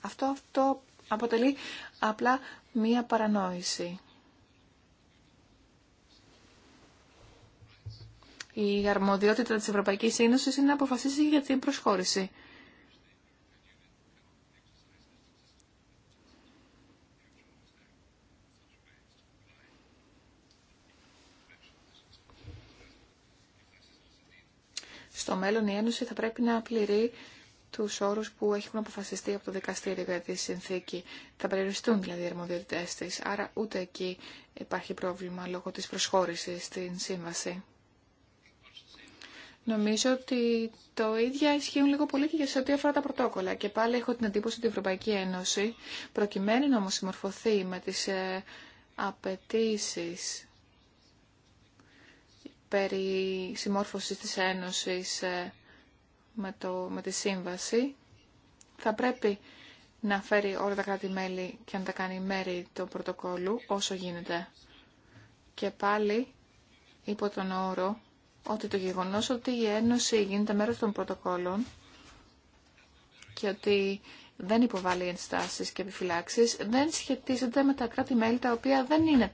Αυτό, αυτό αποτελεί απλά μία παρανόηση. Η αρμοδιότητα της Ευρωπαϊκής Ένωσης είναι να αποφασίσει για την προσχώρηση. Στο μέλλον η Ένωση θα πρέπει να πληρεί του όρου που έχουν αποφασιστεί από το δικαστήριο για τη συνθήκη. Θα περιοριστούν δηλαδή οι αρμοδιότητέ τη. άρα ούτε εκεί υπάρχει πρόβλημα λόγω τη προσχώρηση στην σύμβαση. Νομίζω ότι το ίδιο ισχύουν λίγο πολύ και σε ό,τι αφορά τα πρωτόκολλα. Και πάλι έχω την εντύπωση ότι η Ευρωπαϊκή Ένωση, προκειμένου να συμμορφωθεί με τι ε, απαιτήσει περί συμμόρφωσης της Ένωσης ε, με, το, με τη Σύμβαση, θα πρέπει να φέρει όλα τα κράτη-μέλη και να τα κάνει μέρη του πρωτοκόλλου όσο γίνεται. Και πάλι υπό τον όρο ότι το γεγονός ότι η Ένωση γίνεται μέρος των πρωτοκόλλων και ότι δεν υποβάλλει ενστάσεις και επιφυλάξεις δεν σχετίζεται με τα κράτη-μέλη τα οποία δεν είναι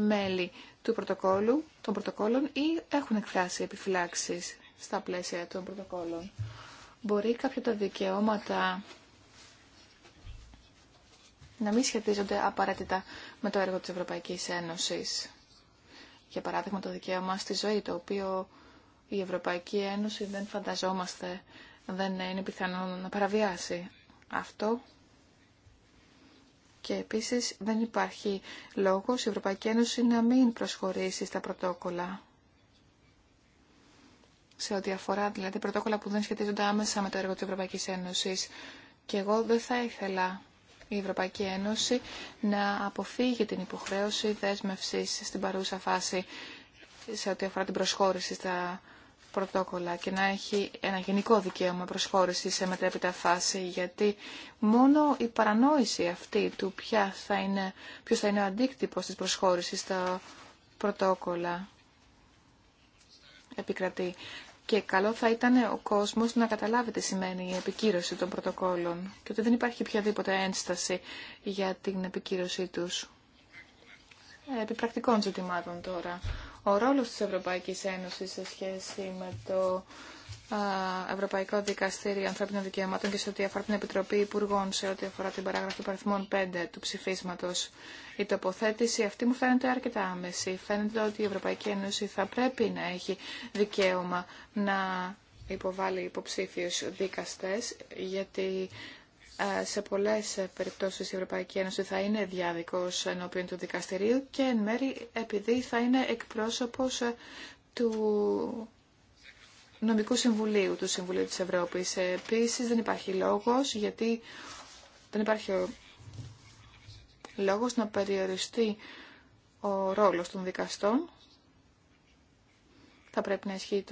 μέλη του πρωτοκόλου, των πρωτοκόλων ή έχουν εκφράσει επιφυλάξεις στα πλαίσια των πρωτοκόλων. Μπορεί κάποια τα δικαιώματα να μην σχετίζονται απαραίτητα με το έργο της Ευρωπαϊκής Ένωσης. Για παράδειγμα το δικαίωμα στη ζωή, το οποίο η Ευρωπαϊκή Ένωση δεν φανταζόμαστε, δεν είναι πιθανό να παραβιάσει. Αυτό και επίσης δεν υπάρχει λόγος η Ευρωπαϊκή Ένωση να μην προσχωρήσει στα πρωτόκολλα. Σε ό,τι αφορά δηλαδή πρωτόκολλα που δεν σχετίζονται άμεσα με το έργο της Ευρωπαϊκής Ένωσης. Και εγώ δεν θα ήθελα η Ευρωπαϊκή Ένωση να αποφύγει την υποχρέωση δέσμευσης στην παρούσα φάση σε ό,τι αφορά την προσχώρηση στα πρωτόκολλα και να έχει ένα γενικό δικαίωμα προσχώρηση σε μετέπειτα φάση, γιατί μόνο η παρανόηση αυτή του ποιο θα είναι, ποιος θα είναι ο αντίκτυπος της προσχώρησης στα πρωτόκολλα επικρατεί. Και καλό θα ήταν ο κόσμος να καταλάβει τι σημαίνει η επικύρωση των πρωτοκόλων και ότι δεν υπάρχει οποιαδήποτε ένσταση για την επικύρωσή τους. Ε, Επιπρακτικών ζητημάτων τώρα ο ρόλος της Ευρωπαϊκής Ένωσης σε σχέση με το Ευρωπαϊκό Δικαστήριο Ανθρώπινων Δικαιωμάτων και σε ό,τι αφορά την Επιτροπή Υπουργών σε ό,τι αφορά την παράγραφη παριθμών 5 του ψηφίσματος. Η τοποθέτηση αυτή μου φαίνεται αρκετά άμεση. Φαίνεται ότι η Ευρωπαϊκή Ένωση θα πρέπει να έχει δικαίωμα να υποβάλει υποψήφιους δικαστές, γιατί ε, σε πολλές περιπτώσεις η Ευρωπαϊκή Ένωση θα είναι διάδικος ενώπιον του δικαστηρίου και εν μέρη επειδή θα είναι εκπρόσωπος ε, του νομικού συμβουλίου του Συμβουλίου της Ευρώπης. Επίσης δεν υπάρχει λόγος γιατί δεν υπάρχει λόγος να περιοριστεί ο ρόλος των δικαστών. Θα πρέπει να ισχύει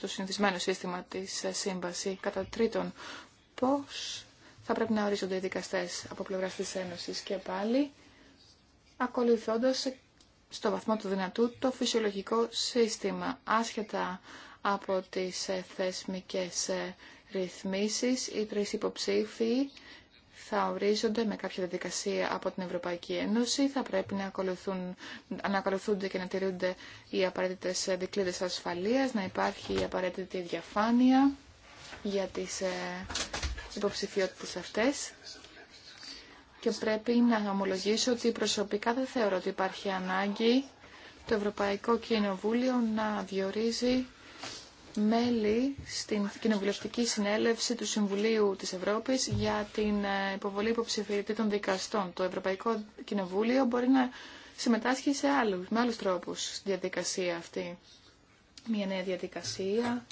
το συνηθισμένο σύστημα της ε, σύμβαση. Κατά τρίτον, πώς θα πρέπει να ορίζονται οι δικαστέ από πλευρά τη Ένωση και πάλι ακολουθώντα στο βαθμό του δυνατού το φυσιολογικό σύστημα άσχετα από τις ε, θεσμικές ε, ρυθμίσεις οι τρει υποψήφοι θα ορίζονται με κάποια διαδικασία από την Ευρωπαϊκή Ένωση, θα πρέπει να, ακολουθούν, να και να τηρούνται οι απαραίτητες ε, δικλείδες ασφαλείας, να υπάρχει η απαραίτητη διαφάνεια για τις υποψηφιότητες αυτές και πρέπει να ομολογήσω ότι προσωπικά δεν θεωρώ ότι υπάρχει ανάγκη το Ευρωπαϊκό Κοινοβούλιο να διορίζει μέλη στην Κοινοβουλευτική Συνέλευση του Συμβουλίου της Ευρώπης για την ε, υποβολή υποψηφιότητα των δικαστών. Το Ευρωπαϊκό Κοινοβούλιο μπορεί να συμμετάσχει σε άλλους, με άλλους τρόπους στη διαδικασία αυτή. Μια νέα διαδικασία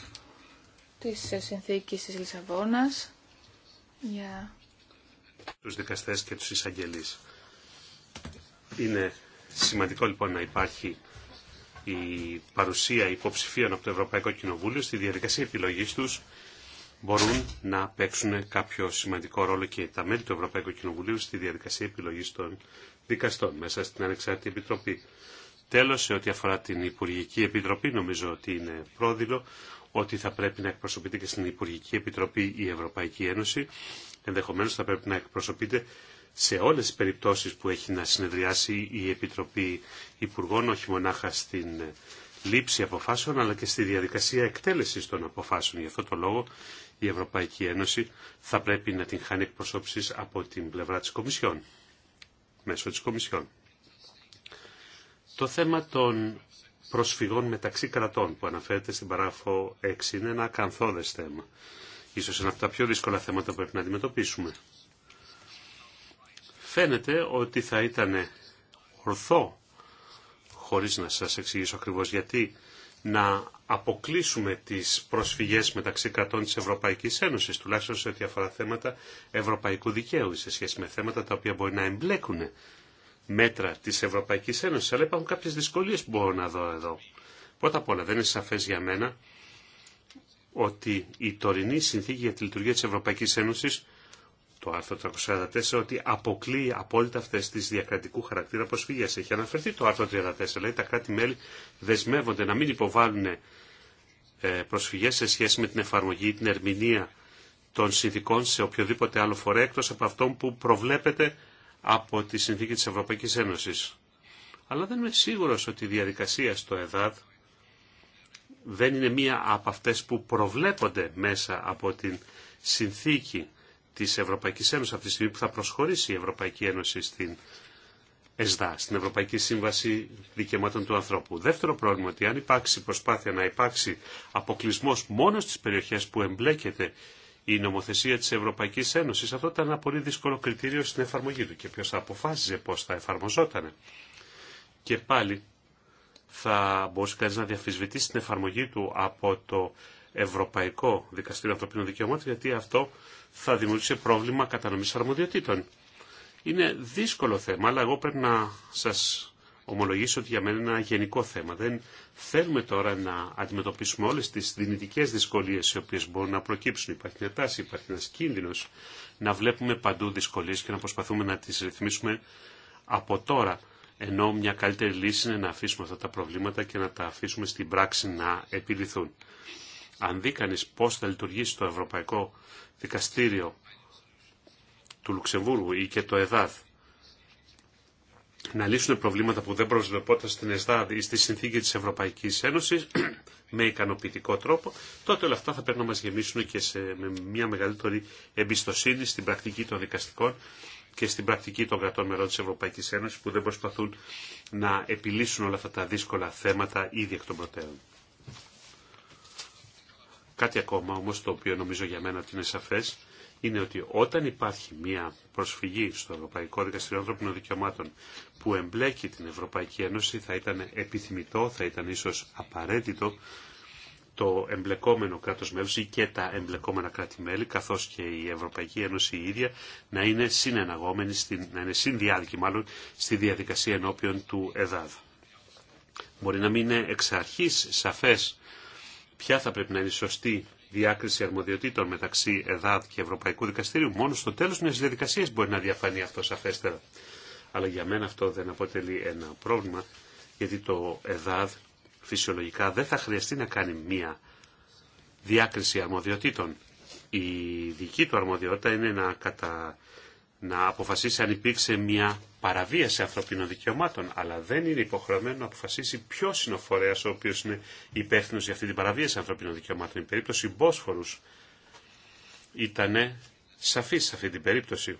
της συνθήκης της Λισαβόνας yeah. τους δικαστές και τους εισαγγελείς. Είναι σημαντικό λοιπόν να υπάρχει η παρουσία υποψηφίων από το Ευρωπαϊκό Κοινοβούλιο στη διαδικασία επιλογής τους μπορούν να παίξουν κάποιο σημαντικό ρόλο και τα μέλη του Ευρωπαϊκού Κοινοβουλίου στη διαδικασία επιλογής των δικαστών μέσα στην Ανεξάρτητη Επιτροπή. Τέλος, σε ό,τι αφορά την Υπουργική Επιτροπή, νομίζω ότι είναι πρόδειλο ότι θα πρέπει να εκπροσωπείται και στην Υπουργική Επιτροπή η Ευρωπαϊκή Ένωση. Ενδεχομένως θα πρέπει να εκπροσωπείται σε όλες τις περιπτώσεις που έχει να συνεδριάσει η Επιτροπή Υπουργών, όχι μονάχα στην λήψη αποφάσεων, αλλά και στη διαδικασία εκτέλεσης των αποφάσεων. Γι' αυτό το λόγο η Ευρωπαϊκή Ένωση θα πρέπει να την χάνει εκπροσώψεις από την πλευρά της Κομισιόν, μέσω της Κομισιόν. Το θέμα των προσφυγών μεταξύ κρατών που αναφέρεται στην παράγραφο 6 είναι ένα ακαθόδες θέμα. Ίσως ένα από τα πιο δύσκολα θέματα που πρέπει να αντιμετωπίσουμε. Φαίνεται ότι θα ήταν ορθό, χωρίς να σας εξηγήσω ακριβώς γιατί, να αποκλείσουμε τις προσφυγές μεταξύ κρατών της Ευρωπαϊκής Ένωσης, τουλάχιστον σε ό,τι αφορά θέματα ευρωπαϊκού δικαίου, σε σχέση με θέματα τα οποία μπορεί να εμπλέκουν μέτρα της Ευρωπαϊκής Ένωσης, αλλά υπάρχουν κάποιες δυσκολίες που μπορώ να δω εδώ. Πρώτα απ' όλα δεν είναι σαφές για μένα ότι η τωρινή συνθήκη για τη λειτουργία της Ευρωπαϊκής Ένωσης, το άρθρο 344, ότι αποκλείει απόλυτα αυτές τις διακρατικού χαρακτήρα προσφυγίας. Έχει αναφερθεί το άρθρο 34, λέει τα κράτη-μέλη δεσμεύονται να μην υποβάλουν ε, προσφυγές σε σχέση με την εφαρμογή ή την ερμηνεία των συνθήκων σε οποιοδήποτε άλλο φορέα, εκτός από αυτό που προβλέπεται από τη συνθήκη της Ευρωπαϊκής Ένωσης. Αλλά δεν είμαι σίγουρος ότι η διαδικασία στο ΕΔΑΤ δεν είναι μία από αυτές που προβλέπονται μέσα από την συνθήκη της Ευρωπαϊκής Ένωσης αυτή τη στιγμή που θα προσχωρήσει η Ευρωπαϊκή Ένωση στην ΕΣΔΑ, στην Ευρωπαϊκή Σύμβαση Δικαιωμάτων του Ανθρώπου. Δεύτερο πρόβλημα, ότι αν υπάρξει προσπάθεια να υπάρξει αποκλεισμό μόνο στις περιοχές που εμπλέκεται η νομοθεσία της Ευρωπαϊκής Ένωσης. Αυτό ήταν ένα πολύ δύσκολο κριτήριο στην εφαρμογή του και ποιος θα αποφάσιζε πώς θα εφαρμοζόταν. Και πάλι θα μπορούσε κανείς να διαφυσβητήσει την εφαρμογή του από το Ευρωπαϊκό Δικαστήριο Ανθρωπίνων Δικαιωμάτων γιατί αυτό θα δημιουργήσει πρόβλημα κατανομής αρμοδιοτήτων. Είναι δύσκολο θέμα, αλλά εγώ πρέπει να σας ομολογήσω ότι για μένα είναι ένα γενικό θέμα. Δεν θέλουμε τώρα να αντιμετωπίσουμε όλες τις δυνητικές δυσκολίες οι οποίες μπορούν να προκύψουν. Υπάρχει μια τάση, υπάρχει ένας κίνδυνος να βλέπουμε παντού δυσκολίες και να προσπαθούμε να τις ρυθμίσουμε από τώρα. Ενώ μια καλύτερη λύση είναι να αφήσουμε αυτά τα προβλήματα και να τα αφήσουμε στην πράξη να επιληθούν. Αν δει κανεί πώ θα λειτουργήσει το Ευρωπαϊκό Δικαστήριο του Λουξεμβούργου ή και το ΕΔΑΘ να λύσουν προβλήματα που δεν προσβλεπόταν στην ΕΣΔΑΔ ή στη συνθήκη της Ευρωπαϊκής Ένωσης [CLEARS THROAT] με ικανοποιητικό τρόπο, τότε όλα αυτά θα πρέπει να μας γεμίσουν και σε, με μια μεγαλύτερη εμπιστοσύνη στην πρακτική των δικαστικών και στην πρακτική των κρατών μερών της Ευρωπαϊκής Ένωσης που δεν προσπαθούν να επιλύσουν όλα αυτά τα δύσκολα θέματα ήδη εκ των προτέρων. Κάτι ακόμα όμως το οποίο νομίζω για μένα ότι είναι σαφές είναι ότι όταν υπάρχει μια προσφυγή στο Ευρωπαϊκό Δικαστήριο Ανθρωπίνων Δικαιωμάτων που εμπλέκει την Ευρωπαϊκή Ένωση, θα ήταν επιθυμητό, θα ήταν ίσως απαραίτητο το εμπλεκόμενο κράτος μέλος ή και τα εμπλεκόμενα κράτη-μέλη, καθώς και η Ευρωπαϊκή Ένωση η ίδια, να είναι συνεναγόμενη, να είναι συνδιάδικη μάλλον, στη διαδικασία ενώπιον του ΕΔΑΔ. Μπορεί να μην είναι εξ αρχής σαφές ποια θα πρέπει να είναι η σωστή διάκριση αρμοδιοτήτων μεταξύ ΕΔΑΔ και Ευρωπαϊκού Δικαστηρίου, μόνο στο τέλος μιας διαδικασία μπορεί να διαφανεί αυτό σαφέστερα. Αλλά για μένα αυτό δεν αποτελεί ένα πρόβλημα, γιατί το ΕΔΑΔ φυσιολογικά δεν θα χρειαστεί να κάνει μία διάκριση αρμοδιοτήτων. Η δική του αρμοδιότητα είναι να, κατα... να αποφασίσει αν υπήρξε μια παραβίαση ανθρωπίνων δικαιωμάτων, αλλά δεν είναι υποχρεωμένο να αποφασίσει ποιο είναι ο φορέα ο οποίο είναι υπεύθυνο για αυτή την παραβίαση ανθρωπίνων δικαιωμάτων. Η περίπτωση Μπόσφορου ήταν σαφή σε αυτή την περίπτωση.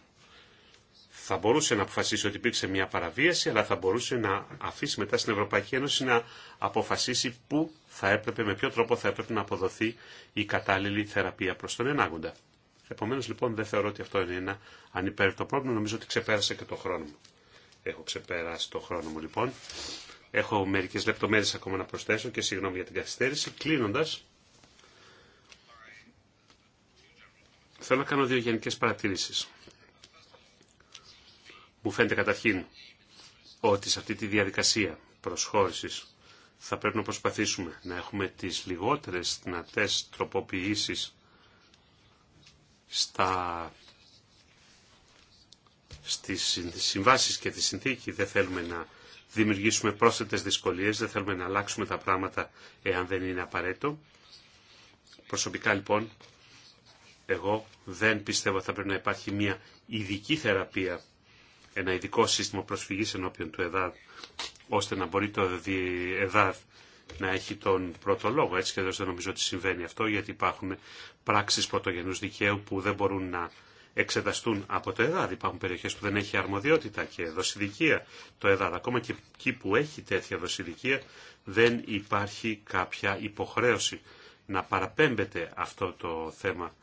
Θα μπορούσε να αποφασίσει ότι υπήρξε μια παραβίαση, αλλά θα μπορούσε να αφήσει μετά στην Ευρωπαϊκή Ένωση να αποφασίσει πού θα έπρεπε, με ποιο τρόπο θα έπρεπε να αποδοθεί η κατάλληλη θεραπεία προς τον ενάγοντα. Επομένως λοιπόν δεν θεωρώ ότι αυτό είναι ένα ανυπέρβητο πρόβλημα. Νομίζω ότι ξεπέρασε και το χρόνο μου. Έχω ξεπεράσει το χρόνο μου λοιπόν. Έχω μερικές λεπτομέρειες ακόμα να προσθέσω και συγγνώμη για την καθυστέρηση. Κλείνοντας, θέλω να κάνω δύο γενικές παρατηρήσεις. Μου φαίνεται καταρχήν ότι σε αυτή τη διαδικασία προσχώρησης θα πρέπει να προσπαθήσουμε να έχουμε τις λιγότερες δυνατές τροποποιήσεις στα, στις συμβάσεις και τη συνθήκη. Δεν θέλουμε να δημιουργήσουμε πρόσθετες δυσκολίες, δεν θέλουμε να αλλάξουμε τα πράγματα εάν δεν είναι απαραίτητο. Προσωπικά λοιπόν, εγώ δεν πιστεύω ότι θα πρέπει να υπάρχει μια ειδική θεραπεία, ένα ειδικό σύστημα προσφυγής ενώπιον του ΕΔΑΔ, ώστε να μπορεί το ΕΔΑΔ να έχει τον πρώτο λόγο. Έτσι και εδώ δεν νομίζω ότι συμβαίνει αυτό, γιατί υπάρχουν πράξεις πρωτογενούς δικαίου που δεν μπορούν να εξεταστούν από το ΕΔΑΔ. Υπάρχουν περιοχές που δεν έχει αρμοδιότητα και δοσηδικία το ΕΔΑΔ. Ακόμα και εκεί που έχει τέτοια δοσηδικία δεν υπάρχει κάποια υποχρέωση να παραπέμπεται αυτό το θέμα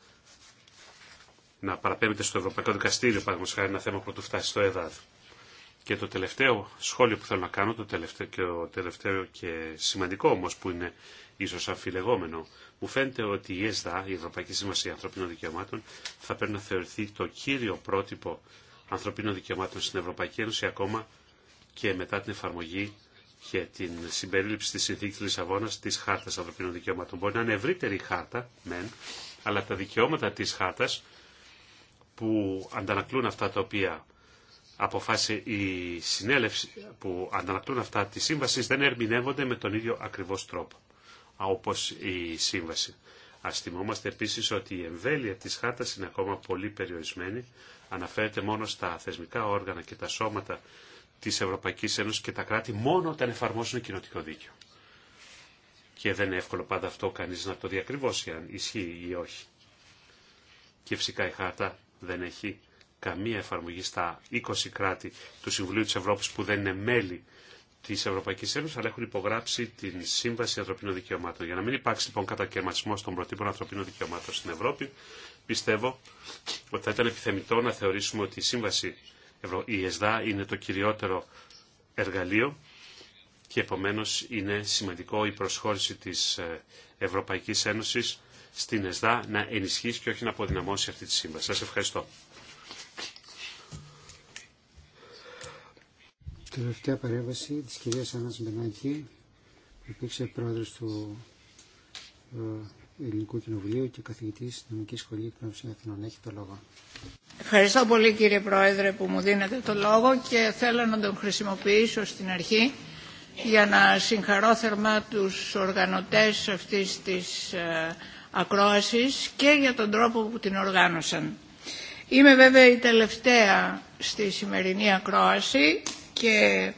να παραπέμπεται στο Ευρωπαϊκό Δικαστήριο, παραδείγματο χάρη, ένα θέμα που του φτάσει στο ΕΔΑΔ. Και το τελευταίο σχόλιο που θέλω να κάνω, το τελευταίο και, τελευταίο και σημαντικό όμως που είναι ίσως αφιλεγόμενο, μου φαίνεται ότι η ΕΣΔΑ, η Ευρωπαϊκή Σύμβαση Ανθρωπίνων Δικαιωμάτων, θα πρέπει να θεωρηθεί το κύριο πρότυπο ανθρωπίνων δικαιωμάτων στην Ευρωπαϊκή Ένωση ακόμα και μετά την εφαρμογή και την συμπερίληψη τη συνθήκη τη Λισαβόνα τη Χάρτα Ανθρωπίνων Δικαιωμάτων. Μπορεί να είναι ευρύτερη η χάρτα, μεν, αλλά τα δικαιώματα τη χάρτα που αντανακλούν αυτά τα οποία αποφάσει η συνέλευση που αντανακτούν αυτά τη σύμβαση δεν ερμηνεύονται με τον ίδιο ακριβώς τρόπο όπως η σύμβαση. Α θυμόμαστε επίση ότι η εμβέλεια τη χάρτα είναι ακόμα πολύ περιορισμένη. Αναφέρεται μόνο στα θεσμικά όργανα και τα σώματα τη Ευρωπαϊκή Ένωση και τα κράτη μόνο όταν εφαρμόσουν κοινοτικό δίκαιο. Και δεν είναι εύκολο πάντα αυτό κανεί να το διακριβώσει αν ισχύει ή όχι. Και φυσικά η χάρτα δεν έχει καμία εφαρμογή στα 20 κράτη του Συμβουλίου της Ευρώπης που δεν είναι μέλη τη Ευρωπαϊκή Ένωση, αλλά έχουν υπογράψει την Σύμβαση Ανθρωπίνων Δικαιωμάτων. Για να μην υπάρξει λοιπόν κατακαιρματισμό των προτύπων ανθρωπίνων δικαιωμάτων στην Ευρώπη, πιστεύω ότι θα ήταν επιθεμητό να θεωρήσουμε ότι η Σύμβαση η ΕΣΔΑ είναι το κυριότερο εργαλείο και επομένως είναι σημαντικό η προσχώρηση της ε, Ευρωπαϊκής Ένωσης στην ΕΣΔΑ να ενισχύσει και όχι να αποδυναμώσει αυτή τη σύμβαση. Σας ευχαριστώ. τελευταία παρέμβαση τη κυρία Άννας Μπενάκη, που υπήρξε πρόεδρο του ε, Ελληνικού Κοινοβουλίου και καθηγητής τη Νομική Σχολή Κοινωνικών Αθηνών. Έχει το λόγο. Ευχαριστώ πολύ κύριε Πρόεδρε που μου δίνετε το λόγο και θέλω να τον χρησιμοποιήσω στην αρχή για να συγχαρώ θερμά τους οργανωτές αυτής της ε, ακρόασης και για τον τρόπο που την οργάνωσαν. Είμαι βέβαια η τελευταία στη σημερινή ακρόαση και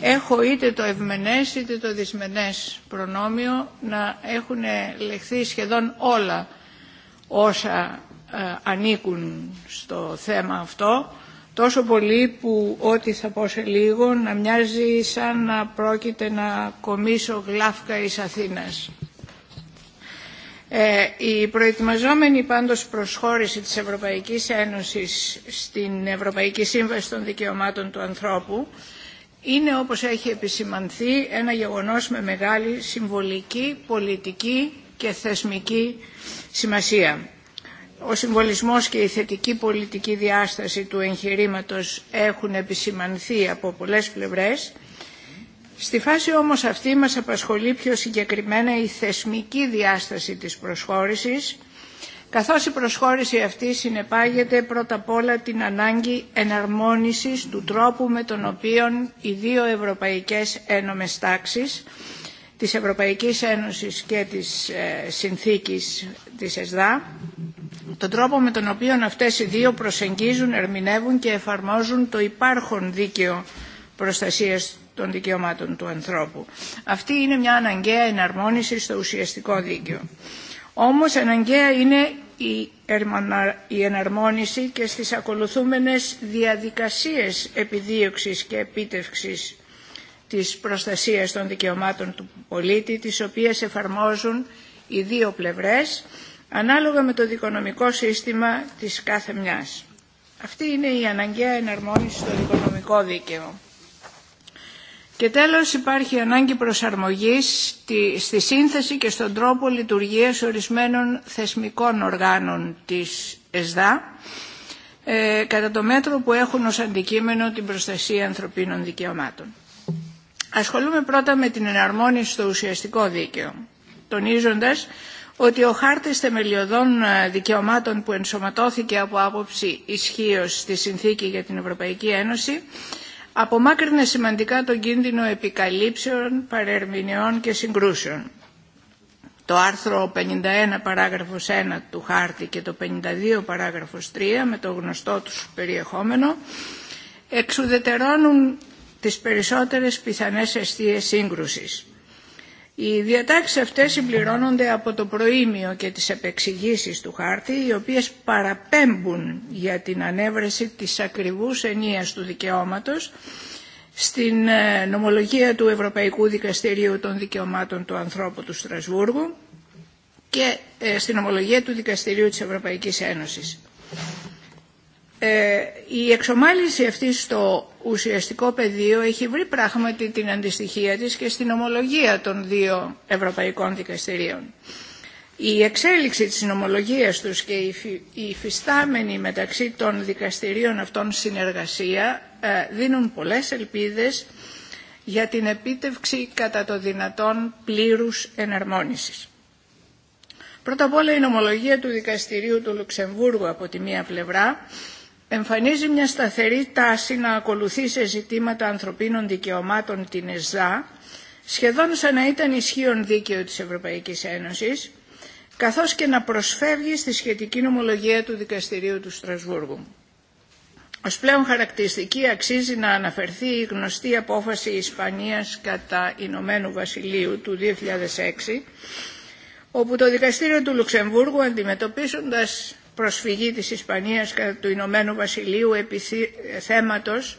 έχω είτε το ευμενές είτε το δυσμενές προνόμιο να έχουν λεχθεί σχεδόν όλα όσα ε, ανήκουν στο θέμα αυτό τόσο πολύ που ό,τι θα πω σε λίγο να μοιάζει σαν να πρόκειται να κομίσω γλάφκα εις Αθήνας. Ε, η προετοιμαζόμενη πάντως προσχώρηση της Ευρωπαϊκής Ένωσης στην Ευρωπαϊκή Σύμβαση των Δικαιωμάτων του Ανθρώπου είναι όπως έχει επισημανθεί ένα γεγονός με μεγάλη συμβολική, πολιτική και θεσμική σημασία. Ο συμβολισμός και η θετική πολιτική διάσταση του εγχειρήματος έχουν επισημανθεί από πολλές πλευρές Στη φάση όμως αυτή μας απασχολεί πιο συγκεκριμένα η θεσμική διάσταση της προσχώρησης, καθώς η προσχώρηση αυτή συνεπάγεται πρώτα απ' όλα την ανάγκη εναρμόνισης του τρόπου με τον οποίο οι δύο ευρωπαϊκές ένομες τάξεις της Ευρωπαϊκής Ένωσης και της ε, Συνθήκης της ΕΣΔΑ, τον τρόπο με τον οποίο αυτές οι δύο προσεγγίζουν, ερμηνεύουν και εφαρμόζουν το υπάρχον δίκαιο προστασίας των δικαιωμάτων του ανθρώπου. Αυτή είναι μια αναγκαία εναρμόνιση στο ουσιαστικό δίκαιο. Όμως αναγκαία είναι η εναρμόνιση και στις ακολουθούμενες διαδικασίες επιδίωξης και επίτευξης της προστασίας των δικαιωμάτων του πολίτη, τις οποίες εφαρμόζουν οι δύο πλευρές, ανάλογα με το δικονομικό σύστημα της κάθε μιας. Αυτή είναι η αναγκαία εναρμόνιση στο δικονομικό δίκαιο. Και τέλος υπάρχει ανάγκη προσαρμογής στη σύνθεση και στον τρόπο λειτουργίας ορισμένων θεσμικών οργάνων της ΕΣΔΑ ε, κατά το μέτρο που έχουν ως αντικείμενο την προστασία ανθρωπίνων δικαιωμάτων. Ασχολούμε πρώτα με την εναρμόνιση στο ουσιαστικό δίκαιο, τονίζοντας ότι ο χάρτης θεμελιωδών ε, δικαιωμάτων που ενσωματώθηκε από άποψη ισχύω στη Συνθήκη για την Ευρωπαϊκή Ένωση απομάκρυνε σημαντικά τον κίνδυνο επικαλύψεων, παρερμηνεών και συγκρούσεων. Το άρθρο 51 παράγραφος 1 του χάρτη και το 52 παράγραφος 3 με το γνωστό τους περιεχόμενο εξουδετερώνουν τις περισσότερες πιθανές αιστείες σύγκρουσης. Οι διατάξεις αυτές συμπληρώνονται από το προήμιο και τις επεξηγήσεις του χάρτη, οι οποίες παραπέμπουν για την ανέβρεση της ακριβούς ενίας του δικαιώματος στην ε, νομολογία του Ευρωπαϊκού Δικαστηρίου των Δικαιωμάτων του Ανθρώπου του Στρασβούργου και ε, στην νομολογία του Δικαστηρίου της Ευρωπαϊκής Ένωσης. Ε, η εξομάλυση αυτή στο ουσιαστικό πεδίο έχει βρει πράγματι την αντιστοιχία της και στην ομολογία των δύο ευρωπαϊκών δικαστηρίων. Η εξέλιξη της ομολογίας τους και η φυστάμενη μεταξύ των δικαστηρίων αυτών συνεργασία ε, δίνουν πολλές ελπίδες για την επίτευξη κατά το δυνατόν πλήρους εναρμόνισης. Πρώτα απ' όλα η νομολογία του Δικαστηρίου του Λουξεμβούργου από τη μία πλευρά εμφανίζει μια σταθερή τάση να ακολουθεί σε ζητήματα ανθρωπίνων δικαιωμάτων την ΕΣΔΑ, σχεδόν σαν να ήταν ισχύον δίκαιο της Ευρωπαϊκής Ένωσης, καθώς και να προσφεύγει στη σχετική νομολογία του Δικαστηρίου του Στρασβούργου. Ως πλέον χαρακτηριστική αξίζει να αναφερθεί η γνωστή απόφαση Ισπανίας κατά Ηνωμένου Βασιλείου του 2006, όπου το Δικαστήριο του Λουξεμβούργου αντιμετωπίζοντας προσφυγή της Ισπανίας κατά του Ηνωμένου Βασιλείου επί θέματος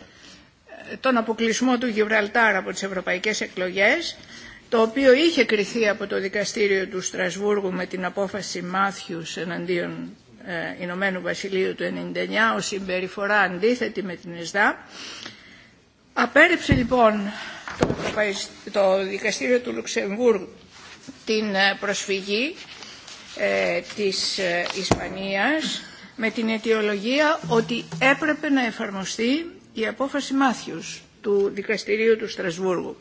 ε, τον αποκλεισμό του Γιβραλτάρ από τις ευρωπαϊκές εκλογές, το οποίο είχε κριθεί από το δικαστήριο του Στρασβούργου με την απόφαση Μάθιους εναντίον ε, Ηνωμένου Βασιλείου του 1999 ως συμπεριφορά αντίθετη με την ΕΣΔΑ. Απέρριψε λοιπόν το, το δικαστήριο του Λουξεμβούργου την ε, προσφυγή ε, της ε, Ισπανίας με την αιτιολογία ότι έπρεπε να εφαρμοστεί η απόφαση Μάθιους του Δικαστηρίου του Στρασβούργου.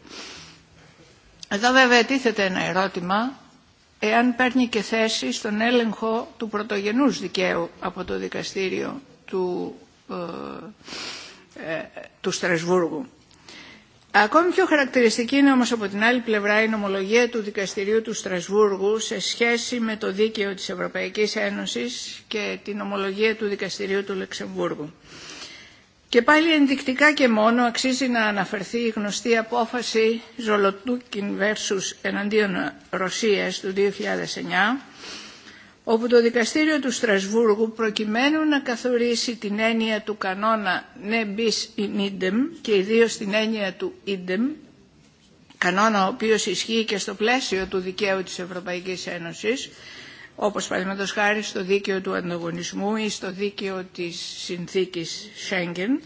Εδώ βέβαια τίθεται ένα ερώτημα εάν παίρνει και θέση στον έλεγχο του πρωτογενούς δικαίου από το Δικαστήριο του, ε, του Στρασβούργου. Ακόμη πιο χαρακτηριστική είναι όμως από την άλλη πλευρά η νομολογία του Δικαστηρίου του Στρασβούργου σε σχέση με το δίκαιο της Ευρωπαϊκής Ένωσης και την νομολογία του Δικαστηρίου του Λεξεμβούργου. Και πάλι ενδεικτικά και μόνο αξίζει να αναφερθεί η γνωστή απόφαση Ζολοτούκιν versus εναντίον Ρωσίας του 2009 όπου το Δικαστήριο του Στρασβούργου προκειμένου να καθορίσει την έννοια του κανόνα «ne bis in idem» και ιδίως την έννοια του «idem», κανόνα ο οποίος ισχύει και στο πλαίσιο του δικαίου της Ευρωπαϊκής Ένωσης, όπως παραδείγματος χάρη στο δίκαιο του ανταγωνισμού ή στο δίκαιο της συνθήκης Schengen,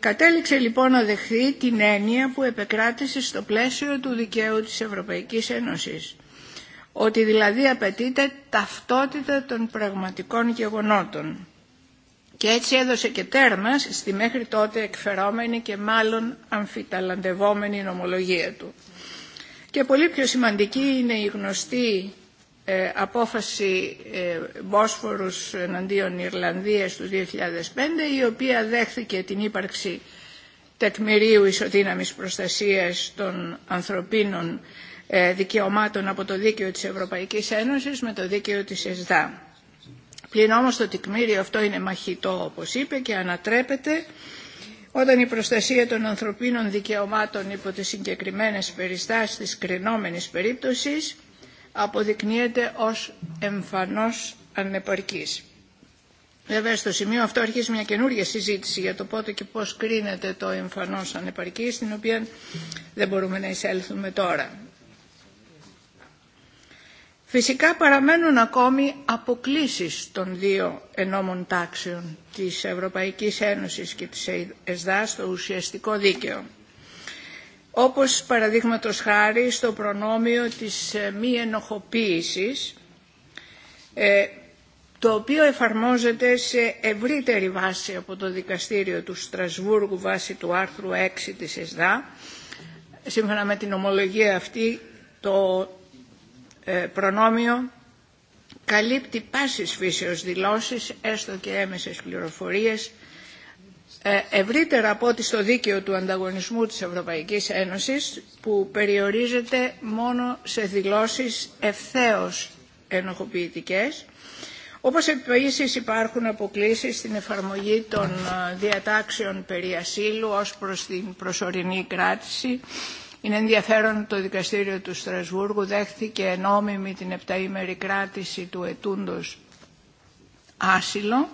Κατέληξε λοιπόν να δεχθεί την έννοια που επεκράτησε στο πλαίσιο του δικαίου της Ευρωπαϊκής Ένωσης ότι δηλαδή απαιτείται ταυτότητα των πραγματικών γεγονότων. Και έτσι έδωσε και τέρμα στη μέχρι τότε εκφερόμενη και μάλλον αμφιταλαντευόμενη νομολογία του. Και πολύ πιο σημαντική είναι η γνωστή ε, απόφαση ε, Μπόσφορους εναντίον Ιρλανδίας του 2005, η οποία δέχθηκε την ύπαρξη τεκμηρίου ισοδύναμης προστασίας των ανθρωπίνων ε, δικαιωμάτων από το δίκαιο της Ευρωπαϊκής Ένωσης με το δίκαιο της ΕΣΔΑ. Πλην όμως το τεκμήριο αυτό είναι μαχητό όπως είπε και ανατρέπεται όταν η προστασία των ανθρωπίνων δικαιωμάτων υπό τις συγκεκριμένες περιστάσεις της κρινόμενης περίπτωσης αποδεικνύεται ως εμφανώς ανεπαρκής. Βέβαια στο σημείο αυτό αρχίζει μια καινούργια συζήτηση για το πότε και πώς κρίνεται το εμφανώς ανεπαρκής, την οποία δεν μπορούμε να εισέλθουμε τώρα. Φυσικά παραμένουν ακόμη αποκλίσεις των δύο ενόμων τάξεων της Ευρωπαϊκής Ένωσης και της ΕΣΔΑ στο ουσιαστικό δίκαιο. Όπως παραδείγματο χάρη στο προνόμιο της ε, μη ενοχοποίησης, ε, το οποίο εφαρμόζεται σε ευρύτερη βάση από το Δικαστήριο του Στρασβούργου βάσει του άρθρου 6 της ΕΣΔΑ. Σύμφωνα με την ομολογία αυτή, το ε, προνόμιο καλύπτει πάσης φύσεως δηλώσεις, έστω και έμεσες πληροφορίες, ε, ευρύτερα από ότι στο δίκαιο του ανταγωνισμού της Ευρωπαϊκής Ένωσης που περιορίζεται μόνο σε δηλώσεις ευθέως ενοχοποιητικές όπως επίσης υπάρχουν αποκλήσεις στην εφαρμογή των ε, διατάξεων περί ασύλου ως προς την προσωρινή κράτηση είναι ενδιαφέρον το δικαστήριο του Στρασβούργου δέχθηκε νόμιμη την επταήμερη κράτηση του ετούντος άσυλο,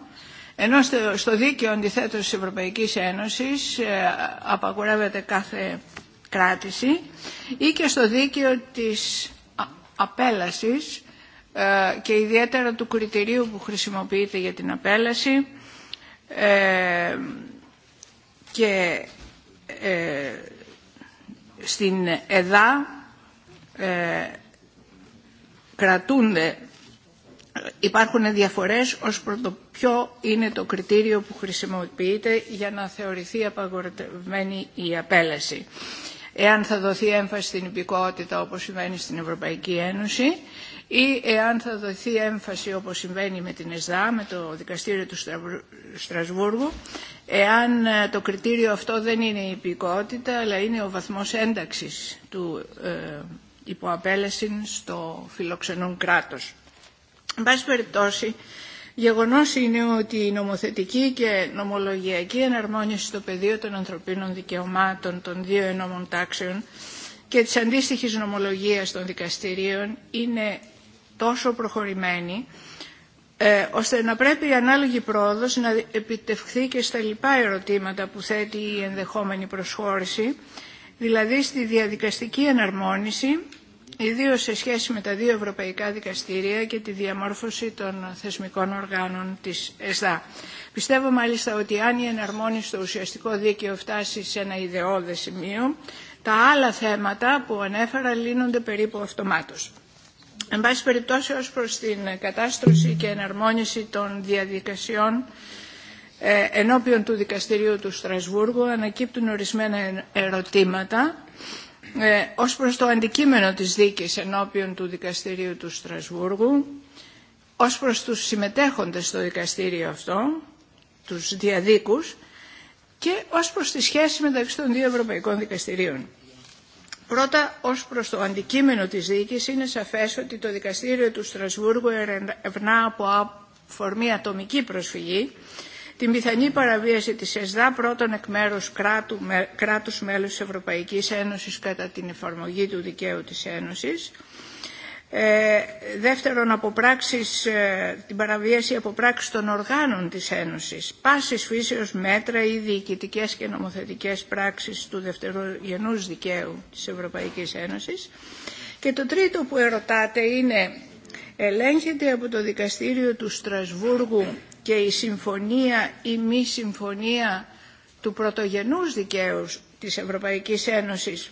ενώ στο δίκαιο αντιθέτως της Ευρωπαϊκής Ένωσης ε, απαγορεύεται κάθε κράτηση ή και στο δίκαιο της απέλασης ε, και ιδιαίτερα του κριτηρίου που χρησιμοποιείται για την απέλαση ε, και στην ΕΔΑ ε, κρατούνται, υπάρχουν διαφορές ως προς το ποιο είναι το κριτήριο που χρησιμοποιείται για να θεωρηθεί απαγορευμένη η απέλαση. Εάν θα δοθεί έμφαση στην υπηκότητα όπως συμβαίνει στην Ευρωπαϊκή Ένωση ή εάν θα δοθεί έμφαση όπως συμβαίνει με την ΕΣΔΑ, με το Δικαστήριο του Στρασβούργου, εάν ε, το κριτήριο αυτό δεν είναι η υπηκότητα αλλά είναι ο βαθμός ένταξης του ε, στο φιλοξενούν κράτος. Εν πάση περιπτώσει, γεγονός είναι ότι η νομοθετική και νομολογιακή εναρμόνιση στο πεδίο των ανθρωπίνων δικαιωμάτων των δύο ενόμων τάξεων και της αντίστοιχης νομολογίας των δικαστηρίων είναι τόσο προχωρημένη ε, ώστε να πρέπει η ανάλογη πρόοδος να επιτευχθεί και στα λοιπά ερωτήματα που θέτει η ενδεχόμενη προσχώρηση, δηλαδή στη διαδικαστική εναρμόνιση, ιδίω σε σχέση με τα δύο ευρωπαϊκά δικαστήρια και τη διαμόρφωση των θεσμικών οργάνων της ΕΣΔΑ. Πιστεύω μάλιστα ότι αν η εναρμόνιση στο ουσιαστικό δίκαιο φτάσει σε ένα ιδεώδες σημείο, τα άλλα θέματα που ανέφερα λύνονται περίπου αυτομάτως. Εν πάση περιπτώσει ως προς την κατάστρωση και εναρμόνιση των διαδικασιών ε, ενώπιον του Δικαστηρίου του Στρασβούργου ανακύπτουν ορισμένα ερωτήματα ε, ως προς το αντικείμενο της δίκης ενώπιον του Δικαστηρίου του Στρασβούργου, ως προς τους συμμετέχοντες στο δικαστήριο αυτό, τους διαδίκους και ως προς τη σχέση μεταξύ των δύο Ευρωπαϊκών Δικαστηρίων. Πρώτα, ως προς το αντικείμενο της δίκης, είναι σαφές ότι το Δικαστήριο του Στρασβούργου ερευνά από αφορμή ατομική προσφυγή την πιθανή παραβίαση της ΕΣΔΑ πρώτον εκ μέρους κράτου, κράτους μέλους της Ευρωπαϊκής Ένωσης κατά την εφαρμογή του δικαίου της Ένωσης ε, δεύτερον από πράξεις, ε, την παραβίαση από πράξεις των οργάνων της Ένωσης, πάσης φύσεως μέτρα ή διοικητικέ και νομοθετικές πράξεις του δευτερογενούς δικαίου της Ευρωπαϊκής Ένωσης. Και το τρίτο που ερωτάτε είναι ελέγχεται από το δικαστήριο του Στρασβούργου και η συμφωνία ή μη συμφωνία του πρωτογενούς δικαίου της Ευρωπαϊκής Ένωσης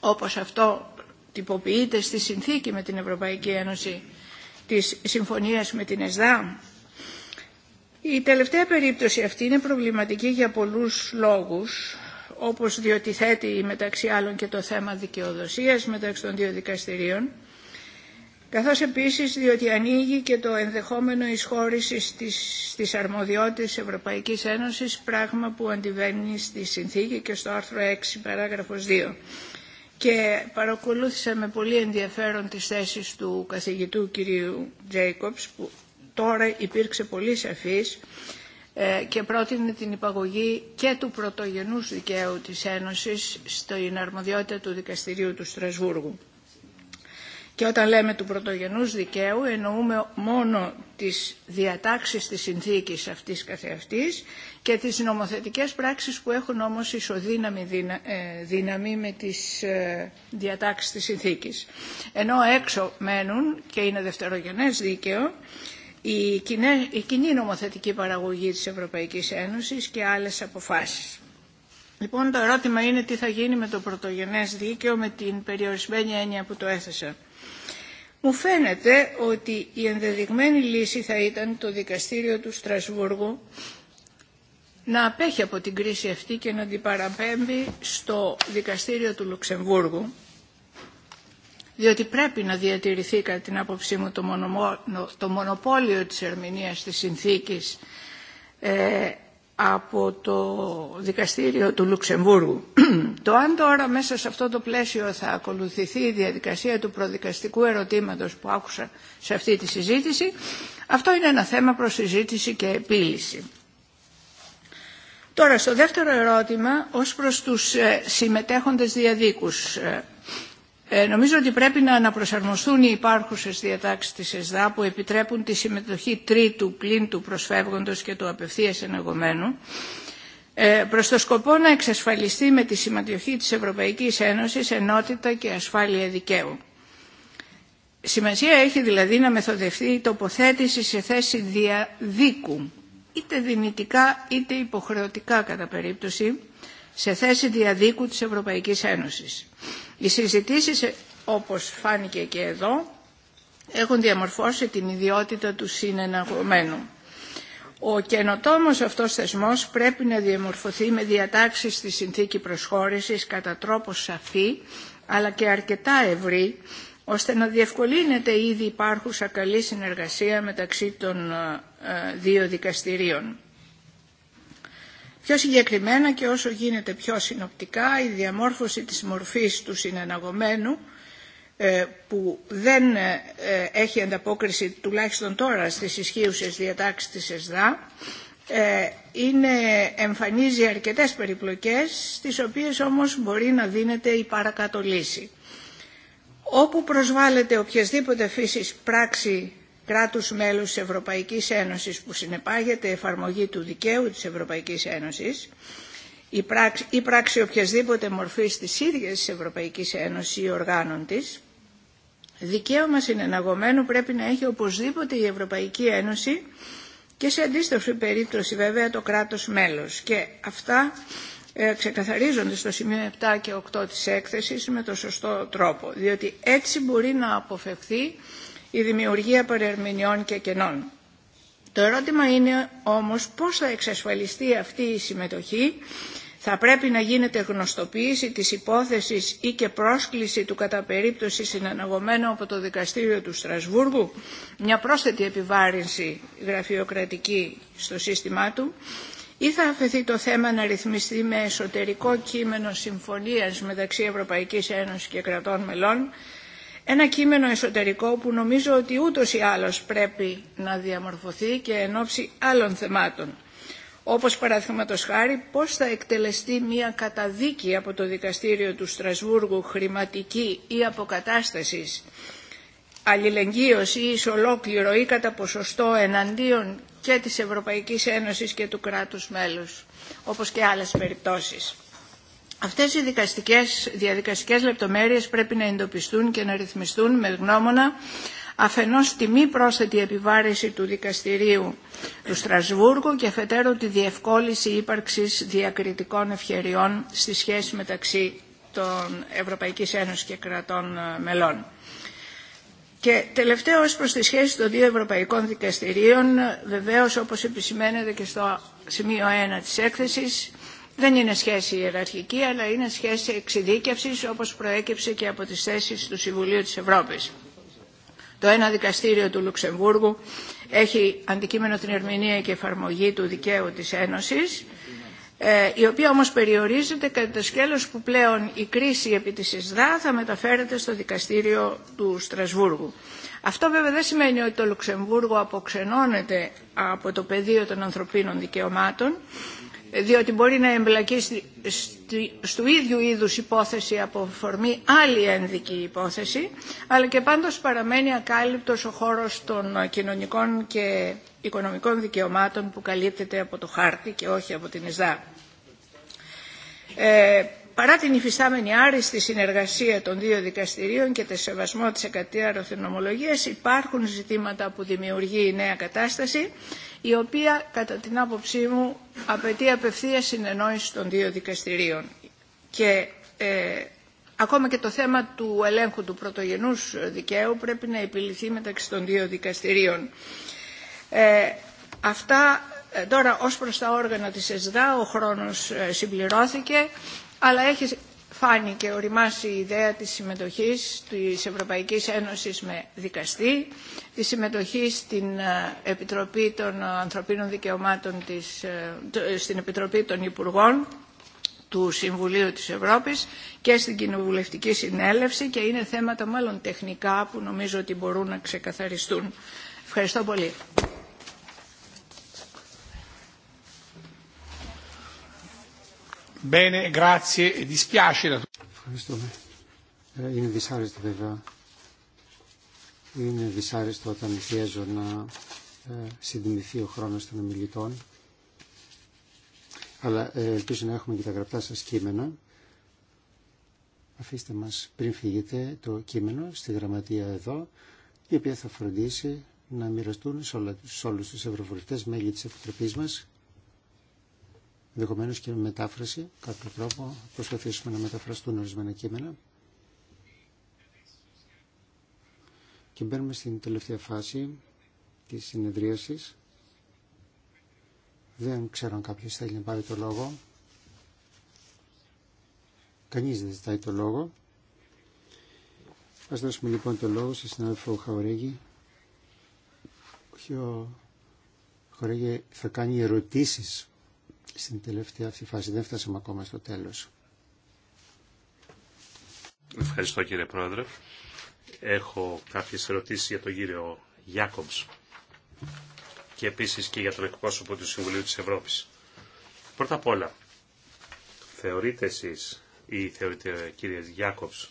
όπως αυτό τυποποιείται στη συνθήκη με την Ευρωπαϊκή Ένωση της συμφωνίας με την ΕΣΔΑ. Η τελευταία περίπτωση αυτή είναι προβληματική για πολλούς λόγους, όπως διότι θέτει μεταξύ άλλων και το θέμα δικαιοδοσίας μεταξύ των δύο δικαστηρίων, καθώς επίσης διότι ανοίγει και το ενδεχόμενο εισχώρησης της, της αρμοδιότητας της Ευρωπαϊκής Ένωσης, πράγμα που αντιβαίνει στη συνθήκη και στο άρθρο 6 παράγραφος 2 και παρακολούθησα με πολύ ενδιαφέρον τις θέσεις του καθηγητού κυρίου Τζέικοψ που τώρα υπήρξε πολύ σαφής ε, και πρότεινε την υπαγωγή και του πρωτογενούς δικαίου της Ένωσης στην αρμοδιότητα του Δικαστηρίου του Στρασβούργου. Και όταν λέμε του πρωτογενούς δικαίου εννοούμε μόνο τις διατάξεις της συνθήκης αυτής καθεαυτής και τις νομοθετικές πράξεις που έχουν όμως ισοδύναμη ε, δύναμη με τις ε, διατάξεις της συνθήκης. Ενώ έξω μένουν και είναι δευτερογενές δίκαιο η κοινή νομοθετική παραγωγή της Ευρωπαϊκής Ένωσης και άλλες αποφάσεις. Λοιπόν, το ερώτημα είναι τι θα γίνει με το πρωτογενές δίκαιο με την περιορισμένη έννοια που το έθεσα. Μου φαίνεται ότι η ενδεδειγμένη λύση θα ήταν το δικαστήριο του Στρασβούργου να απέχει από την κρίση αυτή και να την παραπέμπει στο δικαστήριο του Λουξεμβούργου διότι πρέπει να διατηρηθεί κατά την άποψή μου το, μονοπόλιο της ερμηνείας της συνθήκης ε, από το δικαστήριο του Λουξεμβούργου. το αν τώρα μέσα σε αυτό το πλαίσιο θα ακολουθηθεί η διαδικασία του προδικαστικού ερωτήματος που άκουσα σε αυτή τη συζήτηση, αυτό είναι ένα θέμα προς συζήτηση και επίλυση. Τώρα, στο δεύτερο ερώτημα, ως προς τους ε, συμμετέχοντες διαδίκους, ε, ε, νομίζω ότι πρέπει να αναπροσαρμοστούν οι υπάρχουσες διατάξεις της ΕΣΔΑ που επιτρέπουν τη συμμετοχή τρίτου πλην του προσφεύγοντος και του απευθείας ενεγωμένου. Ε, προς το σκοπό να εξασφαλιστεί με τη συμμετοχή της Ευρωπαϊκής Ένωσης ενότητα και ασφάλεια δικαίου. Σημασία έχει δηλαδή να μεθοδευτεί η τοποθέτηση σε θέση διαδίκου, είτε δυνητικά είτε υποχρεωτικά κατά περίπτωση, σε θέση διαδίκου της Ευρωπαϊκής Ένωσης. Οι συζητήσεις, όπως φάνηκε και εδώ, έχουν διαμορφώσει την ιδιότητα του συνεναγωμένου. Ο καινοτόμος αυτός θεσμός πρέπει να διαμορφωθεί με διατάξεις στη συνθήκη προσχώρησης κατά τρόπο σαφή αλλά και αρκετά ευρύ ώστε να διευκολύνεται ήδη υπάρχουσα καλή συνεργασία μεταξύ των ε, δύο δικαστηρίων. Πιο συγκεκριμένα και όσο γίνεται πιο συνοπτικά η διαμόρφωση της μορφής του συναναγωμένου ε, που δεν ε, έχει ανταπόκριση τουλάχιστον τώρα στις ισχύουσες διατάξεις της ΕΣΔΑ ε, είναι, εμφανίζει αρκετές περιπλοκές στις οποίες όμως μπορεί να δίνεται η παρακατολίση. Όπου προσβάλλεται οποιασδήποτε φύσης πράξη κράτους μέλους της Ευρωπαϊκής Ένωσης που συνεπάγεται εφαρμογή του δικαίου της Ευρωπαϊκής Ένωσης η πράξη, πράξη οποιασδήποτε μορφής της ίδιας της Ευρωπαϊκής Ένωσης ή οργάνων της δικαίωμα συνεναγωμένου πρέπει να έχει οπωσδήποτε η Ευρωπαϊκή Ένωση και σε αντίστοιχη περίπτωση βέβαια το κράτος μέλος και αυτά ε, ξεκαθαρίζονται στο σημείο 7 και 8 της έκθεσης με το σωστό τρόπο διότι έτσι μπορεί να αποφευθεί η δημιουργία παρερμηνιών και κενών. Το ερώτημα είναι όμως πώς θα εξασφαλιστεί αυτή η συμμετοχή θα πρέπει να γίνεται γνωστοποίηση της υπόθεσης ή και πρόσκληση του κατά περίπτωση συναναγωμένου από το Δικαστήριο του Στρασβούργου, μια πρόσθετη επιβάρυνση γραφειοκρατική στο σύστημά του, ή θα αφαιθεί το θέμα να ρυθμιστεί με εσωτερικό κείμενο συμφωνίας μεταξύ Ευρωπαϊκής Ένωσης και κρατών μελών, ένα κείμενο εσωτερικό που νομίζω ότι ούτως ή άλλως πρέπει να διαμορφωθεί και εν ώψη άλλων θεμάτων. Όπως παραδείγματος χάρη πώς θα εκτελεστεί μια καταδίκη από το δικαστήριο του Στρασβούργου χρηματική ή αποκατάστασης αλληλεγγύος ή ολόκληρο ή κατά ποσοστό εναντίον και της Ευρωπαϊκής Ένωσης και του κράτους μέλους, όπως και άλλες περιπτώσεις. Αυτές οι δικαστικές, διαδικαστικές λεπτομέρειες πρέπει να εντοπιστούν και να ρυθμιστούν με γνώμονα αφενός τη μη πρόσθετη επιβάρηση του δικαστηρίου του Στρασβούργου και αφετέρου τη διευκόλυση ύπαρξης διακριτικών ευκαιριών στη σχέση μεταξύ των Ευρωπαϊκής Ένωσης και κρατών ε, μελών. Και τελευταίο ως προς τη σχέση των δύο Ευρωπαϊκών Δικαστηρίων, ε, βεβαίως όπως επισημαίνεται και στο σημείο 1 της έκθεσης, δεν είναι σχέση ιεραρχική, αλλά είναι σχέση εξειδίκευσης, όπως προέκυψε και από τις θέσεις του Συμβουλίου της Ευρώπης. Το ένα δικαστήριο του Λουξεμβούργου έχει αντικείμενο την ερμηνεία και εφαρμογή του δικαίου της Ένωσης, ε, η οποία όμως περιορίζεται κατά το σκέλος που πλέον η κρίση επί της ΕΣΔΑ θα μεταφέρεται στο δικαστήριο του Στρασβούργου. Αυτό βέβαια δεν σημαίνει ότι το Λουξεμβούργο αποξενώνεται από το πεδίο των ανθρωπίνων δικαιωμάτων, διότι μπορεί να εμπλακεί στου ίδιου είδους υπόθεση από φορμή άλλη ένδικη υπόθεση, αλλά και πάντως παραμένει ακάλυπτος ο χώρος των κοινωνικών και οικονομικών δικαιωμάτων που καλύπτεται από το χάρτη και όχι από την ΕΣΔΑ. Ε, παρά την υφιστάμενη άριστη συνεργασία των δύο δικαστηρίων και το σεβασμό της Εκατία νομολογίας υπάρχουν ζητήματα που δημιουργεί η νέα κατάσταση η οποία κατά την άποψή μου απαιτεί απευθεία συνεννόηση των δύο δικαστηρίων. Και ε, ακόμα και το θέμα του ελέγχου του πρωτογενούς δικαίου πρέπει να επιληθεί μεταξύ των δύο δικαστηρίων. Ε, αυτά ε, τώρα ως προς τα όργανα της ΕΣΔΑ ο χρόνος ε, συμπληρώθηκε αλλά έχει φάνηκε οριμάσει η ιδέα της συμμετοχής της Ευρωπαϊκής Ένωσης με δικαστή, τη συμμετοχή στην ε, Επιτροπή των Ανθρωπίνων Δικαιωμάτων, της, ε, στην Επιτροπή των Υπουργών του Συμβουλίου της Ευρώπης και στην Κοινοβουλευτική Συνέλευση και είναι θέματα μάλλον τεχνικά που νομίζω ότι μπορούν να ξεκαθαριστούν. Ευχαριστώ πολύ. E Ευχαριστούμε. Ε, είναι δυσάρεστο βέβαια. Είναι δυσάρεστο όταν πιέζω να ε, συντηρηθεί ο χρόνος των ομιλητών. Αλλά ε, ελπίζω να έχουμε και τα γραπτά σας κείμενα. Αφήστε μας πριν φύγετε το κείμενο στη γραμματεία εδώ, η οποία θα φροντίσει να μοιραστούν σε όλους τους ευρωβουλευτές μέλη της Επιτροπής μας ενδεχομένω και με μετάφραση, κάποιο τρόπο, προσπαθήσουμε να μεταφραστούν ορισμένα κείμενα. Και μπαίνουμε στην τελευταία φάση της συνεδρίασης. Δεν ξέρω αν κάποιος θέλει να πάρει το λόγο. Κανείς δεν ζητάει το λόγο. Ας δώσουμε λοιπόν το λόγο στη συνάδελφο Χαουρέγη. Ο Χαουρέγη θα κάνει ερωτήσεις στην τελευταία αυτή φάση. Δεν φτάσαμε ακόμα στο τέλος. Ευχαριστώ κύριε Πρόεδρε. Έχω κάποιες ερωτήσεις για τον κύριο Γιάκομς και επίσης και για τον εκπρόσωπο του Συμβουλίου της Ευρώπης. Πρώτα απ' όλα, θεωρείτε εσείς ή θεωρείτε κύριε Γιάκομς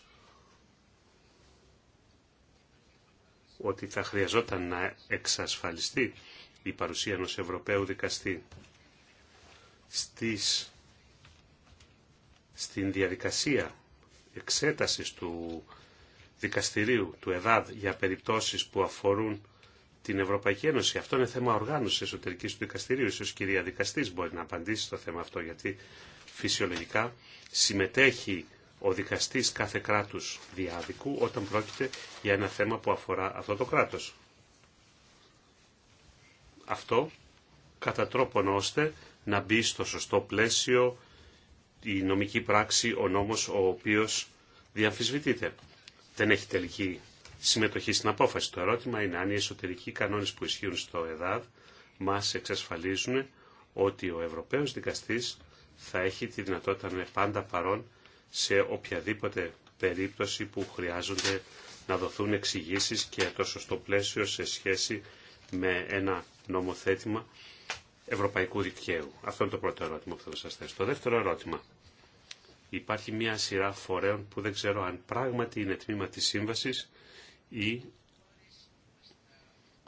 ότι θα χρειαζόταν να εξασφαλιστεί η παρουσία ενός Ευρωπαίου δικαστή στην διαδικασία εξέτασης του δικαστηρίου του ΕΔΑΔ για περιπτώσεις που αφορούν την Ευρωπαϊκή Ένωση. Αυτό είναι θέμα οργάνωση εσωτερική του δικαστηρίου. Ίσως η κυρία δικαστή μπορεί να απαντήσει στο θέμα αυτό, γιατί φυσιολογικά συμμετέχει ο δικαστή κάθε κράτου διάδικου όταν πρόκειται για ένα θέμα που αφορά αυτό το κράτο. Αυτό κατά τρόπον ώστε να μπει στο σωστό πλαίσιο η νομική πράξη, ο νόμος ο οποίος διαμφισβητείται. Δεν έχει τελική συμμετοχή στην απόφαση. Το ερώτημα είναι αν οι εσωτερικοί κανόνες που ισχύουν στο ΕΔΑΔ μας εξασφαλίζουν ότι ο Ευρωπαίος δικαστής θα έχει τη δυνατότητα να είναι πάντα παρόν σε οποιαδήποτε περίπτωση που χρειάζονται να δοθούν εξηγήσει και το σωστό πλαίσιο σε σχέση με ένα νομοθέτημα ευρωπαϊκού δικαίου. Αυτό είναι το πρώτο ερώτημα που θα σας θέσω. Το δεύτερο ερώτημα. Υπάρχει μια σειρά φορέων που δεν ξέρω αν πράγματι είναι τμήμα της σύμβασης ή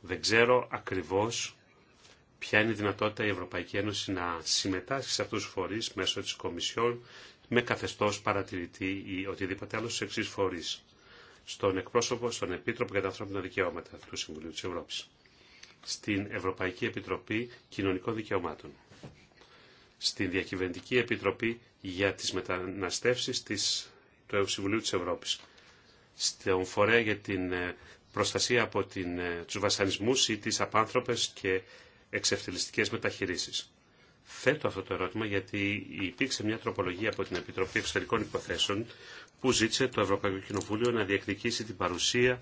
δεν ξέρω ακριβώς ποια είναι η δυνατότητα η Ευρωπαϊκή Ένωση να συμμετάσχει σε αυτούς τους φορείς μέσω της Κομισιόν με καθεστώς παρατηρητή ή οτιδήποτε άλλο στους εξής φορείς. Στον εκπρόσωπο, στον Επίτροπο για τα Ανθρώπινα Δικαιώματα του Συμβουλίου της Ευρώπης στην Ευρωπαϊκή Επιτροπή Κοινωνικών Δικαιωμάτων, στην Διακυβερνητική Επιτροπή για τις Μεταναστεύσεις της, του Συμβουλίου της Ευρώπης, στον Φορέα για την ε, προστασία από την, ε, τους βασανισμούς ή τις απάνθρωπες και εξευθυλιστικές μεταχειρήσεις. Θέτω αυτό το ερώτημα γιατί υπήρξε μια τροπολογία από την Επιτροπή Εξωτερικών Υποθέσεων που ζήτησε το Ευρωπαϊκό Κοινοβούλιο να διεκδικήσει την παρουσία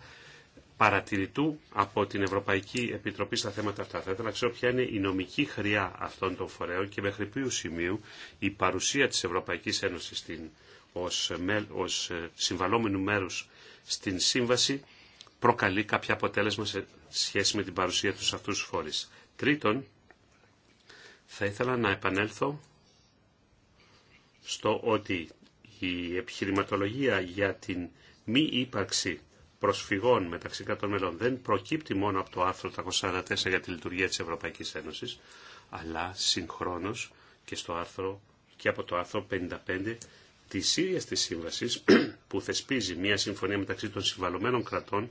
παρατηρητού από την Ευρωπαϊκή Επιτροπή στα θέματα αυτά. Θα ήθελα να ξέρω ποια είναι η νομική χρειά αυτών των φορέων και μέχρι ποιου σημείου η παρουσία της Ευρωπαϊκής Ένωσης στην, ως, ως ε, συμβαλόμενου μέρους στην σύμβαση προκαλεί κάποια αποτέλεσμα σε σχέση με την παρουσία τους αυτούς τους φορείς. Τρίτον, θα ήθελα να επανέλθω στο ότι η επιχειρηματολογία για την μη ύπαρξη προσφυγών μεταξύ κρατών μελών δεν προκύπτει μόνο από το άρθρο 344 για τη λειτουργία της Ευρωπαϊκής Ένωσης, αλλά συγχρόνως και, στο άρθρο, και από το άρθρο 55 της ίδιας της σύμβασης [CLEARS THROAT] που θεσπίζει μια συμφωνία μεταξύ των συμβαλωμένων κρατών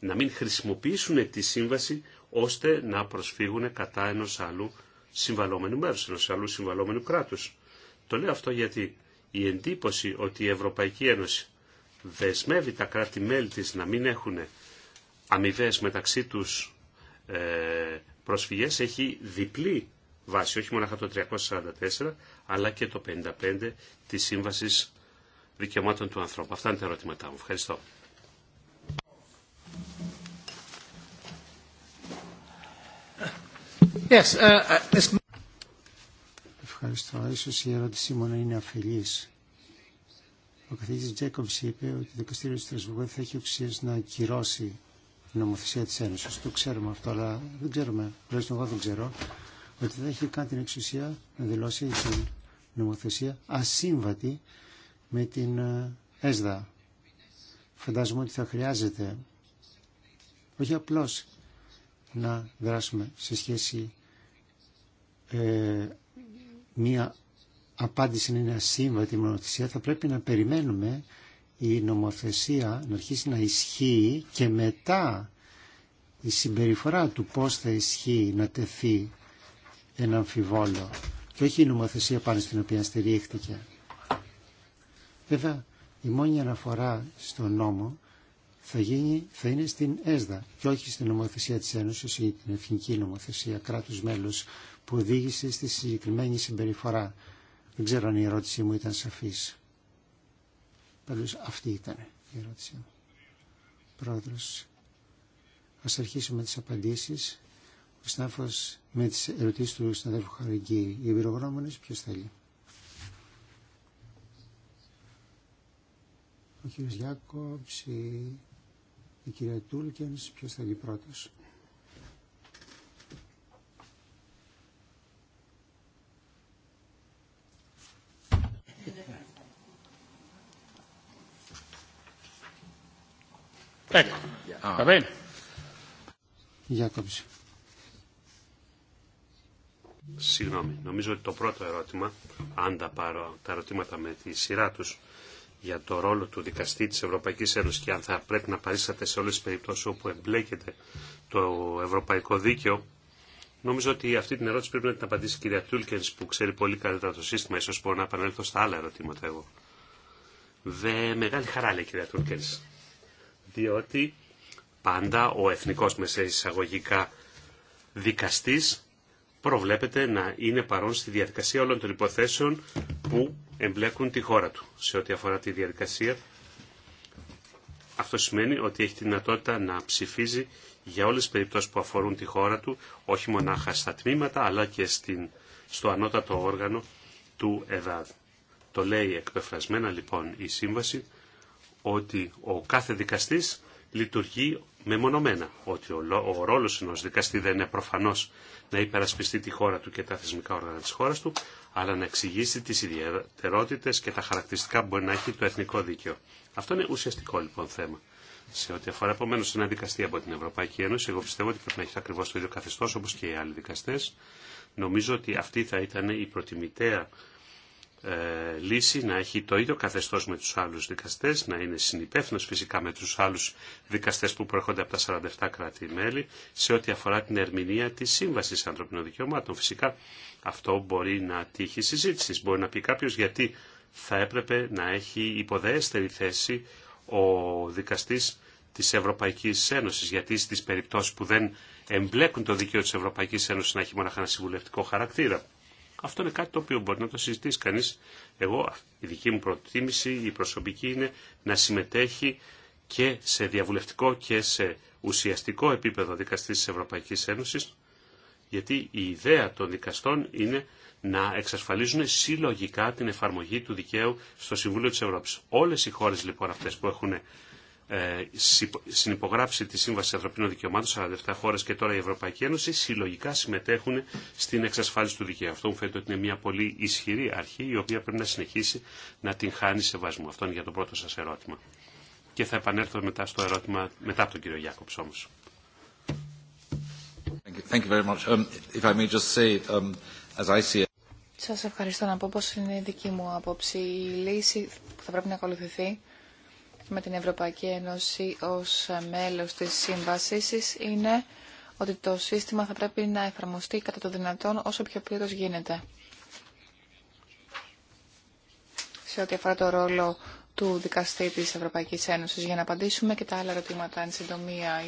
να μην χρησιμοποιήσουν τη σύμβαση ώστε να προσφύγουν κατά ενός άλλου συμβαλόμενου μέρους, ενός άλλου συμβαλόμενου κράτους. Το λέω αυτό γιατί η εντύπωση ότι η Ευρωπαϊκή Ένωση δεσμεύει τα κράτη-μέλη της να μην έχουν αμοιβέ μεταξύ τους ε, προσφυγές έχει διπλή βάση, όχι μόνο το 344, αλλά και το 55 της Σύμβασης Δικαιωμάτων του Ανθρώπου. Αυτά είναι τα ερωτήματά μου. Ευχαριστώ. Yes, uh, uh Ευχαριστώ. Ίσως η ερώτησή μου να είναι αφιλής. Ο καθηγητή Τζέκομ είπε ότι το δικαστήριο της Στρασβουργού θα έχει ουσίες να ακυρώσει την νομοθεσία της Ένωσης. Το ξέρουμε αυτό, αλλά δεν ξέρουμε, τουλάχιστον εγώ δεν ξέρω, ότι θα έχει κάνει την εξουσία να δηλώσει την νομοθεσία ασύμβατη με την ε, ΕΣΔΑ. Φαντάζομαι ότι θα χρειάζεται όχι απλώς να δράσουμε σε σχέση ε, μία απάντηση είναι ασύμβατη νομοθεσία. θα πρέπει να περιμένουμε η νομοθεσία να αρχίσει να ισχύει και μετά η συμπεριφορά του πώς θα ισχύει να τεθεί ένα αμφιβόλο και όχι η νομοθεσία πάνω στην οποία στηρίχτηκε. Βέβαια, η μόνη αναφορά στον νόμο θα, γίνει, θα είναι στην ΕΣΔΑ και όχι στην νομοθεσία της Ένωσης ή την εθνική νομοθεσία κράτους μέλους που οδήγησε στη συγκεκριμένη συμπεριφορά δεν ξέρω αν η ερώτησή μου ήταν σαφής. Πάντως αυτή ήταν η ερώτησή μου. Πρόεδρος, ας αρχίσουμε τις απαντήσεις. Ο συνάδελφος με τις ερωτήσεις του συναδέλφου Χαρική. Οι εμπειρογνώμονες ποιος θέλει. Ο κύριος Γιάκοψη, η, η κυρία Τούλκενς, ποιος θέλει πρώτος. Ah. Συγγνώμη, νομίζω ότι το πρώτο ερώτημα, αν τα πάρω τα ερωτήματα με τη σειρά τους, για το ρόλο του δικαστή της Ευρωπαϊκής Ένωσης και αν θα πρέπει να παρήσατε σε όλες τις περιπτώσεις όπου εμπλέκεται το ευρωπαϊκό δίκαιο, νομίζω ότι αυτή την ερώτηση πρέπει να την απαντήσει η κυρία Τούλκενς που ξέρει πολύ καλύτερα το σύστημα. Ίσως μπορώ να επανέλθω στα άλλα ερωτήματα εγώ. Δε μεγάλη χαρά λέει η κυρία Τούλκενς διότι πάντα ο εθνικός μεσαισαγωγικά δικαστής προβλέπεται να είναι παρόν στη διαδικασία όλων των υποθέσεων που εμπλέκουν τη χώρα του. Σε ό,τι αφορά τη διαδικασία, αυτό σημαίνει ότι έχει τη δυνατότητα να ψηφίζει για όλες τις περιπτώσεις που αφορούν τη χώρα του, όχι μονάχα στα τμήματα, αλλά και στην, στο ανώτατο όργανο του ΕΔΑΔ. Το λέει εκπεφρασμένα λοιπόν η σύμβαση ότι ο κάθε δικαστής λειτουργεί μεμονωμένα, ότι ο, ρόλος ενός δικαστή δεν είναι προφανώς να υπερασπιστεί τη χώρα του και τα θεσμικά όργανα της χώρας του, αλλά να εξηγήσει τις ιδιαιτερότητες και τα χαρακτηριστικά που μπορεί να έχει το εθνικό δίκαιο. Αυτό είναι ουσιαστικό λοιπόν θέμα. Σε ό,τι αφορά επομένω ένα δικαστή από την Ευρωπαϊκή Ένωση, εγώ πιστεύω ότι πρέπει να έχει ακριβώ το ίδιο καθεστώ όπω και οι άλλοι δικαστέ. Νομίζω ότι αυτή θα ήταν η προτιμητέα ε, λύση, να έχει το ίδιο καθεστώς με τους άλλους δικαστές, να είναι συνυπεύθυνος φυσικά με τους άλλους δικαστές που προέρχονται από τα 47 κράτη-μέλη σε ό,τι αφορά την ερμηνεία της Σύμβασης Ανθρωπινών Δικαιωμάτων. Φυσικά αυτό μπορεί να τύχει συζήτηση. Μπορεί να πει κάποιο γιατί θα έπρεπε να έχει υποδέστερη θέση ο δικαστής της Ευρωπαϊκής Ένωσης, γιατί στις περιπτώσεις που δεν εμπλέκουν το δίκαιο της Ευρωπαϊκής Ένωσης να έχει μόνο ένα συμβουλευτικό χαρακτήρα. Αυτό είναι κάτι το οποίο μπορεί να το συζητήσει κανείς. Εγώ, η δική μου προτίμηση, η προσωπική είναι να συμμετέχει και σε διαβουλευτικό και σε ουσιαστικό επίπεδο δικαστής της Ευρωπαϊκής Ένωσης, γιατί η ιδέα των δικαστών είναι να εξασφαλίζουν συλλογικά την εφαρμογή του δικαίου στο Συμβούλιο της Ευρώπης. Όλες οι χώρες λοιπόν αυτές που έχουν ε, συνυπογράψει τη Σύμβαση Ανθρωπίνων Δικαιωμάτων 47 χώρε και τώρα η Ευρωπαϊκή Ένωση συλλογικά συμμετέχουν στην εξασφάλιση του δικαίου. Αυτό μου φαίνεται ότι είναι μια πολύ ισχυρή αρχή η οποία πρέπει να συνεχίσει να την χάνει σεβασμού. Αυτό είναι για το πρώτο σα ερώτημα. Και θα επανέλθω μετά στο ερώτημα μετά από τον κύριο Γιάκοψ όμω. Um, um, σας ευχαριστώ να πω πώς είναι δική μου άποψη. Η λύση που θα πρέπει να ακολουθηθεί με την Ευρωπαϊκή Ένωση ως μέλος της σύμβασης είναι ότι το σύστημα θα πρέπει να εφαρμοστεί κατά το δυνατόν όσο πιο πλήρως γίνεται. Σε ό,τι αφορά το ρόλο του δικαστή της Ευρωπαϊκής Ένωσης για να απαντήσουμε και τα άλλα ερωτήματα εν συντομία.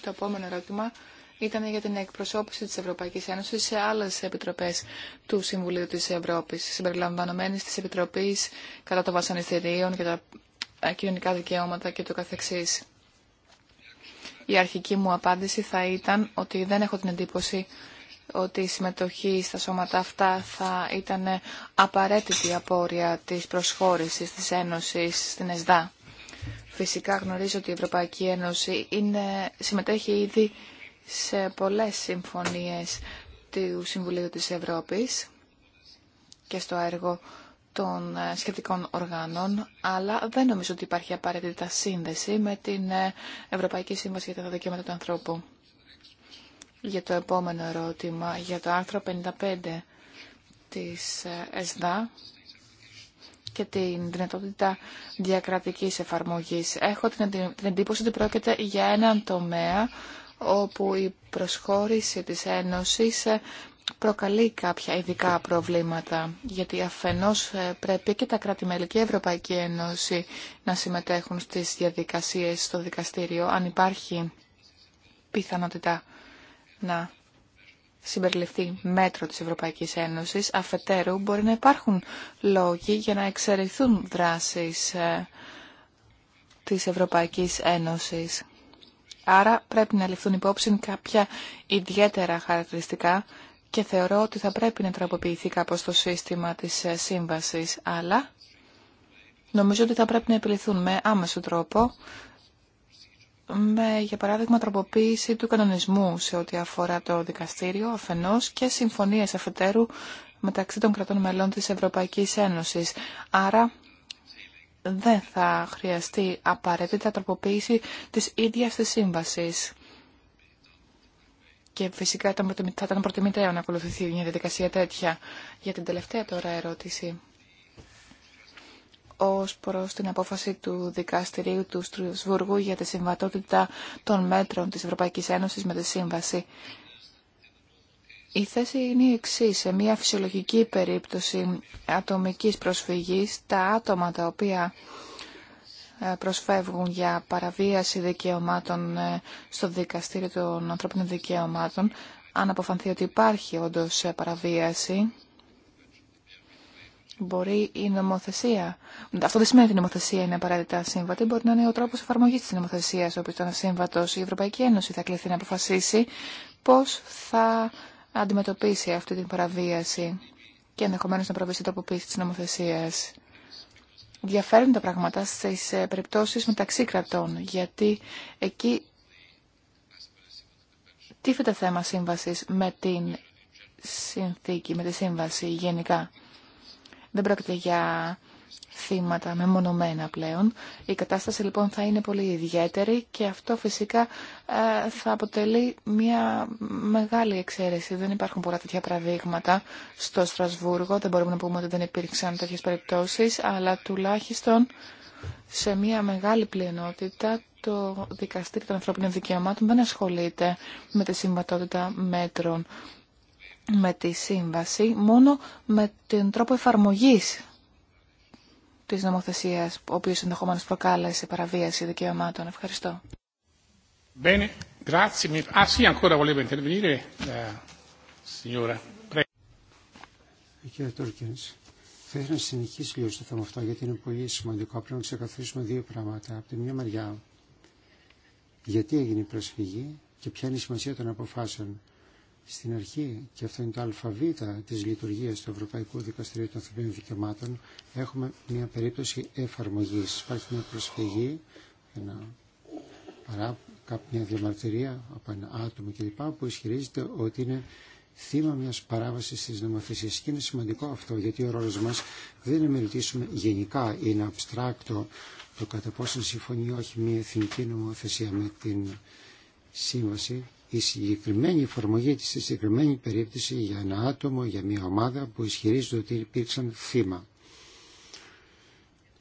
Το επόμενο ερώτημα ήταν για την εκπροσώπηση της Ευρωπαϊκής Ένωσης σε άλλες επιτροπές του Συμβουλίου της Ευρώπης, συμπεριλαμβανομένης της Επιτροπής κατά το βασανιστήριων και τα κοινωνικά δικαιώματα και το καθεξής. Η αρχική μου απάντηση θα ήταν ότι δεν έχω την εντύπωση ότι η συμμετοχή στα σώματα αυτά θα ήταν απαραίτητη απόρρια της προσχώρησης της Ένωσης στην ΕΣΔΑ. Φυσικά γνωρίζω ότι η Ευρωπαϊκή Ένωση είναι, συμμετέχει ήδη σε πολλές συμφωνίες του Συμβουλίου της Ευρώπης και στο έργο των ε, σχετικών οργάνων, αλλά δεν νομίζω ότι υπάρχει απαραίτητα σύνδεση με την ε, Ευρωπαϊκή Σύμβαση για τα Δικαιώματα του Ανθρώπου. Για το επόμενο ερώτημα, για το άρθρο 55 της ε, ΕΣΔΑ και την δυνατότητα διακρατικής εφαρμογής. Έχω την εντύπωση ότι πρόκειται για έναν τομέα όπου η προσχώρηση της Ένωσης προκαλεί κάποια ειδικά προβλήματα, γιατί αφενός ε, πρέπει και τα κράτη-μέλη και η Ευρωπαϊκή Ένωση να συμμετέχουν στις διαδικασίες στο δικαστήριο, αν υπάρχει πιθανότητα να συμπεριληφθεί μέτρο της Ευρωπαϊκής Ένωσης, αφετέρου μπορεί να υπάρχουν λόγοι για να εξαιρεθούν δράσεις ε, της Ευρωπαϊκής Ένωσης. Άρα πρέπει να ληφθούν υπόψη κάποια ιδιαίτερα χαρακτηριστικά και θεωρώ ότι θα πρέπει να τραποποιηθεί κάπως το σύστημα της ε, σύμβασης, αλλά νομίζω ότι θα πρέπει να επιληθούν με άμεσο τρόπο, με, για παράδειγμα, τροποποίηση του κανονισμού σε ό,τι αφορά το δικαστήριο αφενός και συμφωνίες αφετέρου μεταξύ των κρατών μελών της Ευρωπαϊκής Ένωσης. Άρα δεν θα χρειαστεί απαραίτητα τροποποίηση της ίδιας της σύμβασης. Και φυσικά θα ήταν προτιμητέο να ακολουθηθεί μια διαδικασία τέτοια. Για την τελευταία τώρα ερώτηση ω προ την απόφαση του Δικαστηρίου του Στρασβούργου για τη συμβατότητα των μέτρων τη Ευρωπαϊκή Ένωση με τη Σύμβαση. Η θέση είναι η εξή. Σε μια φυσιολογική περίπτωση ατομική προσφυγή, τα άτομα τα οποία ε, προσφεύγουν για παραβίαση δικαιωμάτων ε, στο δικαστήριο των ανθρώπινων δικαιωμάτων, αν αποφανθεί ότι υπάρχει όντως ε, παραβίαση, μπορεί η νομοθεσία, αυτό δεν σημαίνει ότι η νομοθεσία είναι απαραίτητα σύμβατη, μπορεί να είναι ο τρόπος εφαρμογής της νομοθεσίας, ο ήταν σύμβατο. Η Ευρωπαϊκή Ένωση θα κληθεί να αποφασίσει πώς θα αντιμετωπίσει αυτή την παραβίαση και ενδεχομένως να προβεί σε τροποποίηση της νομοθεσίας διαφέρουν τα πράγματα στις ε, περιπτώσεις μεταξύ κρατών, γιατί εκεί τίθεται θέμα σύμβασης με την συνθήκη, με τη σύμβαση γενικά. Δεν πρόκειται για θύματα μεμονωμένα πλέον. Η κατάσταση λοιπόν θα είναι πολύ ιδιαίτερη και αυτό φυσικά ε, θα αποτελεί μια μεγάλη εξαίρεση. Δεν υπάρχουν πολλά τέτοια παραδείγματα στο Στρασβούργο. Δεν μπορούμε να πούμε ότι δεν υπήρξαν τέτοιες περιπτώσεις, αλλά τουλάχιστον σε μια μεγάλη πλειονότητα το Δικαστήριο των Ανθρώπινων Δικαιωμάτων δεν ασχολείται με τη συμβατότητα μέτρων με τη σύμβαση, μόνο με τον τρόπο εφαρμογής της νομοθεσίας, ο οποίος ενδεχομένως προκάλεσε παραβίαση δικαιωμάτων. Ευχαριστώ. Κύριε Τούρκινς, θα ήθελα να συνεχίσει λίγο στο θέμα αυτό, γιατί είναι πολύ σημαντικό. Πρέπει να ξεκαθαρίσουμε δύο πράγματα. Από τη μια μεριά, γιατί έγινε η προσφυγή και ποια είναι η σημασία των αποφάσεων στην αρχή, και αυτό είναι το αλφαβήτα της λειτουργίας του Ευρωπαϊκού Δικαστηρίου των Ανθρωπίνων Δικαιωμάτων, έχουμε μια περίπτωση εφαρμογής. Υπάρχει μια προσφυγή, ένα παρά κάποια διαμαρτυρία από ένα άτομο κλπ. που ισχυρίζεται ότι είναι θύμα μια παράβασης της νομοθεσίας. Και είναι σημαντικό αυτό, γιατί ο ρόλος μας δεν είναι να μελετήσουμε γενικά, είναι abstracto το κατά πόσο συμφωνεί όχι μια εθνική νομοθεσία με την σύμβαση, η συγκεκριμένη εφαρμογή της συγκεκριμένη περίπτωση για ένα άτομο, για μια ομάδα που ισχυρίζεται ότι υπήρξαν θύμα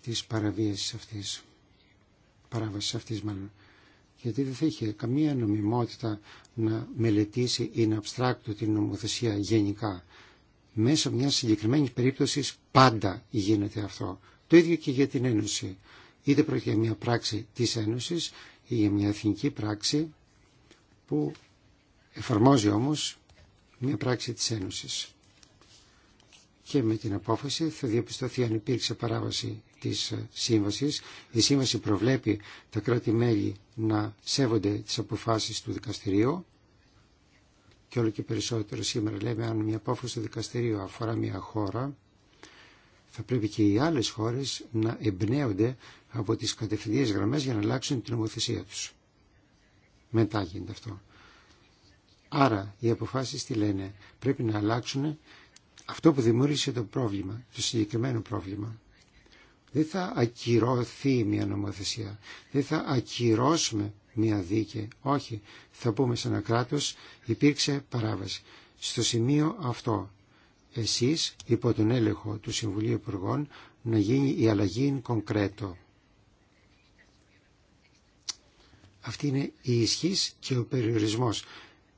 της παραβίασης αυτής, παράβασης αυτής μάλλον. Γιατί δεν θα είχε καμία νομιμότητα να μελετήσει να αυστράκτω την νομοθεσία γενικά. Μέσα μια συγκεκριμένη περίπτωση πάντα γίνεται αυτό. Το ίδιο και για την Ένωση. Είτε πρόκειται για μια πράξη της Ένωσης ή για μια εθνική πράξη που εφαρμόζει όμως μια πράξη της Ένωσης. Και με την απόφαση θα διαπιστωθεί αν υπήρξε παράβαση της ε, σύμβασης. Η σύμβαση προβλέπει τα κράτη-μέλη να σέβονται τις αποφάσεις του δικαστηρίου και όλο και περισσότερο σήμερα λέμε αν μια απόφαση του δικαστηρίου αφορά μια χώρα θα πρέπει και οι άλλες χώρες να εμπνέονται από τις κατευθυντήριες γραμμές για να αλλάξουν την νομοθεσία τους. Μετά γίνεται αυτό. Άρα οι αποφάσει τι λένε. Πρέπει να αλλάξουν αυτό που δημιούργησε το πρόβλημα, το συγκεκριμένο πρόβλημα. Δεν θα ακυρωθεί μια νομοθεσία. Δεν θα ακυρώσουμε μια δίκη. Όχι. Θα πούμε σε ένα κράτο υπήρξε παράβαση. Στο σημείο αυτό εσείς υπό τον έλεγχο του Συμβουλίου Υπουργών να γίνει η αλλαγή in Αυτή είναι η ισχύς και ο περιορισμός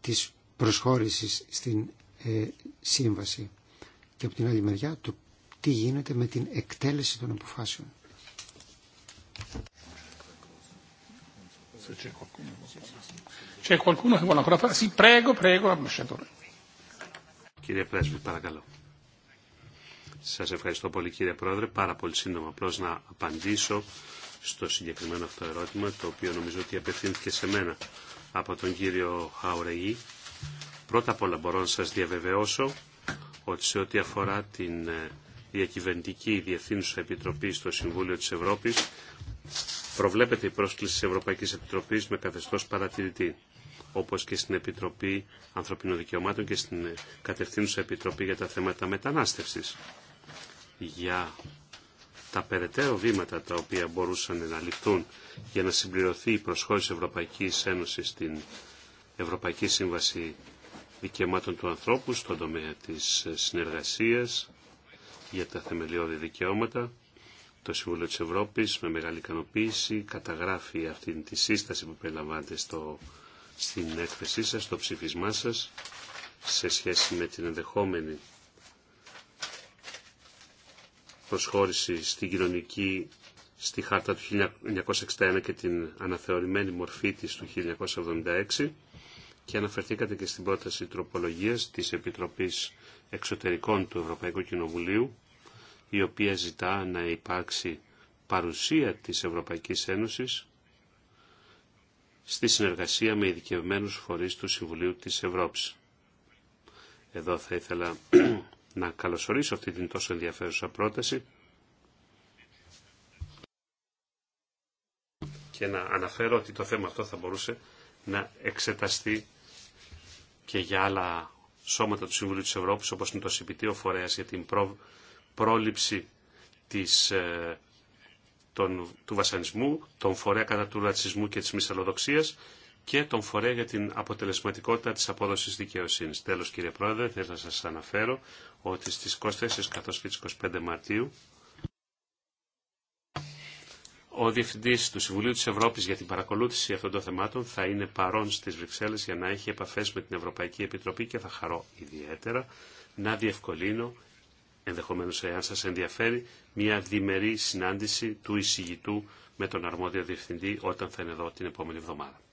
της προσχώρησης στην ε, σύμβαση. Και από την άλλη μεριά το τι γίνεται με την εκτέλεση των αποφάσεων. Κύριε Πρέσβη, παρακαλώ. Σας ευχαριστώ πολύ κύριε Πρόεδρε. Πάρα πολύ σύντομα απλώς να απαντήσω στο συγκεκριμένο αυτό ερώτημα, το οποίο νομίζω ότι απευθύνθηκε σε μένα από τον κύριο Χαουρεγή. Πρώτα απ' όλα μπορώ να σας διαβεβαιώσω ότι σε ό,τι αφορά την ε, διακυβερνητική διευθύνουσα επιτροπή στο Συμβούλιο της Ευρώπης, προβλέπεται η πρόσκληση της Ευρωπαϊκής Επιτροπής με καθεστώς παρατηρητή όπως και στην Επιτροπή Ανθρωπινών Δικαιωμάτων και στην ε, Κατευθύνουσα Επιτροπή για τα θέματα μετανάστευσης για τα περαιτέρω βήματα τα οποία μπορούσαν να ληφθούν για να συμπληρωθεί η προσχώρηση Ευρωπαϊκής Ένωσης στην Ευρωπαϊκή Σύμβαση Δικαιωμάτων του Ανθρώπου στον τομέα της συνεργασίας για τα θεμελιώδη δικαιώματα. Το Συμβούλιο της Ευρώπης με μεγάλη ικανοποίηση καταγράφει αυτή τη σύσταση που περιλαμβάνεται στην έκθεσή σας, στο ψηφισμά σας σε σχέση με την ενδεχόμενη προσχώρηση στην κοινωνική στη χάρτα του 1961 και την αναθεωρημένη μορφή της του 1976 και αναφερθήκατε και στην πρόταση τροπολογίας της Επιτροπής Εξωτερικών του Ευρωπαϊκού Κοινοβουλίου η οποία ζητά να υπάρξει παρουσία της Ευρωπαϊκής Ένωσης στη συνεργασία με ειδικευμένους φορείς του Συμβουλίου της Ευρώπης. Εδώ θα ήθελα να καλωσορίσω αυτή την τόσο ενδιαφέρουσα πρόταση και να αναφέρω ότι το θέμα αυτό θα μπορούσε να εξεταστεί και για άλλα σώματα του Συμβουλίου της Ευρώπης, όπως είναι το Συμπητή Φορέας για την πρόληψη της, ε, τον... του βασανισμού, τον φορέα κατά του ρατσισμού και της μυσαλλοδοξίας και τον φορέα για την αποτελεσματικότητα της απόδοσης δικαιοσύνης. Τέλος κύριε Πρόεδρε, θέλω να σας αναφέρω ότι στις 24 καθώς και τις 25 Μαρτίου ο Διευθυντή του Συμβουλίου της Ευρώπης για την παρακολούθηση αυτών των θεμάτων θα είναι παρόν στις Βρυξέλλες για να έχει επαφές με την Ευρωπαϊκή Επιτροπή και θα χαρώ ιδιαίτερα να διευκολύνω, ενδεχομένως εάν σας ενδιαφέρει, μια διμερή συνάντηση του εισηγητού με τον αρμόδιο διευθυντή όταν θα είναι εδώ την επόμενη εβδομάδα.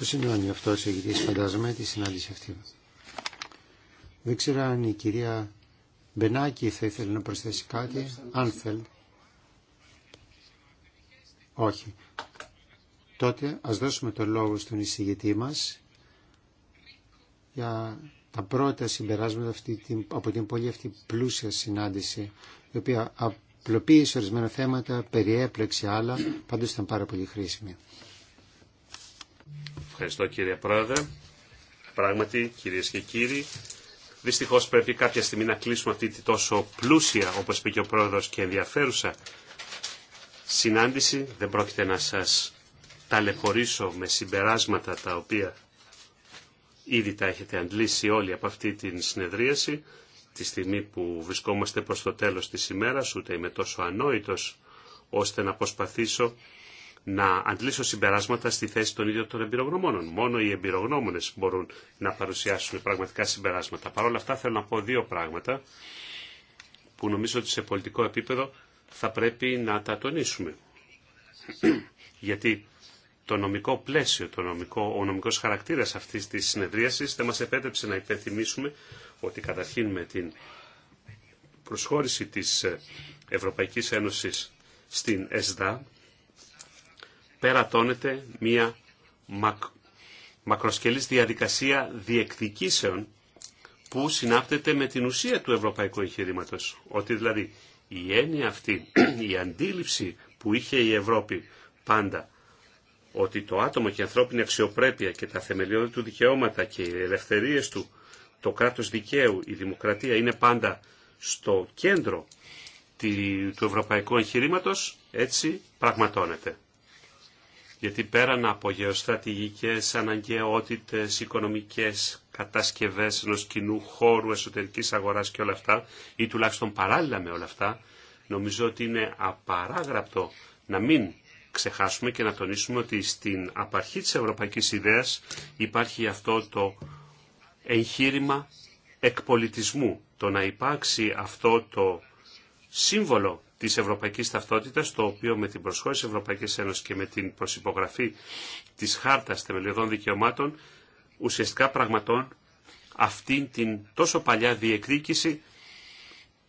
Το σημειώνει αυτό ο ηγητής, φαντάζομαι, τη συνάντηση αυτή. Δεν ξέρω αν η κυρία Μπενάκη θα ήθελε να προσθέσει κάτι, αν θέλει. Όχι. Τότε ας δώσουμε το λόγο στον εισηγητή μας για τα πρώτα συμπεράσματα αυτή την, από την πολύ αυτή πλούσια συνάντηση, η οποία απλοποίησε ορισμένα θέματα, περιέπλεξε άλλα, πάντως ήταν πάρα πολύ χρήσιμη. Ευχαριστώ κύριε Πρόεδρε. Πράγματι, κυρίε και κύριοι, Δυστυχώ πρέπει κάποια στιγμή να κλείσουμε αυτή τη τόσο πλούσια, όπω είπε ο Πρόεδρος, και ενδιαφέρουσα συνάντηση. Δεν πρόκειται να σας ταλαιπωρήσω με συμπεράσματα τα οποία ήδη τα έχετε αντλήσει όλοι από αυτή την συνεδρίαση. Τη στιγμή που βρισκόμαστε προς το τέλος της ημέρας, ούτε είμαι τόσο ανόητος, ώστε να προσπαθήσω να αντλήσω συμπεράσματα στη θέση των ίδιων των εμπειρογνωμόνων. Μόνο οι εμπειρογνώμονες μπορούν να παρουσιάσουν πραγματικά συμπεράσματα. Παρ' όλα αυτά θέλω να πω δύο πράγματα που νομίζω ότι σε πολιτικό επίπεδο θα πρέπει να τα τονίσουμε. [CLEARS THROAT] Γιατί το νομικό πλαίσιο, το νομικό, ο νομικός χαρακτήρας αυτής της συνεδρίασης δεν μας επέτρεψε να υπενθυμίσουμε ότι καταρχήν με την προσχώρηση της Ευρωπαϊκής Ένωσης στην ΕΣΔΑ περατώνεται μία μακ... μακροσκελής διαδικασία διεκδικήσεων που συνάπτεται με την ουσία του ευρωπαϊκού εγχειρήματο. Ότι δηλαδή η έννοια αυτή, [CLEARS THROAT] η αντίληψη που είχε η Ευρώπη πάντα, ότι το άτομο και η ανθρώπινη αξιοπρέπεια και τα θεμελιώδη του δικαιώματα και οι ελευθερίες του, το κράτος δικαίου, η δημοκρατία είναι πάντα στο κέντρο του ευρωπαϊκού εγχειρήματο, έτσι πραγματώνεται γιατί πέραν από γεωστρατηγικές αναγκαιότητες, οικονομικές κατασκευές ενό κοινού χώρου εσωτερικής αγοράς και όλα αυτά, ή τουλάχιστον παράλληλα με όλα αυτά, νομίζω ότι είναι απαράγραπτο να μην ξεχάσουμε και να τονίσουμε ότι στην απαρχή της ευρωπαϊκής ιδέας υπάρχει αυτό το εγχείρημα εκπολιτισμού, το να υπάρξει αυτό το σύμβολο της ευρωπαϊκής ταυτότητα, το οποίο με την προσχώρηση της Ευρωπαϊκής Ένωσης και με την προσυπογραφή της Χάρτας Θεμελιωδών Δικαιωμάτων, ουσιαστικά πραγματών αυτήν την τόσο παλιά διεκδίκηση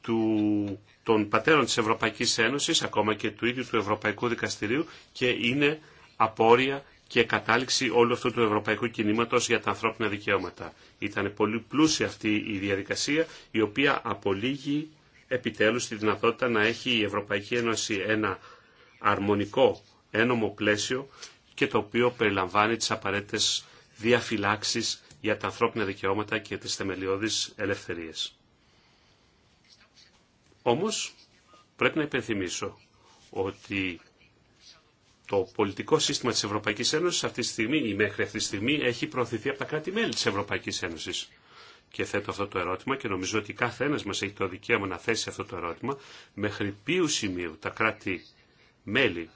του, των πατέρων της Ευρωπαϊκής Ένωσης, ακόμα και του ίδιου του Ευρωπαϊκού Δικαστηρίου και είναι απόρρια και κατάληξη όλου αυτού του ευρωπαϊκού κινήματος για τα ανθρώπινα δικαιώματα. Ήταν πολύ πλούσια αυτή η διαδικασία, η οποία απολύγει επιτέλους τη δυνατότητα να έχει η Ευρωπαϊκή Ένωση ένα αρμονικό ένομο πλαίσιο και το οποίο περιλαμβάνει τις απαραίτητες διαφυλάξεις για τα ανθρώπινα δικαιώματα και τις θεμελιώδεις ελευθερίες. Όμως πρέπει να υπενθυμίσω ότι το πολιτικό σύστημα της Ευρωπαϊκής Ένωσης αυτή τη στιγμή ή μέχρι αυτή τη στιγμή έχει προωθηθεί από τα κράτη-μέλη της Ευρωπαϊκής Ένωσης και θέτω αυτό το ερώτημα και νομίζω ότι κάθε ένας μας έχει το δικαίωμα να θέσει αυτό το ερώτημα μέχρι ποιου σημείου τα κράτη-μέλη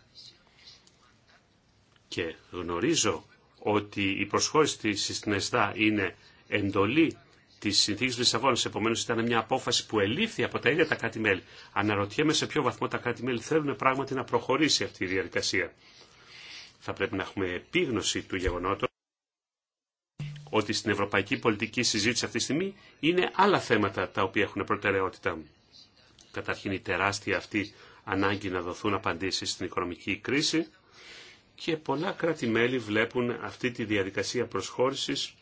και γνωρίζω ότι η προσχώρηση της ΕΣΔΑ είναι εντολή τη συνθήκη Λισαβόνα. Επομένω, ήταν μια απόφαση που ελήφθη από τα ίδια τα κράτη-μέλη. Αναρωτιέμαι σε ποιο βαθμό τα κράτη-μέλη θέλουν πράγματι να προχωρήσει αυτή η διαδικασία. Θα πρέπει να έχουμε επίγνωση του γεγονότο ότι στην ευρωπαϊκή πολιτική συζήτηση αυτή τη στιγμή είναι άλλα θέματα τα οποία έχουν προτεραιότητα. Καταρχήν η τεράστια αυτή ανάγκη να δοθούν απαντήσεις στην οικονομική κρίση και πολλά κράτη-μέλη βλέπουν αυτή τη διαδικασία προσχώρησης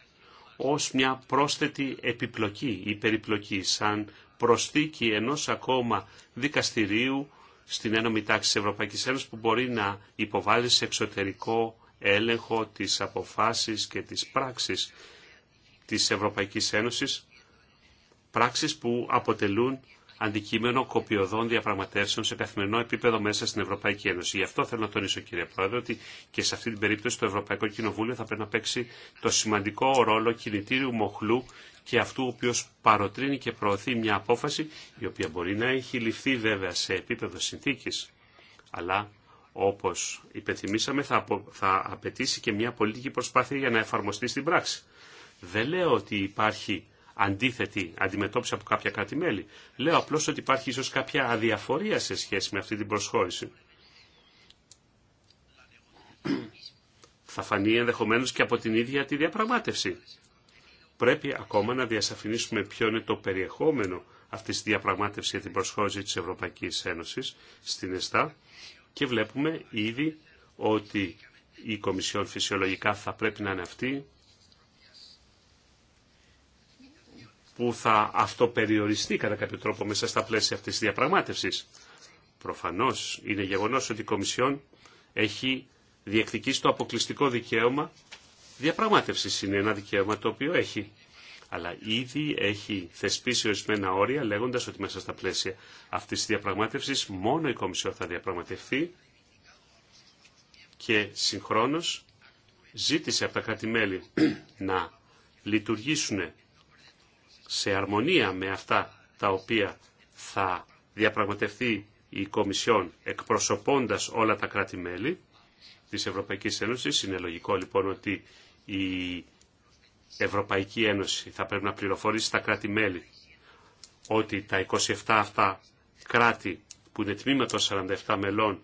ως μια πρόσθετη επιπλοκή ή περιπλοκή, σαν προσθήκη ενός ακόμα δικαστηρίου στην ένωμη τάξη της Ευρωπαϊκής Ένωσης που μπορεί να υποβάλει σε εξωτερικό έλεγχο τις αποφάσεις και τις πράξεις της Ευρωπαϊκής Ένωσης, πράξεις που αποτελούν αντικείμενο κοπιωδών διαπραγματεύσεων σε καθημερινό επίπεδο μέσα στην Ευρωπαϊκή Ένωση. Γι' αυτό θέλω να τονίσω, κύριε Πρόεδρε, ότι και σε αυτή την περίπτωση το Ευρωπαϊκό Κοινοβούλιο θα πρέπει να παίξει το σημαντικό ρόλο κινητήριου μοχλού και αυτού ο οποίος παροτρύνει και προωθεί μια απόφαση η οποία μπορεί να έχει ληφθεί βέβαια σε επίπεδο συνθήκης αλλά όπως υπενθυμίσαμε, θα, απο, θα απαιτήσει και μια πολιτική προσπάθεια για να εφαρμοστεί στην πράξη. Δεν λέω ότι υπάρχει αντίθετη αντιμετώπιση από κάποια κράτη-μέλη. Λέω απλώς ότι υπάρχει ίσως κάποια αδιαφορία σε σχέση με αυτή την προσχώρηση. θα φανεί ενδεχομένως και από την ίδια τη διαπραγμάτευση. Πρέπει ακόμα να διασαφηνίσουμε ποιο είναι το περιεχόμενο αυτής της διαπραγμάτευσης για την προσχώρηση της Ευρωπαϊκής Ένωσης στην ΕΣΤΑ και βλέπουμε ήδη ότι η Κομισιόν φυσιολογικά θα πρέπει να είναι αυτή που θα αυτοπεριοριστεί κατά κάποιο τρόπο μέσα στα πλαίσια αυτής της διαπραγμάτευσης. Προφανώς είναι γεγονός ότι η Κομισιόν έχει διεκδικήσει το αποκλειστικό δικαίωμα διαπραγμάτευσης. Είναι ένα δικαίωμα το οποίο έχει αλλά ήδη έχει θεσπίσει ορισμένα όρια λέγοντας ότι μέσα στα πλαίσια αυτής της διαπραγμάτευσης μόνο η Κομισιό θα διαπραγματευτεί και συγχρόνως ζήτησε από τα κράτη-μέλη [CLEARS THROAT] να λειτουργήσουν σε αρμονία με αυτά τα οποία θα διαπραγματευτεί η Κομισιόν εκπροσωπώντας όλα τα κράτη-μέλη της Ευρωπαϊκής Είναι λογικό λοιπόν ότι η Ευρωπαϊκή Ένωση θα πρέπει να πληροφορήσει τα κράτη-μέλη ότι τα 27 αυτά κράτη που είναι τμήμα των 47 μελών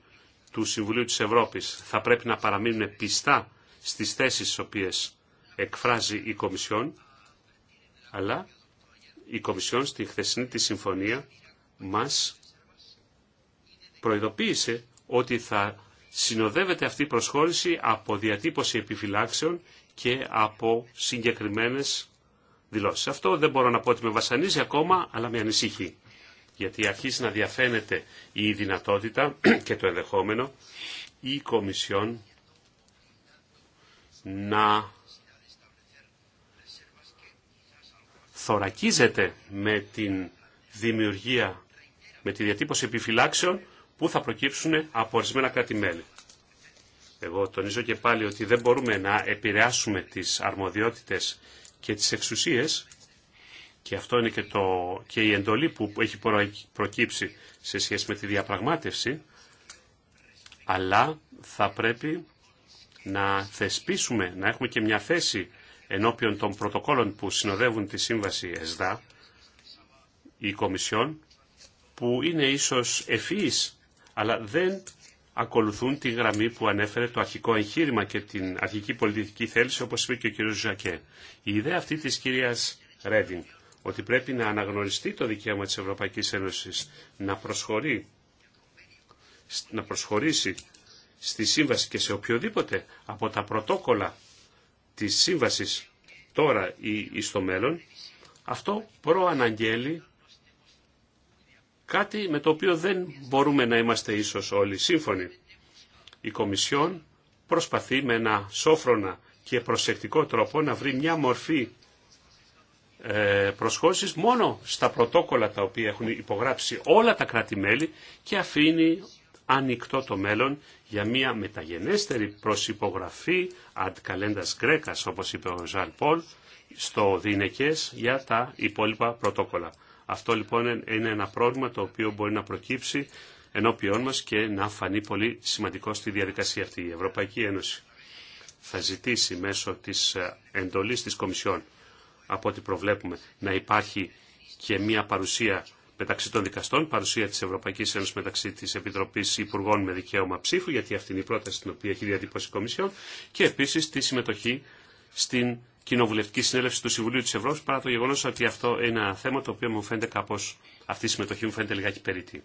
του Συμβουλίου της Ευρώπης θα πρέπει να παραμείνουν πιστά στις θέσεις τις οποίες εκφράζει η Κομισιόν, αλλά η Κομισιόν στη χθεσινή τη συμφωνία μας προειδοποίησε ότι θα συνοδεύεται αυτή η προσχώρηση από διατύπωση επιφυλάξεων και από συγκεκριμένες δηλώσεις. Αυτό δεν μπορώ να πω ότι με βασανίζει ακόμα, αλλά με ανησυχεί. Γιατί αρχίζει να διαφαίνεται η δυνατότητα [CLEARS THROAT] και το ενδεχόμενο η Κομισιόν να θωρακίζεται με την δημιουργία, με τη διατύπωση επιφυλάξεων που θα προκύψουν από ορισμένα κράτη-μέλη. Εγώ τονίζω και πάλι ότι δεν μπορούμε να επηρεάσουμε τις αρμοδιότητες και τις εξουσίες και αυτό είναι και, το, και η εντολή που έχει προκύψει σε σχέση με τη διαπραγμάτευση αλλά θα πρέπει να θεσπίσουμε, να έχουμε και μια θέση ενώπιον των πρωτοκόλων που συνοδεύουν τη σύμβαση ΕΣΔΑ η Κομισιόν που είναι ίσως ευφυής αλλά δεν ακολουθούν τη γραμμή που ανέφερε το αρχικό εγχείρημα και την αρχική πολιτική θέληση, όπως είπε και ο κ. Ζακέ. Η ιδέα αυτή της κυρίας Ρέντιν, ότι πρέπει να αναγνωριστεί το δικαίωμα της Ευρωπαϊκής Ένωσης να, προσχωρεί, να προσχωρήσει στη σύμβαση και σε οποιοδήποτε από τα πρωτόκολλα της σύμβασης τώρα ή στο μέλλον, αυτό προαναγγέλει Κάτι με το οποίο δεν μπορούμε να είμαστε ίσως όλοι σύμφωνοι. Η Κομισιόν προσπαθεί με ένα σόφρονα και προσεκτικό τρόπο να βρει μια μορφή ε, προσχώσεις μόνο στα πρωτόκολλα τα οποία έχουν υπογράψει όλα τα κράτη-μέλη και αφήνει ανοιχτό το μέλλον για μια μεταγενέστερη προσυπογραφή ad calendas grecas όπως είπε ο Ζαλ Πολ στο Δινεκές για τα υπόλοιπα πρωτόκολλα. Αυτό λοιπόν είναι ένα πρόβλημα το οποίο μπορεί να προκύψει ενώπιόν μας και να φανεί πολύ σημαντικό στη διαδικασία αυτή. Η Ευρωπαϊκή Ένωση θα ζητήσει μέσω της ε, εντολής της Κομισιόν από ό,τι προβλέπουμε να υπάρχει και μια παρουσία μεταξύ των δικαστών, παρουσία της Ευρωπαϊκής Ένωσης μεταξύ της Επιτροπής Υπουργών με δικαίωμα ψήφου, γιατί αυτή είναι η πρόταση την οποία έχει διατύπωση η Κομισιόν, και επίσης τη συμμετοχή στην κοινοβουλευτική συνέλευση του Συμβουλίου της Ευρώπη παρά το γεγονός ότι αυτό είναι ένα θέμα το οποίο μου φαίνεται κάπως αυτή η συμμετοχή μου φαίνεται λιγάκι περίτη.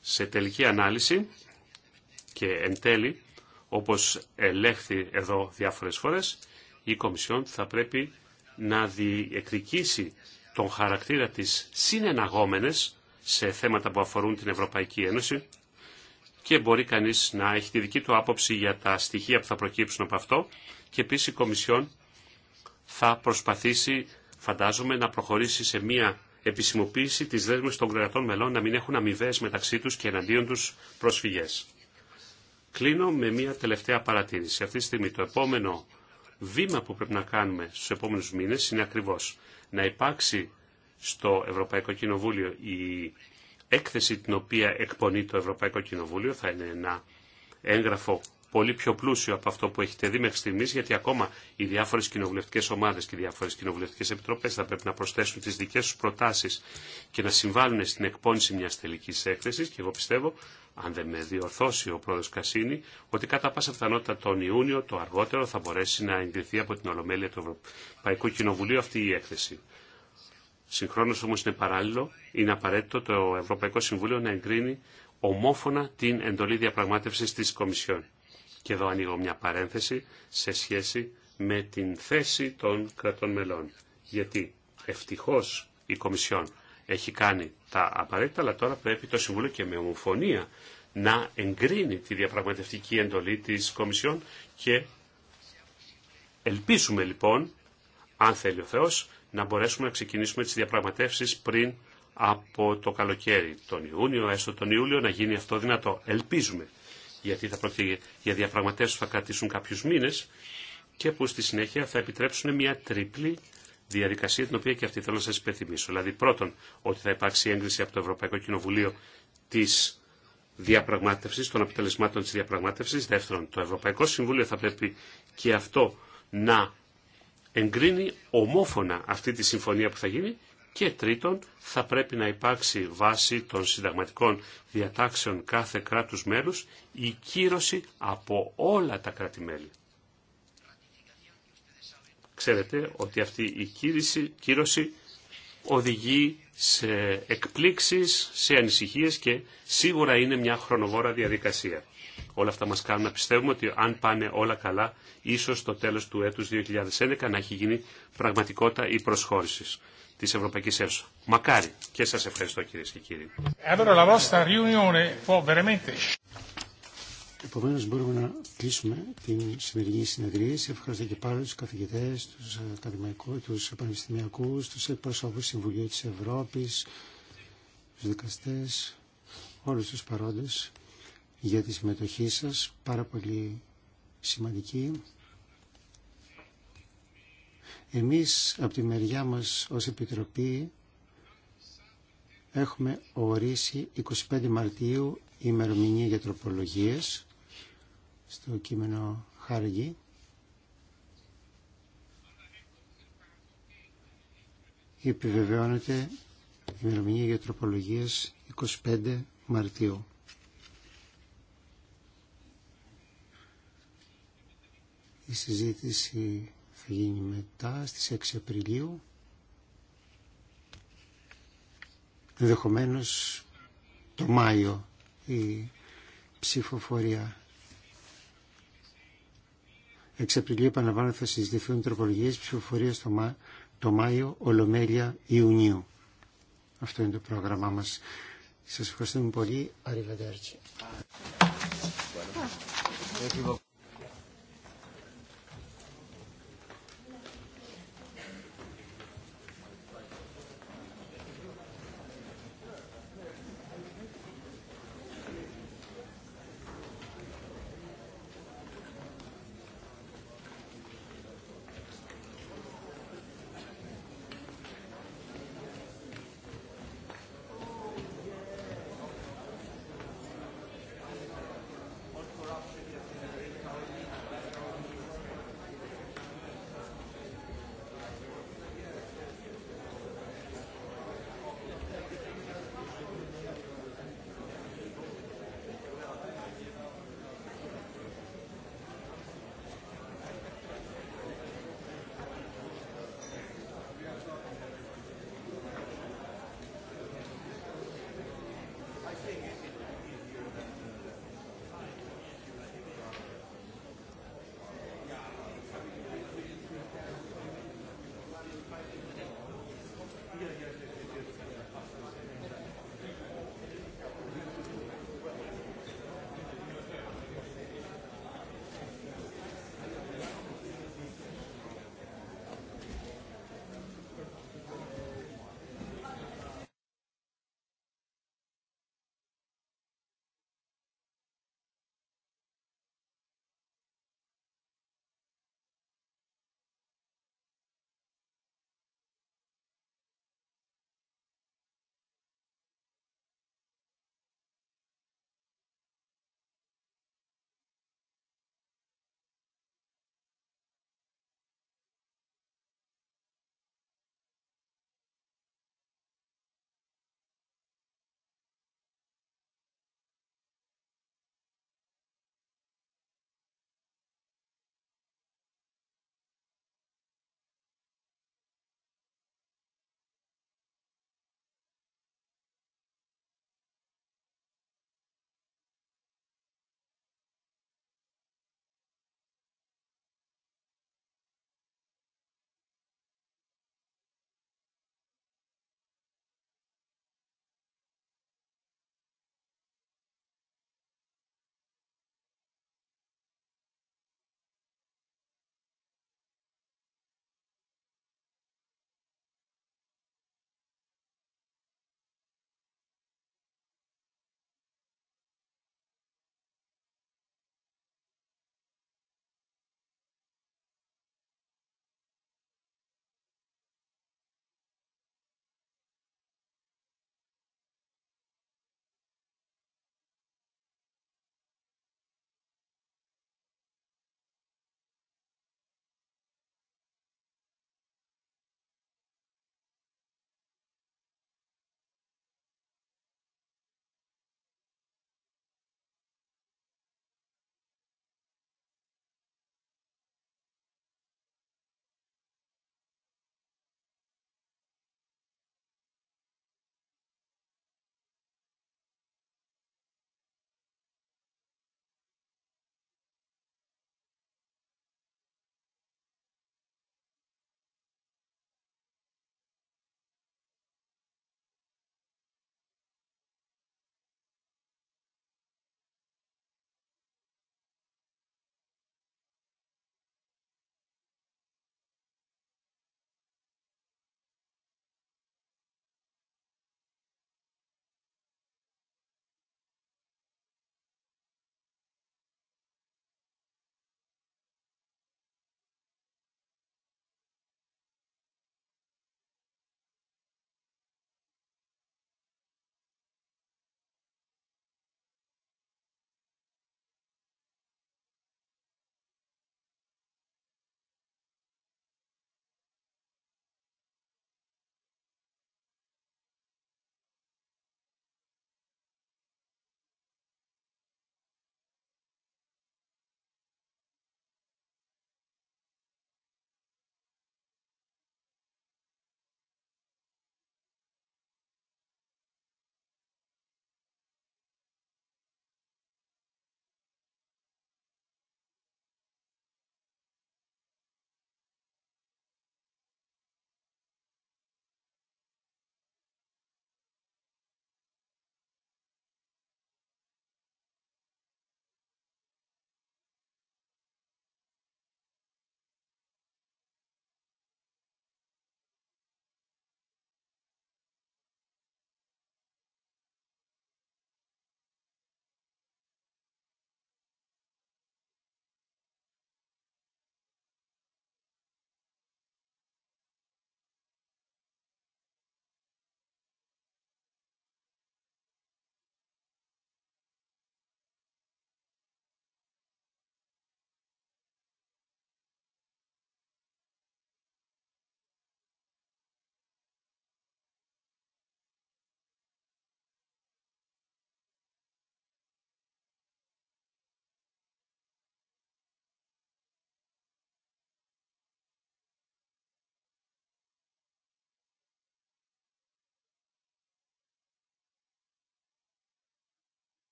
Σε τελική ανάλυση και εν τέλει όπως ελέγχθη εδώ διάφορες φορές η Κομισιόν θα πρέπει να διεκδικήσει τον χαρακτήρα της συνεναγόμενες σε θέματα που αφορούν την Ευρωπαϊκή Ένωση και μπορεί κανείς να έχει τη δική του άποψη για τα στοιχεία που θα προκύψουν από αυτό και επίσης η Κομισιόν θα προσπαθήσει, φαντάζομαι, να προχωρήσει σε μια επισημοποίηση της δέσμευσης των κρατών μελών να μην έχουν αμοιβέ μεταξύ τους και εναντίον τους προσφυγές. Κλείνω με μια τελευταία παρατήρηση. Αυτή τη στιγμή το επόμενο βήμα που πρέπει να κάνουμε στους επόμενους μήνες είναι ακριβώς να υπάρξει στο Ευρωπαϊκό Κοινοβούλιο η έκθεση την οποία εκπονεί το Ευρωπαϊκό Κοινοβούλιο θα είναι ένα έγγραφο πολύ πιο πλούσιο από αυτό που έχετε δει μέχρι στιγμής γιατί ακόμα οι διάφορε κοινοβουλευτικέ ομάδες και οι διάφορε κοινοβουλευτικέ επιτροπές θα πρέπει να προσθέσουν τι δικές τους προτάσεις και να συμβάλλουν στην εκπόνηση μιας τελικής έκθεσης Και εγώ πιστεύω, αν δεν με διορθώσει ο πρόεδρος Κασίνη, ότι κατά πάσα πιθανότητα τον Ιούνιο, το αργότερο, θα μπορέσει να εγκριθεί από την Ολομέλεια του Ευρωπαϊκού Κοινοβουλίου αυτή η έκθεση. Συγχρόνως όμως είναι παράλληλο, είναι απαραίτητο το Ευρωπαϊκό Συμβούλιο να εγκρίνει ομόφωνα την εντολή διαπραγμάτευσης της Κομισιόν. Και εδώ ανοίγω μια παρένθεση σε σχέση με την θέση των κρατών μελών. Γιατί ευτυχώ η Κομισιόν έχει κάνει τα απαραίτητα, αλλά τώρα πρέπει το Συμβούλιο και με ομοφωνία να εγκρίνει τη διαπραγματευτική εντολή της Κομισιόν και ελπίζουμε λοιπόν, αν θέλει ο Θεός, να μπορέσουμε να ξεκινήσουμε τις διαπραγματεύσεις πριν από το καλοκαίρι, τον Ιούνιο, έστω τον Ιούλιο, να γίνει αυτό δυνατό. Ελπίζουμε, γιατί θα πρόκειται για διαπραγματεύσεις που θα κρατήσουν κάποιους μήνες και που στη συνέχεια θα επιτρέψουν μια τρίπλη διαδικασία, την οποία και αυτή θέλω να σας υπενθυμίσω. Δηλαδή, πρώτον, ότι θα υπάρξει έγκριση από το Ευρωπαϊκό Κοινοβουλίο της διαπραγμάτευσης, των αποτελεσμάτων της διαπραγμάτευσης. Δεύτερον, το Ευρωπαϊκό Συμβούλιο θα πρέπει και αυτό να εγκρίνει ομόφωνα αυτή τη συμφωνία που θα γίνει και τρίτον θα πρέπει να υπάρξει βάση των συνταγματικών διατάξεων κάθε κράτους μέλους η κύρωση από όλα τα κράτη-μέλη. Ξέρετε ότι αυτή η κύρωση, κύρωση οδηγεί σε εκπλήξεις, σε ανησυχίες και σίγουρα είναι μια χρονοβόρα διαδικασία. Όλα αυτά μας κάνουν να πιστεύουμε ότι αν πάνε όλα καλά, ίσως το τέλος του έτους 2011 να έχει γίνει πραγματικότητα η προσχώρηση της Ευρωπαϊκής Ένωσης. Μακάρι. Και σας ευχαριστώ κυρίες και κύριοι. Ε, Επομένω μπορούμε να κλείσουμε την σημερινή συνεδρίαση. Ευχαριστώ και πάλι του καθηγητέ, του ακαδημαϊκού, του πανεπιστημιακού, του εκπροσώπου Συμβουλίου τη Ευρώπη, του δικαστέ, όλου του παρόντε για τη συμμετοχή σας, πάρα πολύ σημαντική. Εμείς από τη μεριά μας ως Επιτροπή έχουμε ορίσει 25 Μαρτίου ημερομηνία για τροπολογίες στο κείμενο Χάργη. Επιβεβαιώνεται η ημερομηνία για τροπολογίες 25 Μαρτίου. Η συζήτηση θα γίνει μετά στις 6 Απριλίου. Ενδεχομένω το Μάιο η ψηφοφορία. 6 Απριλίου, επαναλαμβάνω, θα συζητηθούν τροπολογίες ψηφοφορία το, το Μάιο, Ολομέλεια Ιουνίου. Αυτό είναι το πρόγραμμά μας. Σας ευχαριστούμε πολύ. Arrivederci.